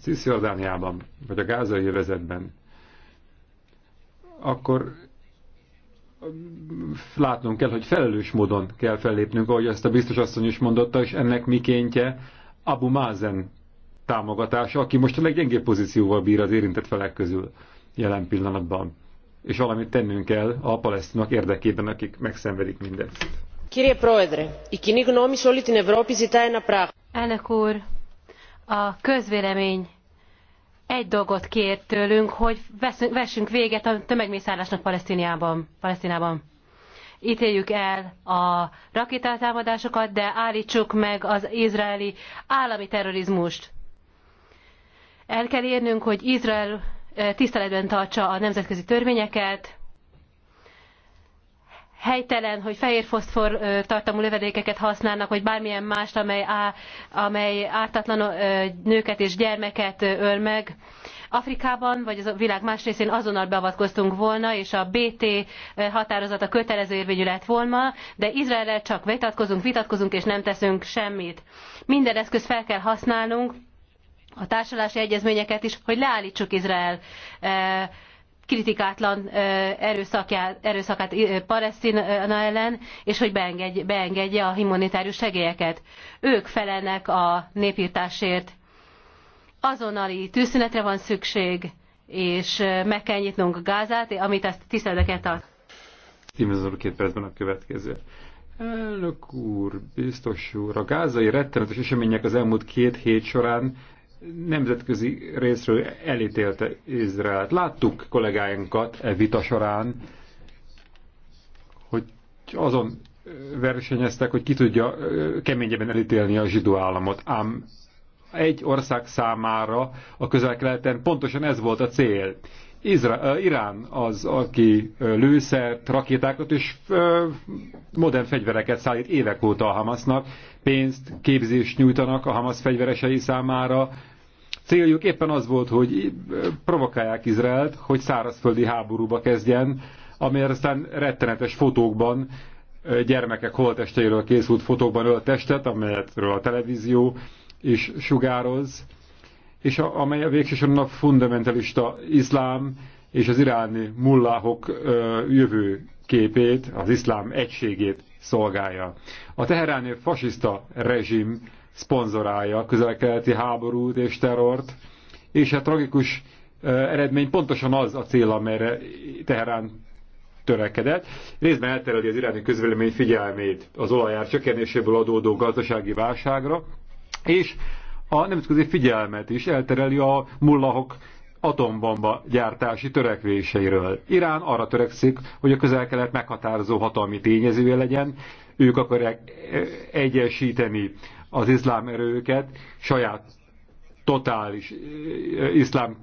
Cisziordániában, vagy a gázai övezetben, akkor látnunk kell, hogy felelős módon kell fellépnünk, ahogy ezt a biztos asszony is mondotta, és ennek mikéntje Abu Mazen támogatása, aki most a leggyengébb pozícióval bír az érintett felek közül jelen pillanatban. És valamit tennünk kell a palesztinak érdekében, akik megszenvedik mindezt. Κύριε Proedre, η κοινή γνώμη σε όλη την Elnök úr, a közvélemény egy dolgot kért tőlünk, hogy veszünk, vessünk véget a tömegmészárlásnak Palesztinában. Palesztinában. Ítéljük el a rakétátámadásokat, de állítsuk meg az izraeli állami terrorizmust. El kell érnünk, hogy Izrael eh, tiszteletben tartsa a nemzetközi törvényeket, helytelen, hogy fehér foszfor tartalmú lövedékeket használnak, vagy bármilyen mást, amely, á, amely ártatlan nőket és gyermeket öl meg. Afrikában, vagy a világ más részén azonnal beavatkoztunk volna, és a BT határozata kötelező érvényű lett volna, de Izraellel csak vitatkozunk, vitatkozunk, és nem teszünk semmit. Minden eszközt fel kell használnunk, a társulási egyezményeket is, hogy leállítsuk Izrael kritikátlan erőszakát Palesztina ellen, és hogy beengedje, beengedje a humanitárius segélyeket. Ők felelnek a népírtásért. Azonnali tűzszünetre van szükség, és meg kell nyitnunk Gázát, amit ezt tiszteletbe kell tartani. Tímezor két percben a következő. Elnök úr, biztos úr, a gázai rettenetes események az elmúlt két hét során nemzetközi részről elítélte Izraelt. Láttuk kollégáinkat e vita során, hogy azon versenyeztek, hogy ki tudja keményebben elítélni a zsidó államot. Ám egy ország számára a közel-keleten pontosan ez volt a cél. Izra- Irán az, aki lőszert, rakétákat és modern fegyvereket szállít évek óta a Hamasnak, pénzt, képzést nyújtanak a Hamas fegyveresei számára, Céljuk éppen az volt, hogy eh, provokálják Izraelt, hogy szárazföldi háborúba kezdjen, amelyet aztán rettenetes fotókban, eh, gyermekek holtesteiről készült fotókban ölt testet, amelyetről a televízió is sugároz, és a, amely a végsősorban a fundamentalista iszlám és az iráni mulláhok eh, jövő képét, az iszlám egységét szolgálja. A teheráni fasiszta rezsim szponzorálja a közelkeleti háborút és terort, és a hát tragikus eredmény pontosan az a cél, amelyre Teherán törekedett. Részben eltereli az iráni közvélemény figyelmét az olajár csökkenéséből adódó gazdasági válságra, és a nemzetközi figyelmet is eltereli a mullahok atombomba gyártási törekvéseiről. Irán arra törekszik, hogy a közel-kelet meghatározó hatalmi tényezője legyen, ők akarják egyesíteni az iszlám erőket saját totális iszlám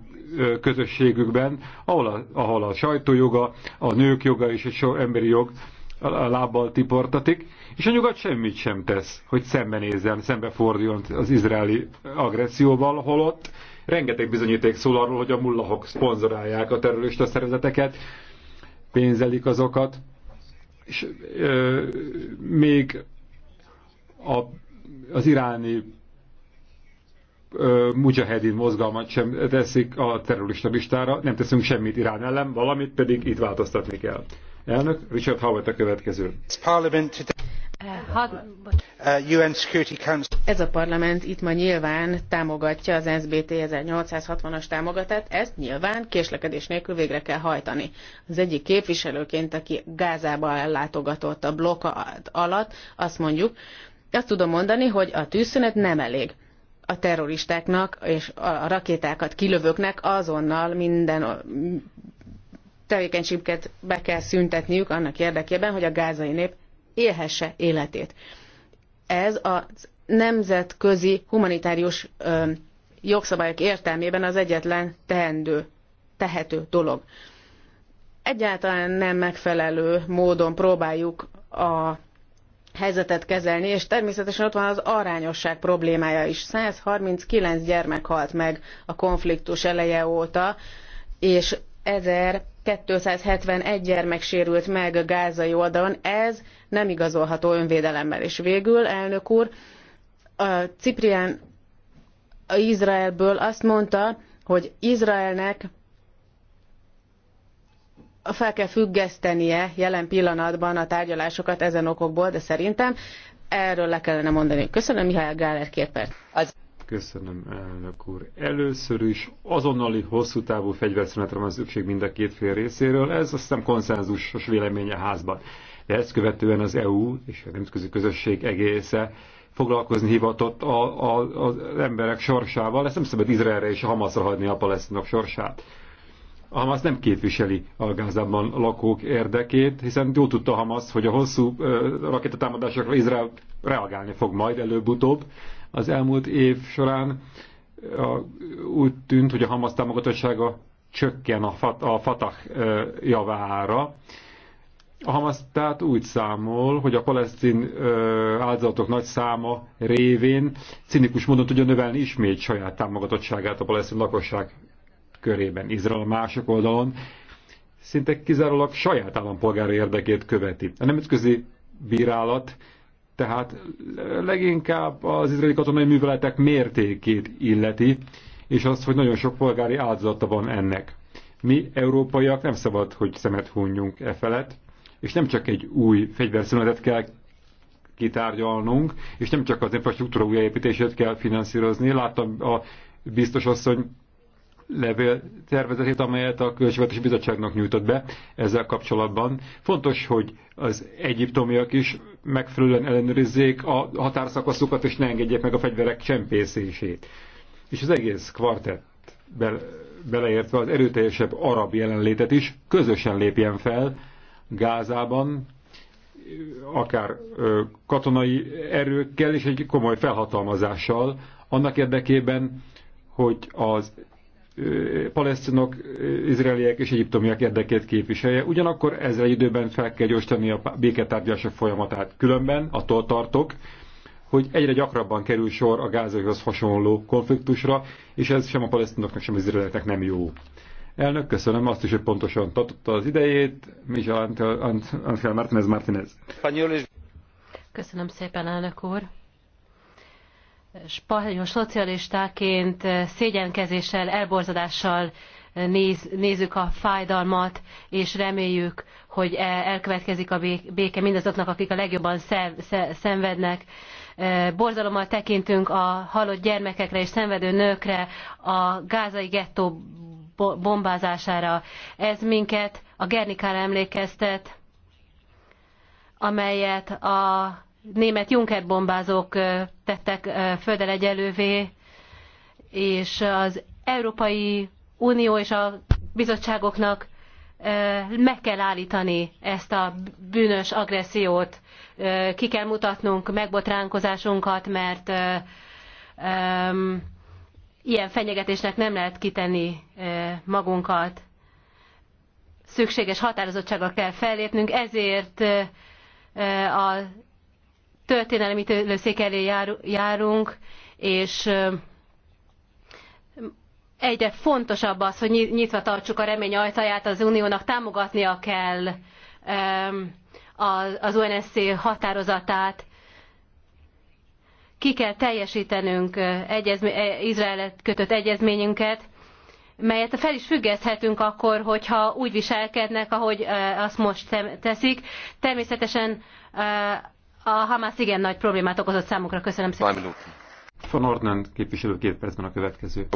közösségükben, ahol a, ahol a sajtójoga, a nők joga és egy sok emberi jog a lábbal tiportatik, és a nyugat semmit sem tesz, hogy szembenézzen, szembeforduljon az izraeli agresszióval, holott rengeteg bizonyíték szól arról, hogy a mullahok szponzorálják a terrorista szervezeteket, pénzelik azokat, és ö, még a az iráni mujahedin mozgalmat sem teszik a terrorista listára, nem teszünk semmit Irán ellen, valamit pedig itt változtatni kell. Elnök Richard Howard a következő. Eh, eh, Ez a parlament itt ma nyilván támogatja az SBT 1860-as támogatát, ezt nyilván késlekedés nélkül végre kell hajtani. Az egyik képviselőként, aki Gázába ellátogatott a blokk alatt, azt mondjuk, azt tudom mondani, hogy a tűzszünet nem elég. A terroristáknak és a rakétákat kilövőknek azonnal minden tevékenységüket be kell szüntetniük annak érdekében, hogy a gázai nép élhesse életét. Ez a nemzetközi humanitárius ö, jogszabályok értelmében az egyetlen teendő, tehető dolog. Egyáltalán nem megfelelő módon próbáljuk a helyzetet kezelni, és természetesen ott van az arányosság problémája is. 139 gyermek halt meg a konfliktus eleje óta, és 1271 gyermek sérült meg a gázai oldalon, ez nem igazolható önvédelemmel. És végül, elnök úr, a Ciprián a Izraelből azt mondta, hogy Izraelnek fel kell függesztenie jelen pillanatban a tárgyalásokat ezen okokból, de szerintem erről le kellene mondani. Köszönöm, Mihály Gáler képert. Az... Köszönöm, elnök úr. Először is azonnali hosszú távú fegyverszünetre van szükség mind a két fél részéről. Ez azt hiszem konszenzusos véleménye házban. De ezt követően az EU és a nemzetközi közösség egésze foglalkozni hivatott a, a, az emberek sorsával. Ezt nem szabad Izraelre és a Hamaszra hagyni a palesztinok sorsát a Hamas nem képviseli a Gázában lakók érdekét, hiszen jól tudta Hamas, hogy a hosszú rakétatámadásokra Izrael reagálni fog majd előbb-utóbb. Az elmúlt év során úgy tűnt, hogy a Hamas támogatottsága csökken a, a Fatah javára. A Hamas tehát úgy számol, hogy a palesztin áldozatok nagy száma révén cinikus módon tudja növelni ismét saját támogatottságát a palesztin lakosság körében, Izrael mások oldalon szinte kizárólag saját állampolgára érdekét követi. A nemzetközi bírálat tehát leginkább az izraeli katonai műveletek mértékét illeti, és azt, hogy nagyon sok polgári áldozata van ennek. Mi, európaiak nem szabad, hogy szemet hunjunk e felett, és nem csak egy új fegyverszünetet kell kitárgyalnunk, és nem csak az infrastruktúra újjáépítését kell finanszírozni. Láttam a biztos asszony levél tervezetét, amelyet a Költségvetési Bizottságnak nyújtott be ezzel kapcsolatban. Fontos, hogy az egyiptomiak is megfelelően ellenőrizzék a határszakaszokat, és ne engedjék meg a fegyverek csempészését. És az egész kvartett beleértve az erőteljesebb arab jelenlétet is közösen lépjen fel Gázában, akár katonai erőkkel és egy komoly felhatalmazással, annak érdekében, hogy az palesztinok, izraeliek és egyiptomiak érdekét képviselje. Ugyanakkor ezzel időben fel kell gyorsítani a béketárgyalások folyamatát. Különben attól tartok, hogy egyre gyakrabban kerül sor a gázaihoz hasonló konfliktusra, és ez sem a palesztinoknak, sem az izraelieknek nem jó. Elnök, köszönöm azt is, hogy pontosan tartotta az idejét. Michel Angel Martinez Martinez. Köszönöm szépen, elnök úr spanyol szocialistáként szégyenkezéssel, elborzadással néz, nézzük a fájdalmat, és reméljük, hogy e, elkövetkezik a béke mindazoknak, akik a legjobban szenvednek. E, borzalommal tekintünk a halott gyermekekre és szenvedő nőkre, a gázai gettó bombázására. Ez minket a Gernikára emlékeztet, amelyet a német Juncker bombázók tettek földdel egyelővé, és az Európai Unió és a bizottságoknak meg kell állítani ezt a bűnös agressziót, ki kell mutatnunk megbotránkozásunkat, mert ilyen fenyegetésnek nem lehet kitenni magunkat. Szükséges határozottsággal kell fellépnünk, ezért a történelmi tőlőszék elé járunk, és egyre fontosabb az, hogy nyitva tartsuk a remény ajtaját, az uniónak támogatnia kell az UNSC határozatát, ki kell teljesítenünk egyezmény, e, Izraelet kötött egyezményünket, melyet fel is függeszthetünk akkor, hogyha úgy viselkednek, ahogy azt most teszik. Természetesen a Hamász igen nagy problémát okozott számukra. Köszönöm szépen. Van Ornán képviselő két percben a következő.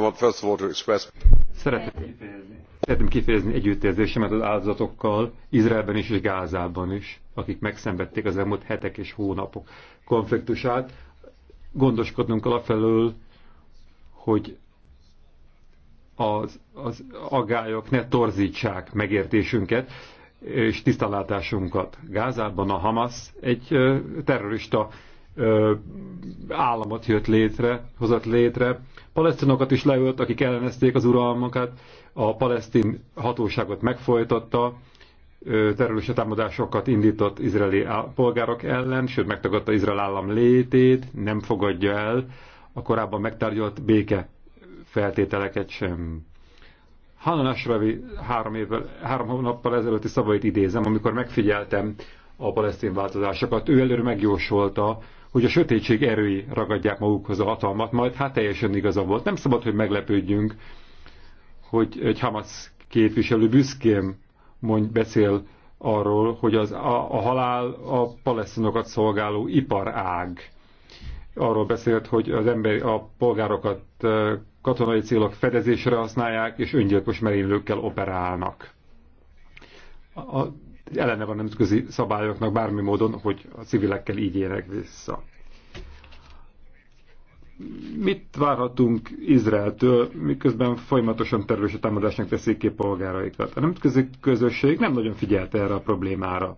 Szeretném kifejezni, szeretném kifejezni együttérzésemet az áldozatokkal, Izraelben is és Gázában is, akik megszenvedték az elmúlt hetek és hónapok konfliktusát. Gondoskodnunk alapfelől, hogy az, az agályok ne torzítsák megértésünket, és tisztalátásunkat. Gázában a Hamas egy terrorista államot jött létre, hozott létre. Palesztinokat is leölt, akik ellenezték az uralmakat, a palesztin hatóságot megfojtotta, terrorista támadásokat indított izraeli polgárok ellen, sőt megtagadta Izrael állam létét, nem fogadja el a korábban megtárgyalt béke feltételeket sem. Hanan Ashravi három, évvel, három hónappal ezelőtti szavait idézem, amikor megfigyeltem a palesztin változásokat. Ő előre megjósolta, hogy a sötétség erői ragadják magukhoz a hatalmat, majd hát teljesen igaza volt. Nem szabad, hogy meglepődjünk, hogy egy Hamas képviselő büszkén mond, beszél arról, hogy az, a, a halál a palesztinokat szolgáló iparág arról beszélt, hogy az emberi, a polgárokat katonai célok fedezésre használják, és öngyilkos merénylőkkel operálnak. A, a, ellene van nemzetközi szabályoknak bármi módon, hogy a civilekkel így élnek vissza. Mit várhatunk Izraeltől, miközben folyamatosan tervezett támadásnak teszik ki polgáraikat? A nemzetközi közösség nem nagyon figyelte erre a problémára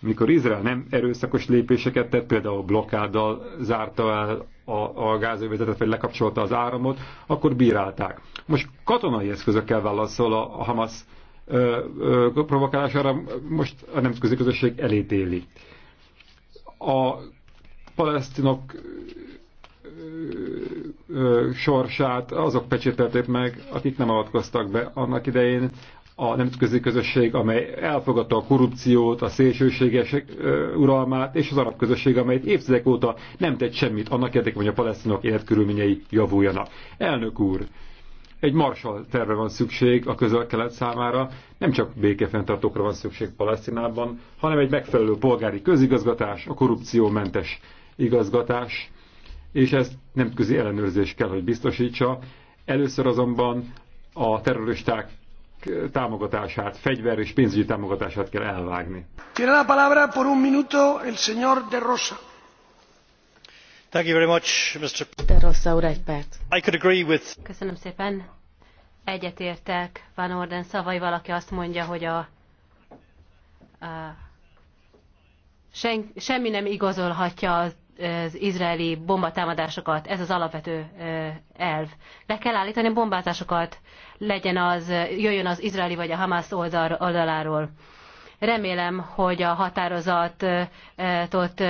mikor Izrael nem erőszakos lépéseket tett, például blokkáddal zárta el a, a gázövezetet, vagy lekapcsolta az áramot, akkor bírálták. Most katonai eszközökkel válaszol a Hamas provokálására, most a nemzetközi közösség elítéli. A palesztinok sorsát azok pecsételték meg, akik nem avatkoztak be annak idején a nemzetközi közösség, amely elfogadta a korrupciót, a szélsőséges uralmát, és az arab közösség, amely évtizedek óta nem tett semmit annak érdekében, hogy a palesztinok életkörülményei javuljanak. Elnök úr, egy marsal terve van szükség a közel-kelet számára, nem csak békefenntartókra van szükség Palesztinában, hanem egy megfelelő polgári közigazgatás, a korrupciómentes igazgatás, és ezt nemzetközi ellenőrzés kell, hogy biztosítsa. Először azonban a terroristák támogatását, fegyver és pénzügyi támogatását kell elvágni. Tiene la palabra por un minuto el señor de Rosa. Thank you very much, Mr. De Rosa úr, egy perc. I could agree with... Köszönöm szépen. Egyetértek Van Orden szavaival, aki azt mondja, hogy a, a sen, semmi nem igazolhatja az az izraeli bombatámadásokat, ez az alapvető elv. Be kell állítani a bombázásokat, legyen az, jöjjön az izraeli vagy a Hamas oldal, oldaláról. Remélem, hogy a határozatot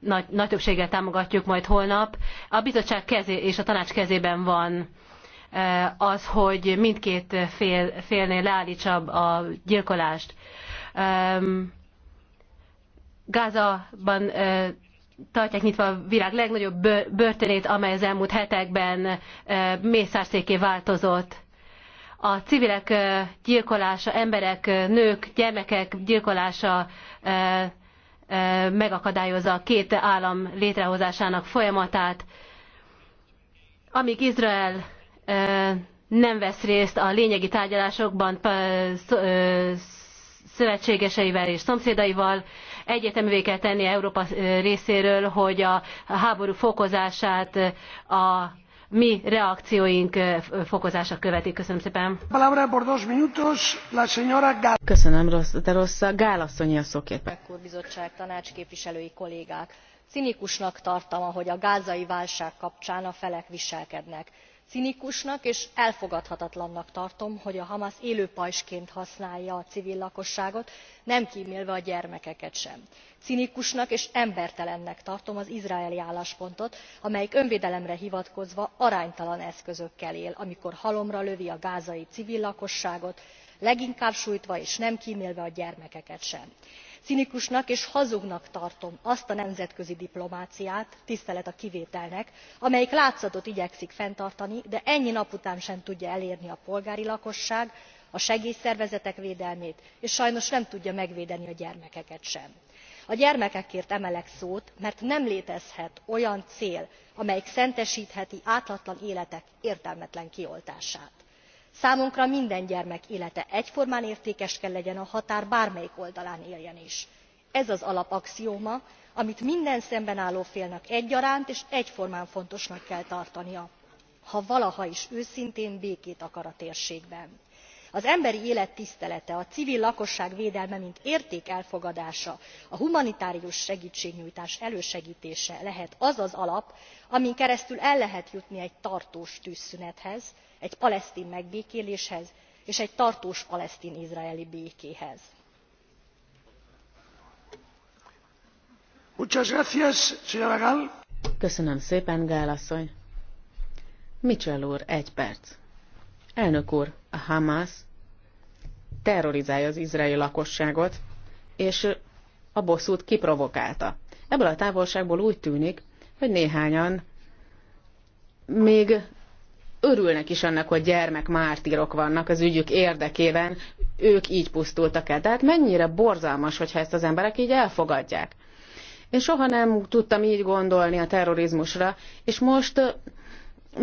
nagy, nagy többséggel támogatjuk majd holnap. A bizottság kezé és a tanács kezében van az, hogy mindkét fél, félnél leállítsa a gyilkolást. Gázaban tartják nyitva a világ legnagyobb börtönét, amely az elmúlt hetekben mészárszéké változott. A civilek gyilkolása, emberek, nők, gyermekek gyilkolása megakadályozza a két állam létrehozásának folyamatát. Amíg Izrael nem vesz részt a lényegi tárgyalásokban szövetségeseivel és szomszédaival, egyetemvé kell tenni Európa részéről, hogy a háború fokozását a mi reakcióink fokozása követi. Köszönöm szépen. Köszönöm, de rossz. a asszony a szóképpen. Bizottság, tanácsképviselői kollégák. Cinikusnak tartom, ahogy a gázai válság kapcsán a felek viselkednek cinikusnak és elfogadhatatlannak tartom hogy a hamasz élő pajzsként használja a civil lakosságot nem kmélve a gyermekeket sem. cinikusnak és embertelennek tartom az izraeli álláspontot amelyik önvédelemre hivatkozva aránytalan eszközökkel él amikor halomra lövi a gázai civil lakosságot leginkább sújtva és nem kmélve a gyermekeket sem cinikusnak és hazugnak tartom azt a nemzetközi diplomáciát tisztelet a kivételnek amelyik látszatot igyekszik fenntartani de ennyi nap után sem tudja elérni a polgári lakosság a segélyszervezetek védelmét és sajnos nem tudja megvédeni a gyermekeket sem. a gyermekekért emelek szót mert nem létezhet olyan cél amelyik szentestheti ártatlan életek értelmetlen kioltását számunkra minden gyermek élete egyformán értékes kell legyen a határ bármelyik oldalán éljen is. ez az alapaxióma amit minden szemben álló félnek egyaránt és egyformán fontosnak kell tartania ha valaha is őszintén békét akar a térségben az emberi élet tisztelete a civil lakosság védelme mint érték elfogadása a humanitárius segtségnyújtás elősegtése lehet az az alap amin keresztül el lehet jutni egy tartós tűzszünethez egy palesztin megbékéléshez és egy tartós palesztin izraeli békéhez. Köszönöm szépen, Mitchell egy perc. Elnök úr, Hamas terrorizálja az izraeli lakosságot, és a bosszút kiprovokálta. Ebből a távolságból úgy tűnik, hogy néhányan még örülnek is annak, hogy gyermek mártírok vannak az ügyük érdekében, ők így pusztultak el. Tehát mennyire borzalmas, hogyha ezt az emberek így elfogadják. Én soha nem tudtam így gondolni a terrorizmusra, és most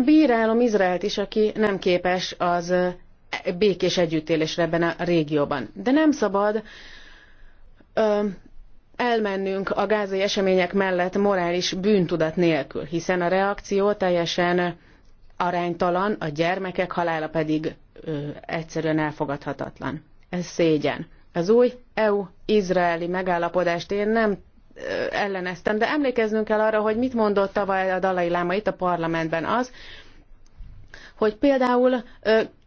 bírálom Izraelt is, aki nem képes az békés együttélésre ebben a régióban. De nem szabad ö, elmennünk a gázai események mellett morális bűntudat nélkül, hiszen a reakció teljesen aránytalan, a gyermekek halála pedig ö, egyszerűen elfogadhatatlan. Ez szégyen. Az új EU-izraeli megállapodást én nem ö, elleneztem, de emlékeznünk kell arra, hogy mit mondott tavaly a Dalai Láma itt a parlamentben az, hogy például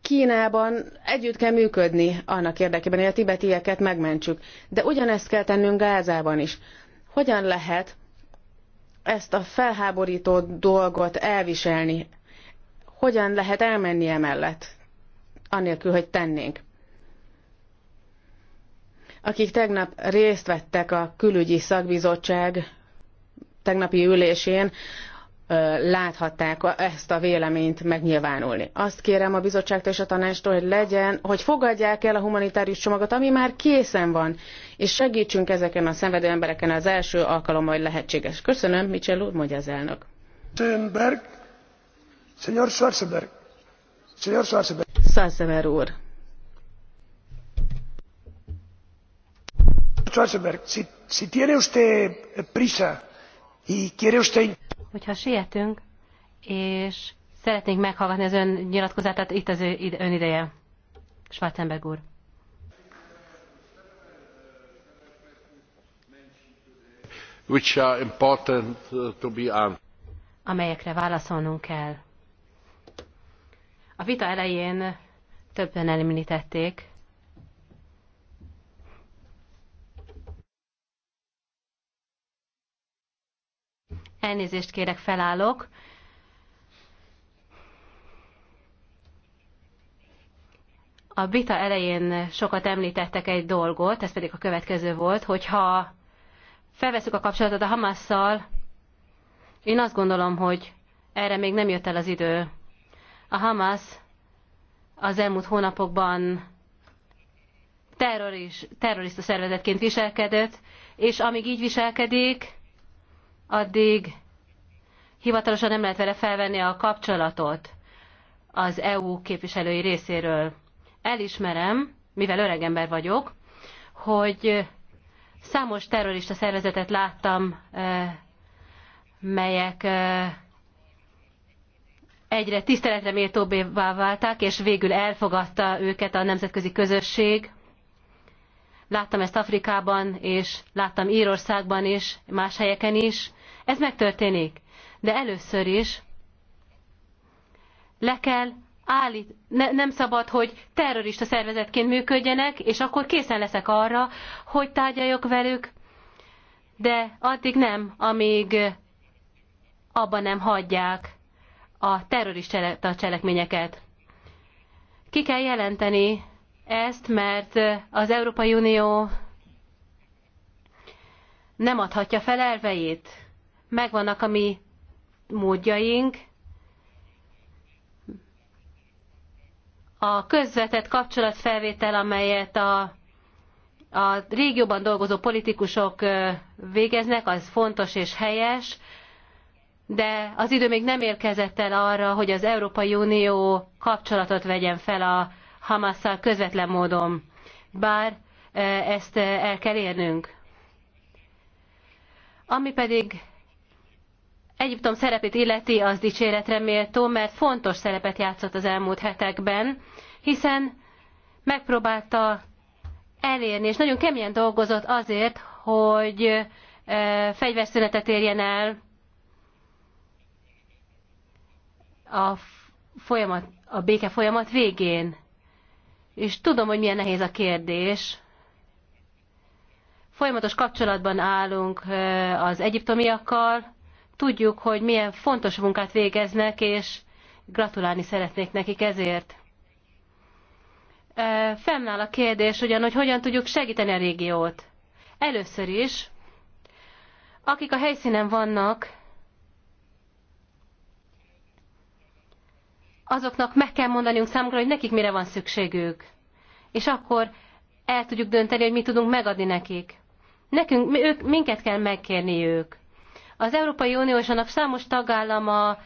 Kínában együtt kell működni annak érdekében, hogy a tibetieket megmentsük. De ugyanezt kell tennünk Gázában is. Hogyan lehet ezt a felháborító dolgot elviselni? Hogyan lehet elmenni emellett, anélkül, hogy tennénk? Akik tegnap részt vettek a külügyi szakbizottság tegnapi ülésén, láthatták ezt a véleményt megnyilvánulni. Azt kérem a bizottságtól és a tanástól, hogy legyen, hogy fogadják el a humanitárius csomagot, ami már készen van, és segítsünk ezeken a szenvedő embereken az első alkalommal, hogy lehetséges. Köszönöm, Michel úr, mondja az elnök. Schönberg, Senyor Schwarzenberg, Senyor Schwarzenberg. Schwarzenberg úr. Schwarzenberg, si, si tiene usted prisa y quiere usted hogyha sietünk, és szeretnénk meghallgatni az ön nyilatkozatát, itt az ön ideje. Schwarzenberg úr. Which are important uh, to be amelyekre válaszolnunk kell. A vita elején többen említették, Elnézést kérek, felállok. A vita elején sokat említettek egy dolgot, ez pedig a következő volt, hogyha felveszük a kapcsolatot a Hamasszal, én azt gondolom, hogy erre még nem jött el az idő. A Hamas az elmúlt hónapokban terrorista szervezetként viselkedett, és amíg így viselkedik, addig hivatalosan nem lehet vele felvenni a kapcsolatot az EU képviselői részéről. Elismerem, mivel öreg ember vagyok, hogy számos terrorista szervezetet láttam, eh, melyek eh, egyre tiszteletre méltóbbá válták, és végül elfogadta őket a nemzetközi közösség. Láttam ezt Afrikában, és láttam Írországban is, más helyeken is ez megtörténik. De először is le kell állít, ne, nem szabad, hogy terrorista szervezetként működjenek, és akkor készen leszek arra, hogy tárgyaljak velük, de addig nem, amíg abban nem hagyják a terrorista cselekményeket. Ki kell jelenteni ezt, mert az Európai Unió nem adhatja fel elveit megvannak a mi módjaink, a közvetett kapcsolatfelvétel, amelyet a, a régióban dolgozó politikusok végeznek, az fontos és helyes, de az idő még nem érkezett el arra, hogy az Európai Unió kapcsolatot vegyen fel a Hamasszal közvetlen módon, bár ezt el kell érnünk. Ami pedig Egyiptom szerepét illeti, az dicséretre méltó, mert fontos szerepet játszott az elmúlt hetekben, hiszen megpróbálta elérni, és nagyon keményen dolgozott azért, hogy fegyverszünetet érjen el a, folyamat, a béke folyamat végén. És tudom, hogy milyen nehéz a kérdés. Folyamatos kapcsolatban állunk az egyiptomiakkal, Tudjuk, hogy milyen fontos munkát végeznek, és gratulálni szeretnék nekik ezért. Fennáll a kérdés ugyan, hogy hogyan tudjuk segíteni a régiót. Először is, akik a helyszínen vannak, azoknak meg kell mondanunk számukra, hogy nekik mire van szükségük. És akkor el tudjuk dönteni, hogy mit tudunk megadni nekik. Nekünk, ők, minket kell megkérni ők. Az Európai Unió és annak számos tagállama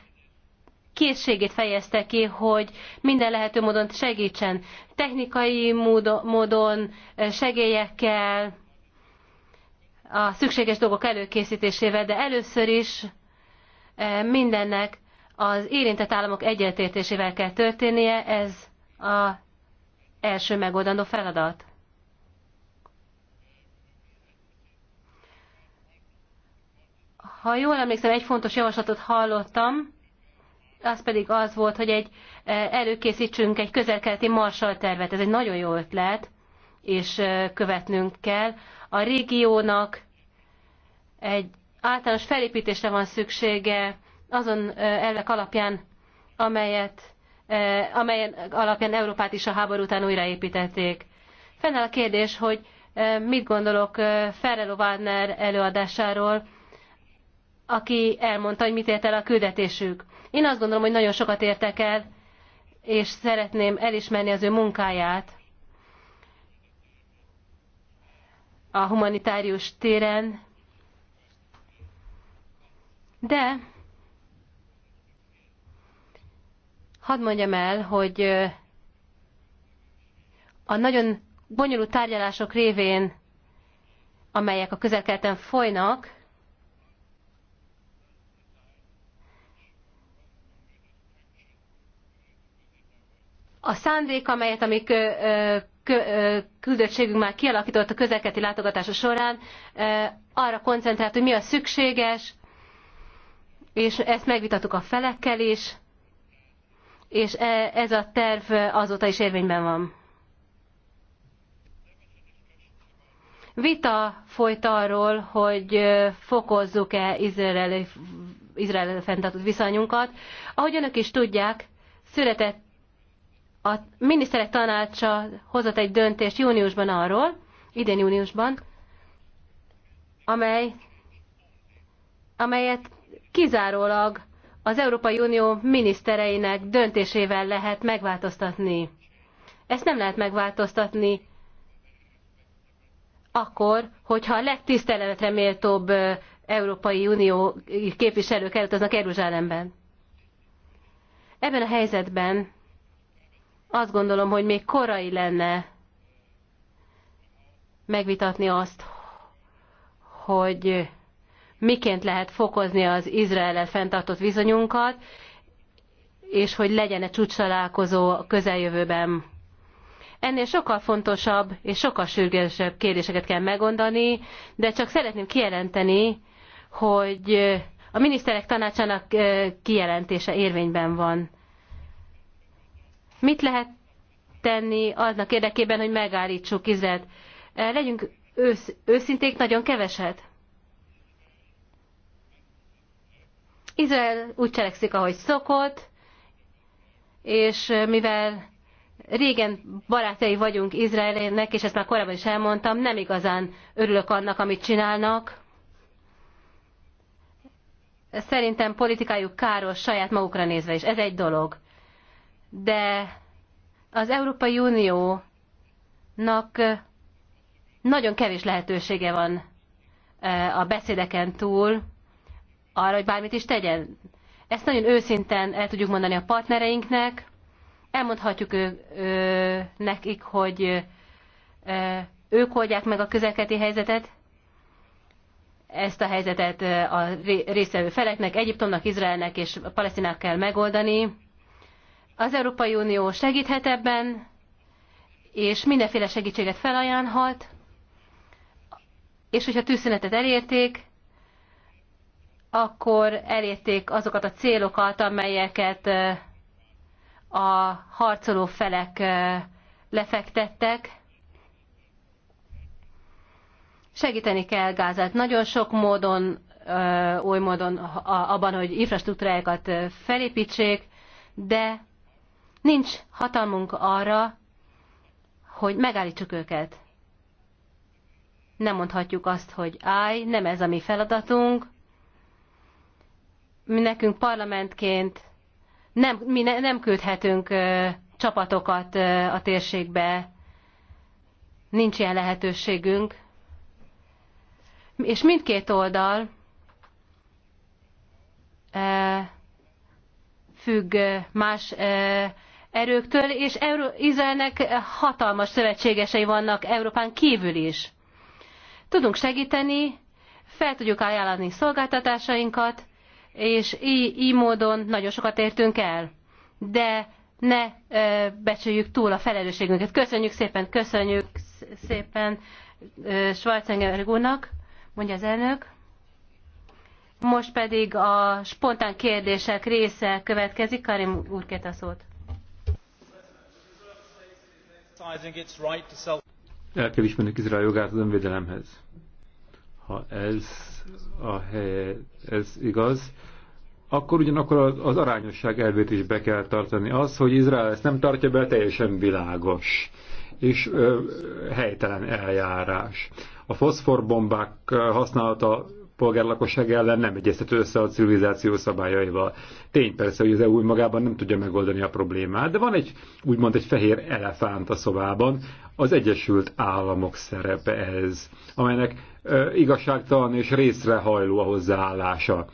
készségét fejezte ki, hogy minden lehető módon segítsen. Technikai módon, segélyekkel, a szükséges dolgok előkészítésével, de először is mindennek az érintett államok egyetértésével kell történnie, ez az első megoldandó feladat. Ha jól emlékszem, egy fontos javaslatot hallottam, az pedig az volt, hogy egy, e, előkészítsünk egy közel-keleti Marshall tervet. Ez egy nagyon jó ötlet, és e, követnünk kell. A régiónak egy általános felépítésre van szüksége azon e, elvek alapján, amelyet, amelyen alapján Európát is a háború után újraépítették. Fennáll a kérdés, hogy mit gondolok Ferrero Wagner előadásáról, aki elmondta, hogy mit ért el a küldetésük. Én azt gondolom, hogy nagyon sokat értek el, és szeretném elismerni az ő munkáját a humanitárius téren, de hadd mondjam el, hogy a nagyon bonyolult tárgyalások révén, amelyek a közelkelten folynak, A szándék, amelyet a mi küldöttségünk már kialakított a közelketi látogatása során, arra koncentrált, hogy mi a szükséges, és ezt megvitattuk a felekkel is, és e, ez a terv azóta is érvényben van. Vita folyt arról, hogy fokozzuk-e Izrael, Izrael fenntartott viszonyunkat. Ahogy önök is tudják, született a miniszterek tanácsa hozott egy döntést júniusban arról, idén júniusban, amely, amelyet kizárólag az Európai Unió minisztereinek döntésével lehet megváltoztatni. Ezt nem lehet megváltoztatni akkor, hogyha a legtiszteletre méltóbb Európai Unió képviselők elutaznak Jeruzsálemben. Ebben a helyzetben azt gondolom, hogy még korai lenne megvitatni azt, hogy miként lehet fokozni az izrael fenntartott viszonyunkat, és hogy legyen-e csúcs találkozó a közeljövőben. Ennél sokkal fontosabb és sokkal sürgősebb kérdéseket kell megmondani, de csak szeretném kijelenteni, hogy a miniszterek tanácsának eh, kijelentése érvényben van. Mit lehet tenni aznak érdekében, hogy megállítsuk Izet? Eh, legyünk ősz, őszinték, nagyon keveset. Izrael úgy cselekszik, ahogy szokott, és eh, mivel régen barátai vagyunk Izraelnek, és ezt már korábban is elmondtam, nem igazán örülök annak, amit csinálnak. Szerintem politikájuk káros saját magukra nézve is. Ez egy dolog de az Európai Uniónak nagyon kevés lehetősége van a beszédeken túl arra, hogy bármit is tegyen. Ezt nagyon őszinten el tudjuk mondani a partnereinknek, elmondhatjuk ő, ő, nekik, hogy ők oldják meg a közelketi helyzetet, ezt a helyzetet a résztvevő feleknek, Egyiptomnak, Izraelnek és a Palesztinák kell megoldani az Európai Unió segíthet ebben, és mindenféle segítséget felajánlhat, és hogyha tűzszünetet elérték, akkor elérték azokat a célokat, amelyeket a harcoló felek lefektettek. Segíteni kell Gázát nagyon sok módon, oly módon abban, hogy infrastruktúrákat felépítsék, de Nincs hatalmunk arra, hogy megállítsuk őket. Nem mondhatjuk azt, hogy állj, nem ez a mi feladatunk. Mi nekünk parlamentként nem, mi ne, nem küldhetünk ö, csapatokat ö, a térségbe. Nincs ilyen lehetőségünk. És mindkét oldal ö, függ más ö, erőktől, és Izraelnek hatalmas szövetségesei vannak Európán kívül is. Tudunk segíteni, fel tudjuk ajánlani szolgáltatásainkat, és így, így módon nagyon sokat értünk el. De ne ö, becsüljük túl a felelősségünket. Köszönjük szépen, köszönjük szépen Schwarzenegger úrnak, mondja az elnök. Most pedig a spontán kérdések része következik. Karim úr kérte szót. El kell ismernünk Izrael jogát az önvédelemhez. Ha ez, a hely, ez igaz, akkor ugyanakkor az, az arányosság elvét is be kell tartani. Az, hogy Izrael ezt nem tartja be, teljesen világos és ö, helytelen eljárás. A foszforbombák használata polgárlakosság ellen nem egyeztető össze a civilizáció szabályaival. Tény persze, hogy az EU magában nem tudja megoldani a problémát, de van egy úgymond egy fehér elefánt a szobában, az Egyesült Államok szerepe ez, amelynek ö, igazságtalan és részrehajló a hozzáállása.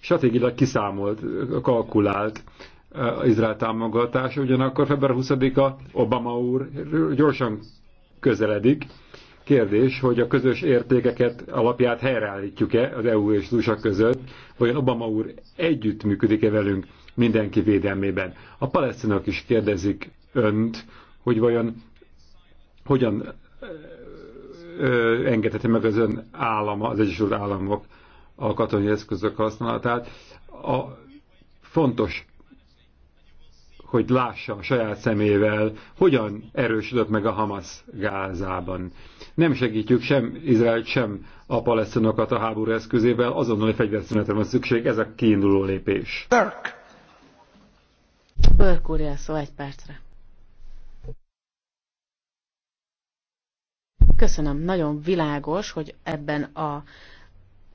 Stratégilag kiszámolt, kalkulált az Izrael támogatása, ugyanakkor február 20-a Obama úr gyorsan közeledik, Kérdés, hogy a közös értékeket alapját helyreállítjuk-e az EU és az USA között, vagy Obama úr együttműködik-e velünk mindenki védelmében. A palesztinok is kérdezik önt, hogy vajon hogyan engedheti meg az ön állama, az Egyesült Államok a katonai eszközök használatát. A, fontos, hogy lássa a saját szemével, hogyan erősödött meg a Hamas Gázában nem segítjük sem Izraelt, sem a palesztinokat a háború eszközével, azonnali fegyverszünetre van szükség, ez a kiinduló lépés. Burke! Burke úr, szó egy percre. Köszönöm, nagyon világos, hogy ebben a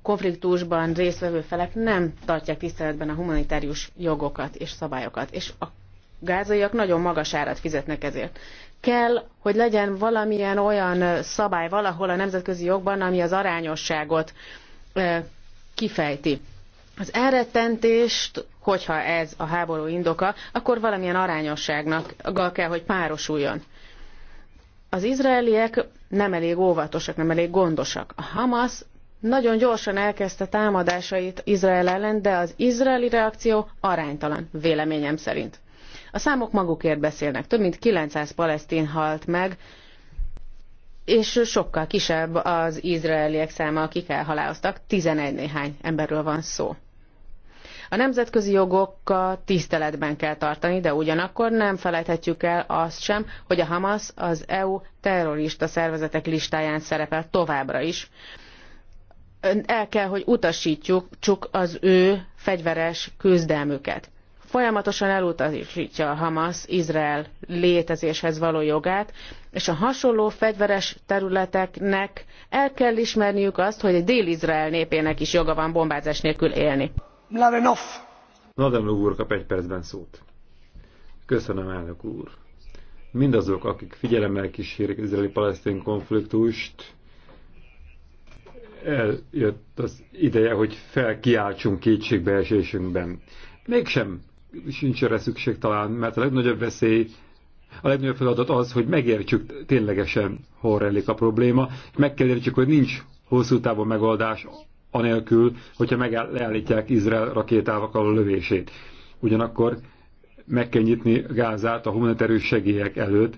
konfliktusban résztvevő felek nem tartják tiszteletben a humanitárius jogokat és szabályokat, és a gázaiak nagyon magas árat fizetnek ezért kell, hogy legyen valamilyen olyan szabály valahol a nemzetközi jogban, ami az arányosságot kifejti. Az elrettentést, hogyha ez a háború indoka, akkor valamilyen arányosságnak kell, hogy párosuljon. Az izraeliek nem elég óvatosak, nem elég gondosak. A Hamas nagyon gyorsan elkezdte támadásait Izrael ellen, de az izraeli reakció aránytalan, véleményem szerint. A számok magukért beszélnek. Több mint 900 palesztin halt meg, és sokkal kisebb az izraeliek száma, akik elhaláloztak, 11 néhány emberről van szó. A nemzetközi jogokat tiszteletben kell tartani, de ugyanakkor nem felejthetjük el azt sem, hogy a Hamas az EU terrorista szervezetek listáján szerepel továbbra is. El kell, hogy utasítjuk az ő fegyveres küzdelmüket folyamatosan elutasítja a Hamas Izrael létezéshez való jogát, és a hasonló fegyveres területeknek el kell ismerniük azt, hogy a dél-izrael népének is joga van bombázás nélkül élni. Mladenov! úr kap egy percben szót. Köszönöm, elnök úr. Mindazok, akik figyelemmel kísérik izraeli-palesztin konfliktust, eljött az ideje, hogy felkiáltsunk kétségbeesésünkben. Mégsem sincs erre szükség talán, mert a legnagyobb veszély, a legnagyobb feladat az, hogy megértsük ténylegesen, hol rejlik a probléma, meg kell értsük, hogy nincs hosszú távon megoldás anélkül, hogyha meg leállítják Izrael rakétával a lövését. Ugyanakkor meg kell nyitni Gázát a humanitárius segélyek előtt,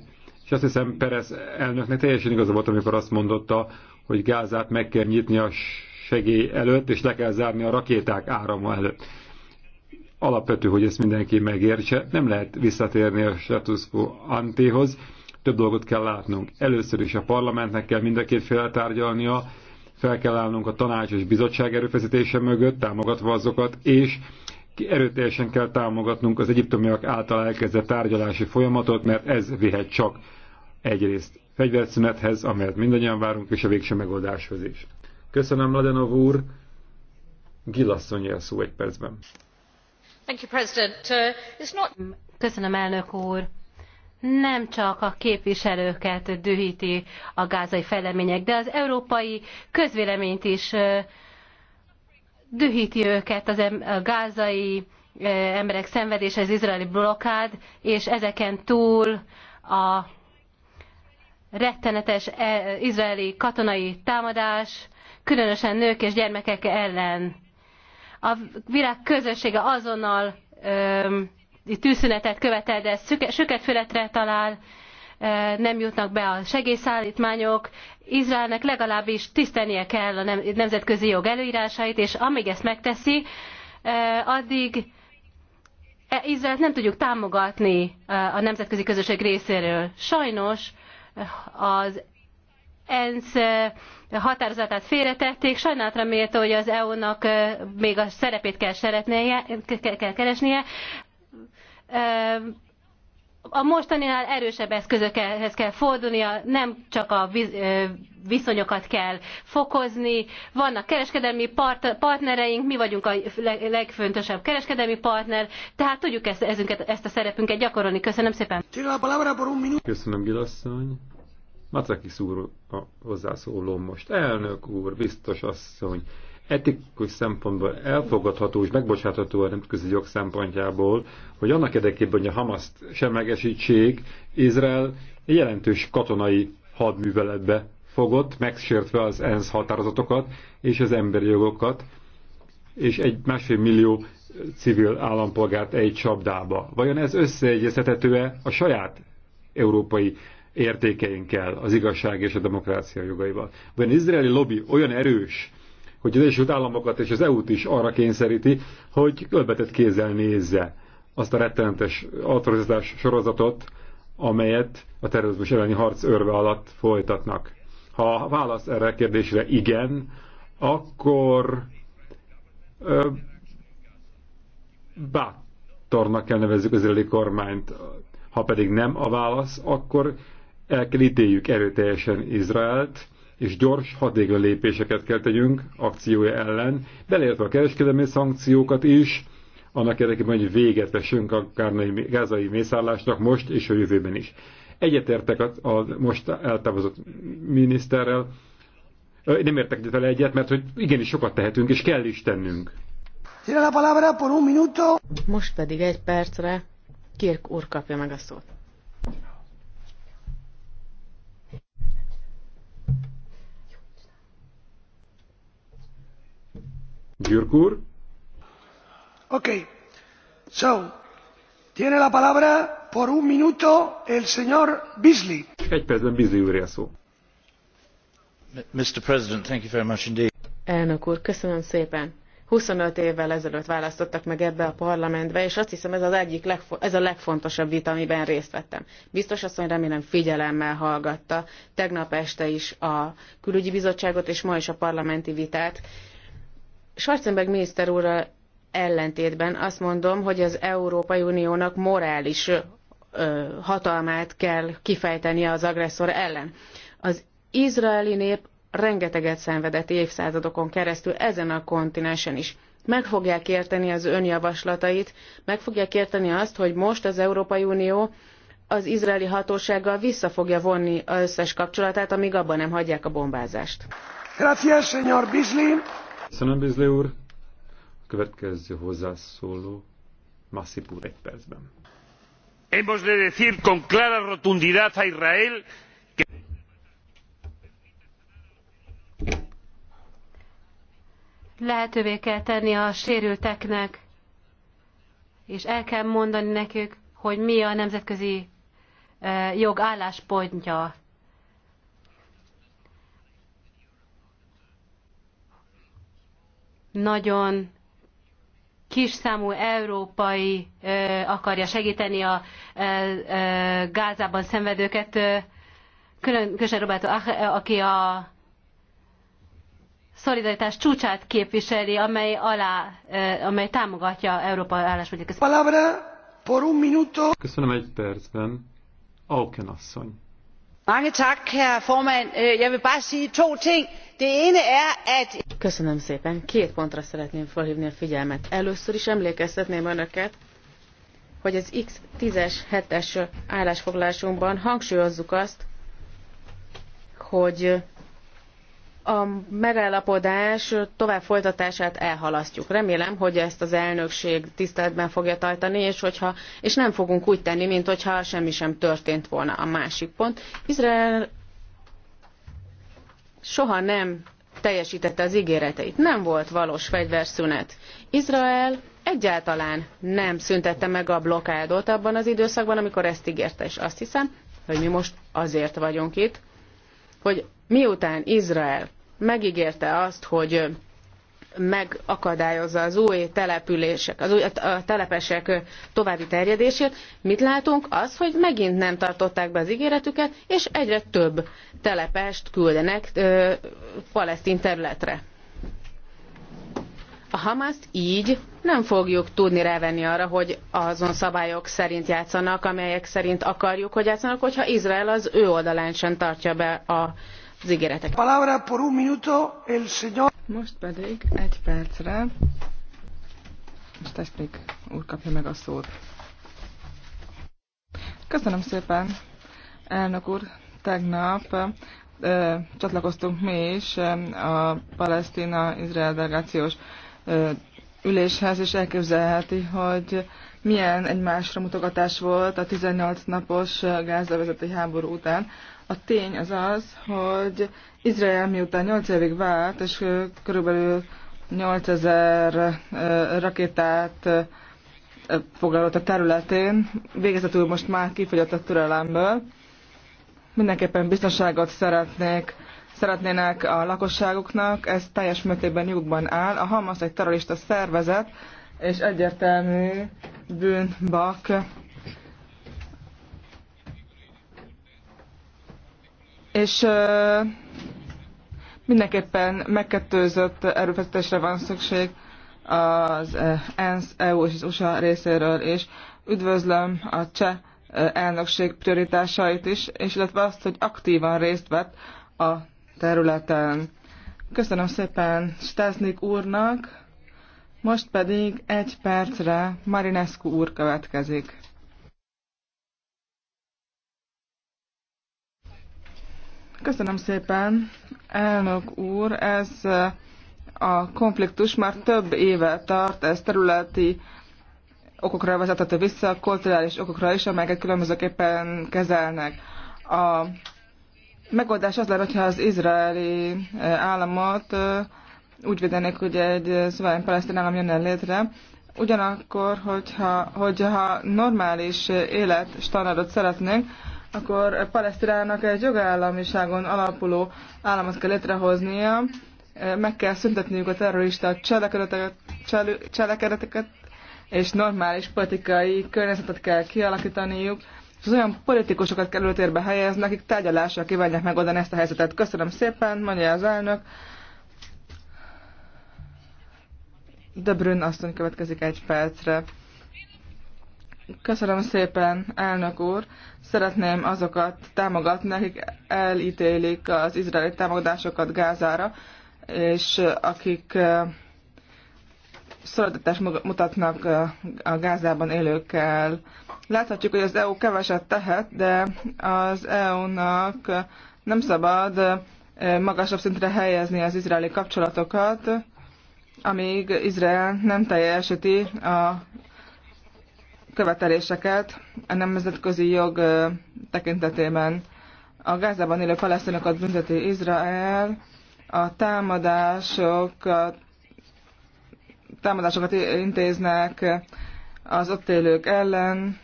és azt hiszem Perez elnöknek teljesen igaza volt, amikor azt mondotta, hogy Gázát meg kell nyitni a segély előtt, és le kell zárni a rakéták árama előtt alapvető, hogy ezt mindenki megértse. Nem lehet visszatérni a status quo antéhoz. Több dolgot kell látnunk. Először is a parlamentnek kell mind a két fél tárgyalnia, fel kell állnunk a tanács és bizottság erőfeszítése mögött, támogatva azokat, és erőteljesen kell támogatnunk az egyiptomiak által elkezdett tárgyalási folyamatot, mert ez vihet csak egyrészt fegyverszünethez, amelyet mindannyian várunk, és a végső megoldáshoz is. Köszönöm, Ladenov úr! Gilasszony szó egy percben. Uh, úr. Nem csak a képviselőket dühíti a gázai fejlemények, de az európai közvéleményt is dühti őket az a gázai emberek szenvedése, az izraeli blokád és ezeken túl a rettenetes e- izraeli katonai támadás, különösen nők és gyermekek ellen a világ közössége azonnal öm, tűzszünetet követel, de ez söketfületre talál, nem jutnak be a segélyszállítmányok. Izraelnek legalábbis tisztelnie kell a nemzetközi jog előírásait, és amíg ezt megteszi, addig e, Izraelt nem tudjuk támogatni a nemzetközi közösség részéről. Sajnos az ENSZ határozatát félretették. Sajnálatra méltó, hogy az EU-nak még a szerepét kell, szeretnie, kell keresnie. A mostaninál erősebb eszközökhez kell fordulnia, nem csak a viszonyokat kell fokozni. Vannak kereskedelmi part partnereink, mi vagyunk a legfontosabb kereskedelmi partner, tehát tudjuk ezt, ezt a szerepünket gyakorolni. Köszönöm szépen. Köszönöm, Gilasszony. Macaki úr a hozzászólom most. Elnök úr, biztos asszony, etikus szempontból elfogadható és megbocsátható a nemzetközi jog szempontjából, hogy annak érdekében, hogy a Hamaszt semlegesítsék, Izrael jelentős katonai hadműveletbe fogott, megsértve az ENSZ határozatokat és az emberi jogokat, és egy másfél millió civil állampolgárt egy csapdába. Vajon ez összeegyeztethető-e a saját európai értékeinkkel, az igazság és a demokrácia jogaival. az izraeli lobby olyan erős, hogy az Egyesült Államokat és az EU-t is arra kényszeríti, hogy ölbetett kézzel nézze azt a rettenetes autorizás sorozatot, amelyet a terrorizmus elleni harc örve alatt folytatnak. Ha a válasz erre a kérdésre igen, akkor ö, bátornak kell nevezzük az izraeli kormányt. Ha pedig nem a válasz, akkor el kell ítéljük erőteljesen Izraelt, és gyors, hatékony lépéseket kell tegyünk akciója ellen, beleértve a kereskedelmi szankciókat is, annak érdekében, hogy véget vessünk a gázai mészállásnak most és a jövőben is. Egyetértek a, a most eltávozott miniszterrel, nem értek vele egyet, mert hogy igenis sokat tehetünk, és kell is tennünk. Most pedig egy percre Kirk úr kapja meg a szót. Gyürk úr. Oké. Okay. So, tiene la palabra por un minuto el señor Beasley. Egy percben Beasley úr szó. Mr. President, thank you very much indeed. Elnök úr, köszönöm szépen. 25 évvel ezelőtt választottak meg ebbe a parlamentbe, és azt hiszem ez, az egyik legfo- ez a legfontosabb vita, amiben részt vettem. Biztos asszony remélem figyelemmel hallgatta tegnap este is a külügyi bizottságot, és ma is a parlamenti vitát, Schwarzenberg miniszter úrral ellentétben azt mondom, hogy az Európai Uniónak morális ö, hatalmát kell kifejtenie az agresszor ellen. Az izraeli nép rengeteget szenvedett évszázadokon keresztül ezen a kontinensen is. Meg fogják érteni az önjavaslatait, meg fogják érteni azt, hogy most az Európai Unió az izraeli hatósággal vissza fogja vonni az összes kapcsolatát, amíg abban nem hagyják a bombázást. Gracias, señor Bisley. Köszönöm, Bizlé úr. A következő hozzászóló Massip úr egy percben. Hemos de decir con clara rotundidad a Israel que... Lehetővé kell tenni a sérülteknek, és el kell mondani nekük, hogy mi a nemzetközi eh, jog álláspontja. nagyon kis számú európai akarja segíteni a Gázában szenvedőket, különösen Roberto, aki a szolidaritás csúcsát képviseli, amely alá, amely támogatja Európa álláspontját. Palabra por un minuto. Köszönöm egy percben. Auken asszony. Mange tak, herr formand. Øh, jeg vil bare sige to ting. Er, Köszönöm szépen. Két pontra szeretném felhívni a figyelmet. Először is emlékeztetném önöket, hogy az X10-es, 7-es állásfoglalásunkban hangsúlyozzuk azt, hogy a megállapodás tovább folytatását elhalasztjuk. Remélem, hogy ezt az elnökség tiszteletben fogja tartani, és, hogyha, és nem fogunk úgy tenni, mint hogyha semmi sem történt volna a másik pont. Izrael soha nem teljesítette az ígéreteit. Nem volt valós fegyverszünet. Izrael egyáltalán nem szüntette meg a blokádot abban az időszakban, amikor ezt ígérte, és azt hiszem, hogy mi most azért vagyunk itt, hogy miután Izrael megígérte azt, hogy megakadályozza az új települések, az új a telepesek további terjedését, mit látunk? Az, hogy megint nem tartották be az ígéretüket, és egyre több telepest küldenek ö, palesztin területre. A Hamaszt így nem fogjuk tudni rávenni arra, hogy azon szabályok szerint játszanak, amelyek szerint akarjuk, hogy játszanak, hogyha Izrael az ő oldalán sem tartja be az ígéreteket. Palabra por un minuto el señor most pedig egy percre most ezt még úr kapja meg a szót. Köszönöm szépen, elnök úr. Tegnap ö, csatlakoztunk mi is a palesztina-izrael delegációs ö, üléshez, és elképzelheti, hogy milyen egymásra mutogatás volt a 18 napos gázlevezeti háború után. A tény az az, hogy Izrael miután 8 évig vált, és körülbelül 8000 rakétát foglalt a területén, végezetül most már kifogyott a türelemből. Mindenképpen biztonságot szeretnék szeretnének a lakosságuknak, ez teljes mértékben nyugban áll. A Hamas egy terrorista szervezet, és egyértelmű bűnbak és mindenképpen megkettőzött erőfeszítésre van szükség az ENSZ, EU és az USA részéről, és üdvözlöm a cseh elnökség prioritásait is, és illetve azt, hogy aktívan részt vett a területen. Köszönöm szépen Stáznik úrnak, most pedig egy percre Marinescu úr következik. Köszönöm szépen, elnök úr. Ez eh, a konfliktus már több éve tart, ez területi okokra vezethető vissza, kulturális okokra is, amelyeket különbözőképpen kezelnek. A megoldás az lenne, hogyha az izraeli eh, államot eh, úgy védenék, hogy egy szuverén palesztin állam jönne létre, ugyanakkor, hogyha, hogyha normális életstandardot szeretnénk, akkor Palesztinának egy jogállamiságon alapuló államot kell létrehoznia, meg kell szüntetniük a terrorista cselekedeteket, cselekedeteket és normális politikai környezetet kell kialakítaniuk, és az olyan politikusokat kell előtérbe helyezni, akik tárgyalással kívánják megoldani ezt a helyzetet. Köszönöm szépen, mondja az elnök. De Brünn asszony következik egy percre. Köszönöm szépen, elnök úr. Szeretném azokat támogatni, akik elítélik az izraeli támadásokat Gázára, és akik szolidaritást mutatnak a Gázában élőkkel. Láthatjuk, hogy az EU keveset tehet, de az EU-nak nem szabad magasabb szintre helyezni az izraeli kapcsolatokat, amíg Izrael nem teljesíti a követeléseket a nemzetközi jog tekintetében. A Gázában élő palesztinokat bünteti Izrael, a támadásokat, támadásokat intéznek az ott élők ellen.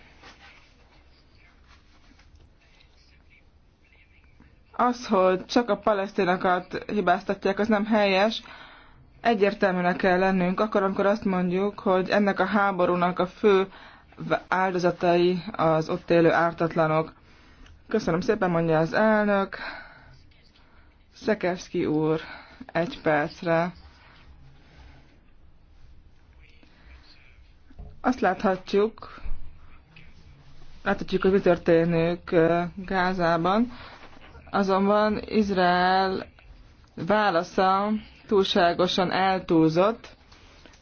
Az, hogy csak a palesztinokat hibáztatják, az nem helyes, egyértelműnek kell lennünk, akkor, amikor azt mondjuk, hogy ennek a háborúnak a fő áldozatai az ott élő ártatlanok. Köszönöm szépen, mondja az elnök. Szekerszki úr, egy percre. Azt láthatjuk, láthatjuk, hogy mi történik Gázában, azonban Izrael válasza túlságosan eltúlzott,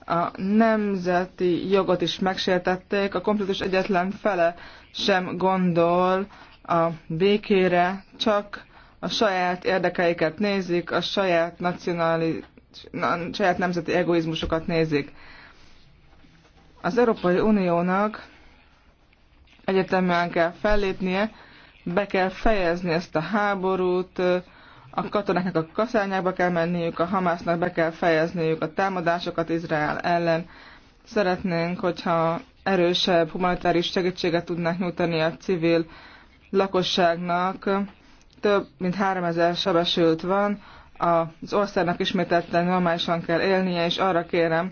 a nemzeti jogot is megsértették, a konfliktus egyetlen fele sem gondol a békére, csak a saját érdekeiket nézik, a saját, nacionali, a saját nemzeti egoizmusokat nézik. Az Európai Uniónak egyetemben kell fellépnie, be kell fejezni ezt a háborút, a katonáknak a kaszárnyákba kell menniük, a Hamásznak be kell fejezniük a támadásokat Izrael ellen. Szeretnénk, hogyha erősebb humanitárius segítséget tudnánk nyújtani a civil lakosságnak. Több mint 3000 sebesült van, az országnak ismételten normálisan kell élnie, és arra kérem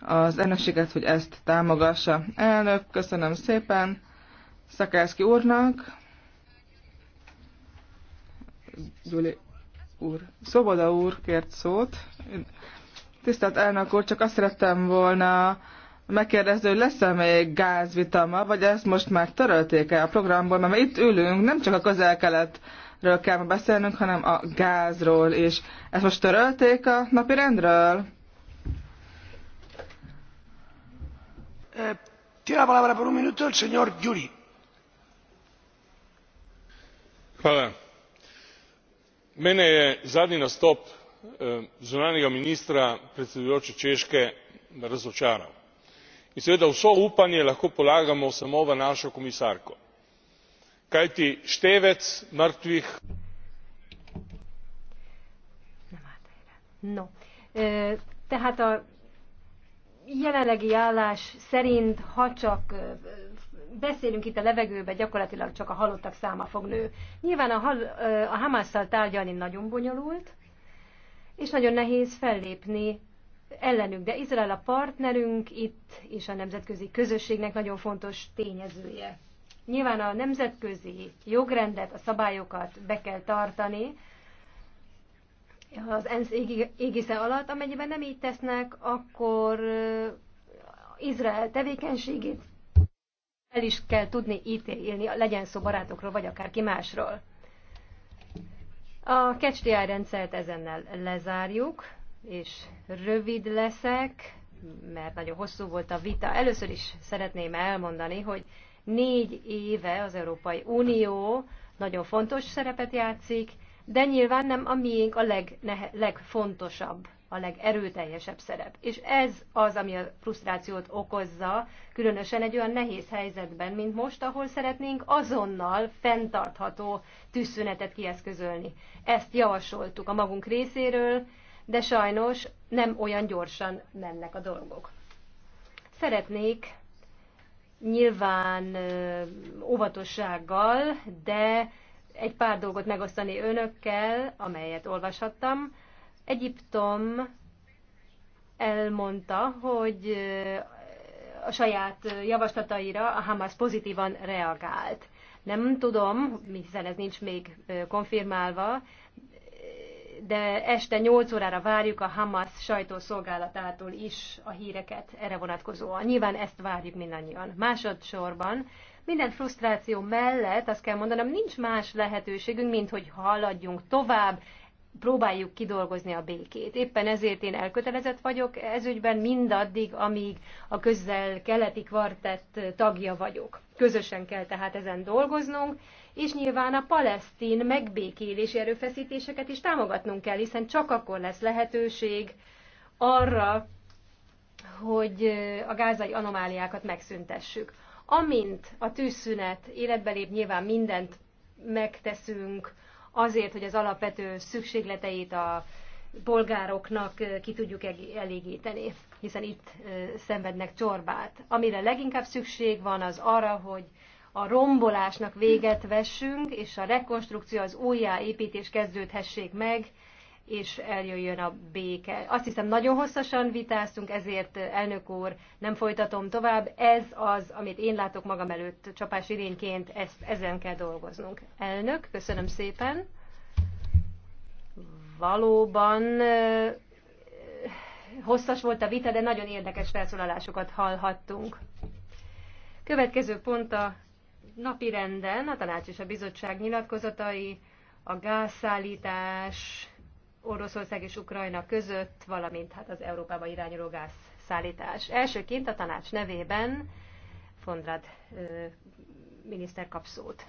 az elnökséget, hogy ezt támogassa. Elnök, köszönöm szépen Szakelszki úrnak. Gyuli úr. Szoboda úr kért szót. Tisztelt elnök úr, csak azt szerettem volna megkérdezni, hogy lesz-e még gázvitama, vagy ezt most már törölték el a programból, mert itt ülünk, nem csak a közel-keletről kell ma beszélnünk, hanem a gázról is. Ezt most törölték a napi rendről? Eh, tiene la palabra por un minuto el señor Yuri mene je zadnji nastop eh, zunanjega ministra predsedujoče češke razočaral in seveda vso upanje lahko polagamo samo v našo komisarko kajti števec mrtvih eh, beszélünk itt a levegőben, gyakorlatilag csak a halottak száma fog nő. Nyilván a, hal, a Hamásszal tárgyalni nagyon bonyolult, és nagyon nehéz fellépni ellenük, de Izrael a partnerünk itt, és a nemzetközi közösségnek nagyon fontos tényezője. Nyilván a nemzetközi jogrendet, a szabályokat be kell tartani az ENSZ égisze alatt, amennyiben nem így tesznek, akkor Izrael tevékenységét el is kell tudni ítélni, legyen szó barátokról, vagy akárki másról. A kecsdiáj rendszert ezennel lezárjuk, és rövid leszek, mert nagyon hosszú volt a vita. Először is szeretném elmondani, hogy négy éve az Európai Unió nagyon fontos szerepet játszik, de nyilván nem a miénk a legnehe, legfontosabb a legerőteljesebb szerep. És ez az, ami a frusztrációt okozza, különösen egy olyan nehéz helyzetben, mint most, ahol szeretnénk azonnal fenntartható tűzszünetet kieszközölni. Ezt javasoltuk a magunk részéről, de sajnos nem olyan gyorsan mennek a dolgok. Szeretnék nyilván óvatossággal, de egy pár dolgot megosztani önökkel, amelyet olvashattam. Egyiptom elmondta, hogy a saját javaslataira a Hamas pozitívan reagált. Nem tudom, hiszen ez nincs még konfirmálva, de este 8 órára várjuk a Hamas sajtószolgálatától is a híreket erre vonatkozóan. Nyilván ezt várjuk mindannyian. Másodszorban minden frusztráció mellett azt kell mondanom, nincs más lehetőségünk, mint hogy haladjunk tovább, próbáljuk kidolgozni a békét. Éppen ezért én elkötelezett vagyok ezügyben mindaddig, amíg a közel keleti kvartett tagja vagyok. Közösen kell tehát ezen dolgoznunk, és nyilván a palesztin megbékélési erőfeszítéseket is támogatnunk kell, hiszen csak akkor lesz lehetőség arra, hogy a gázai anomáliákat megszüntessük. Amint a tűzszünet életbe lép, nyilván mindent megteszünk, azért, hogy az alapvető szükségleteit a polgároknak ki tudjuk elégíteni, hiszen itt szenvednek csorbát. Amire leginkább szükség van az arra, hogy a rombolásnak véget vessünk, és a rekonstrukció, az újjáépítés kezdődhessék meg, és eljöjjön a béke. Azt hiszem, nagyon hosszasan vitáztunk, ezért elnök úr, nem folytatom tovább. Ez az, amit én látok magam előtt csapás irényként, ezt, ezen kell dolgoznunk. Elnök, köszönöm szépen. Valóban hosszas volt a vita, de nagyon érdekes felszólalásokat hallhattunk. Következő pont a napi renden a tanács és a bizottság nyilatkozatai, a gázszállítás, Oroszország és Ukrajna között, valamint hát az Európába irányuló szállítás. Elsőként a tanács nevében Fondrad miniszter kap szót.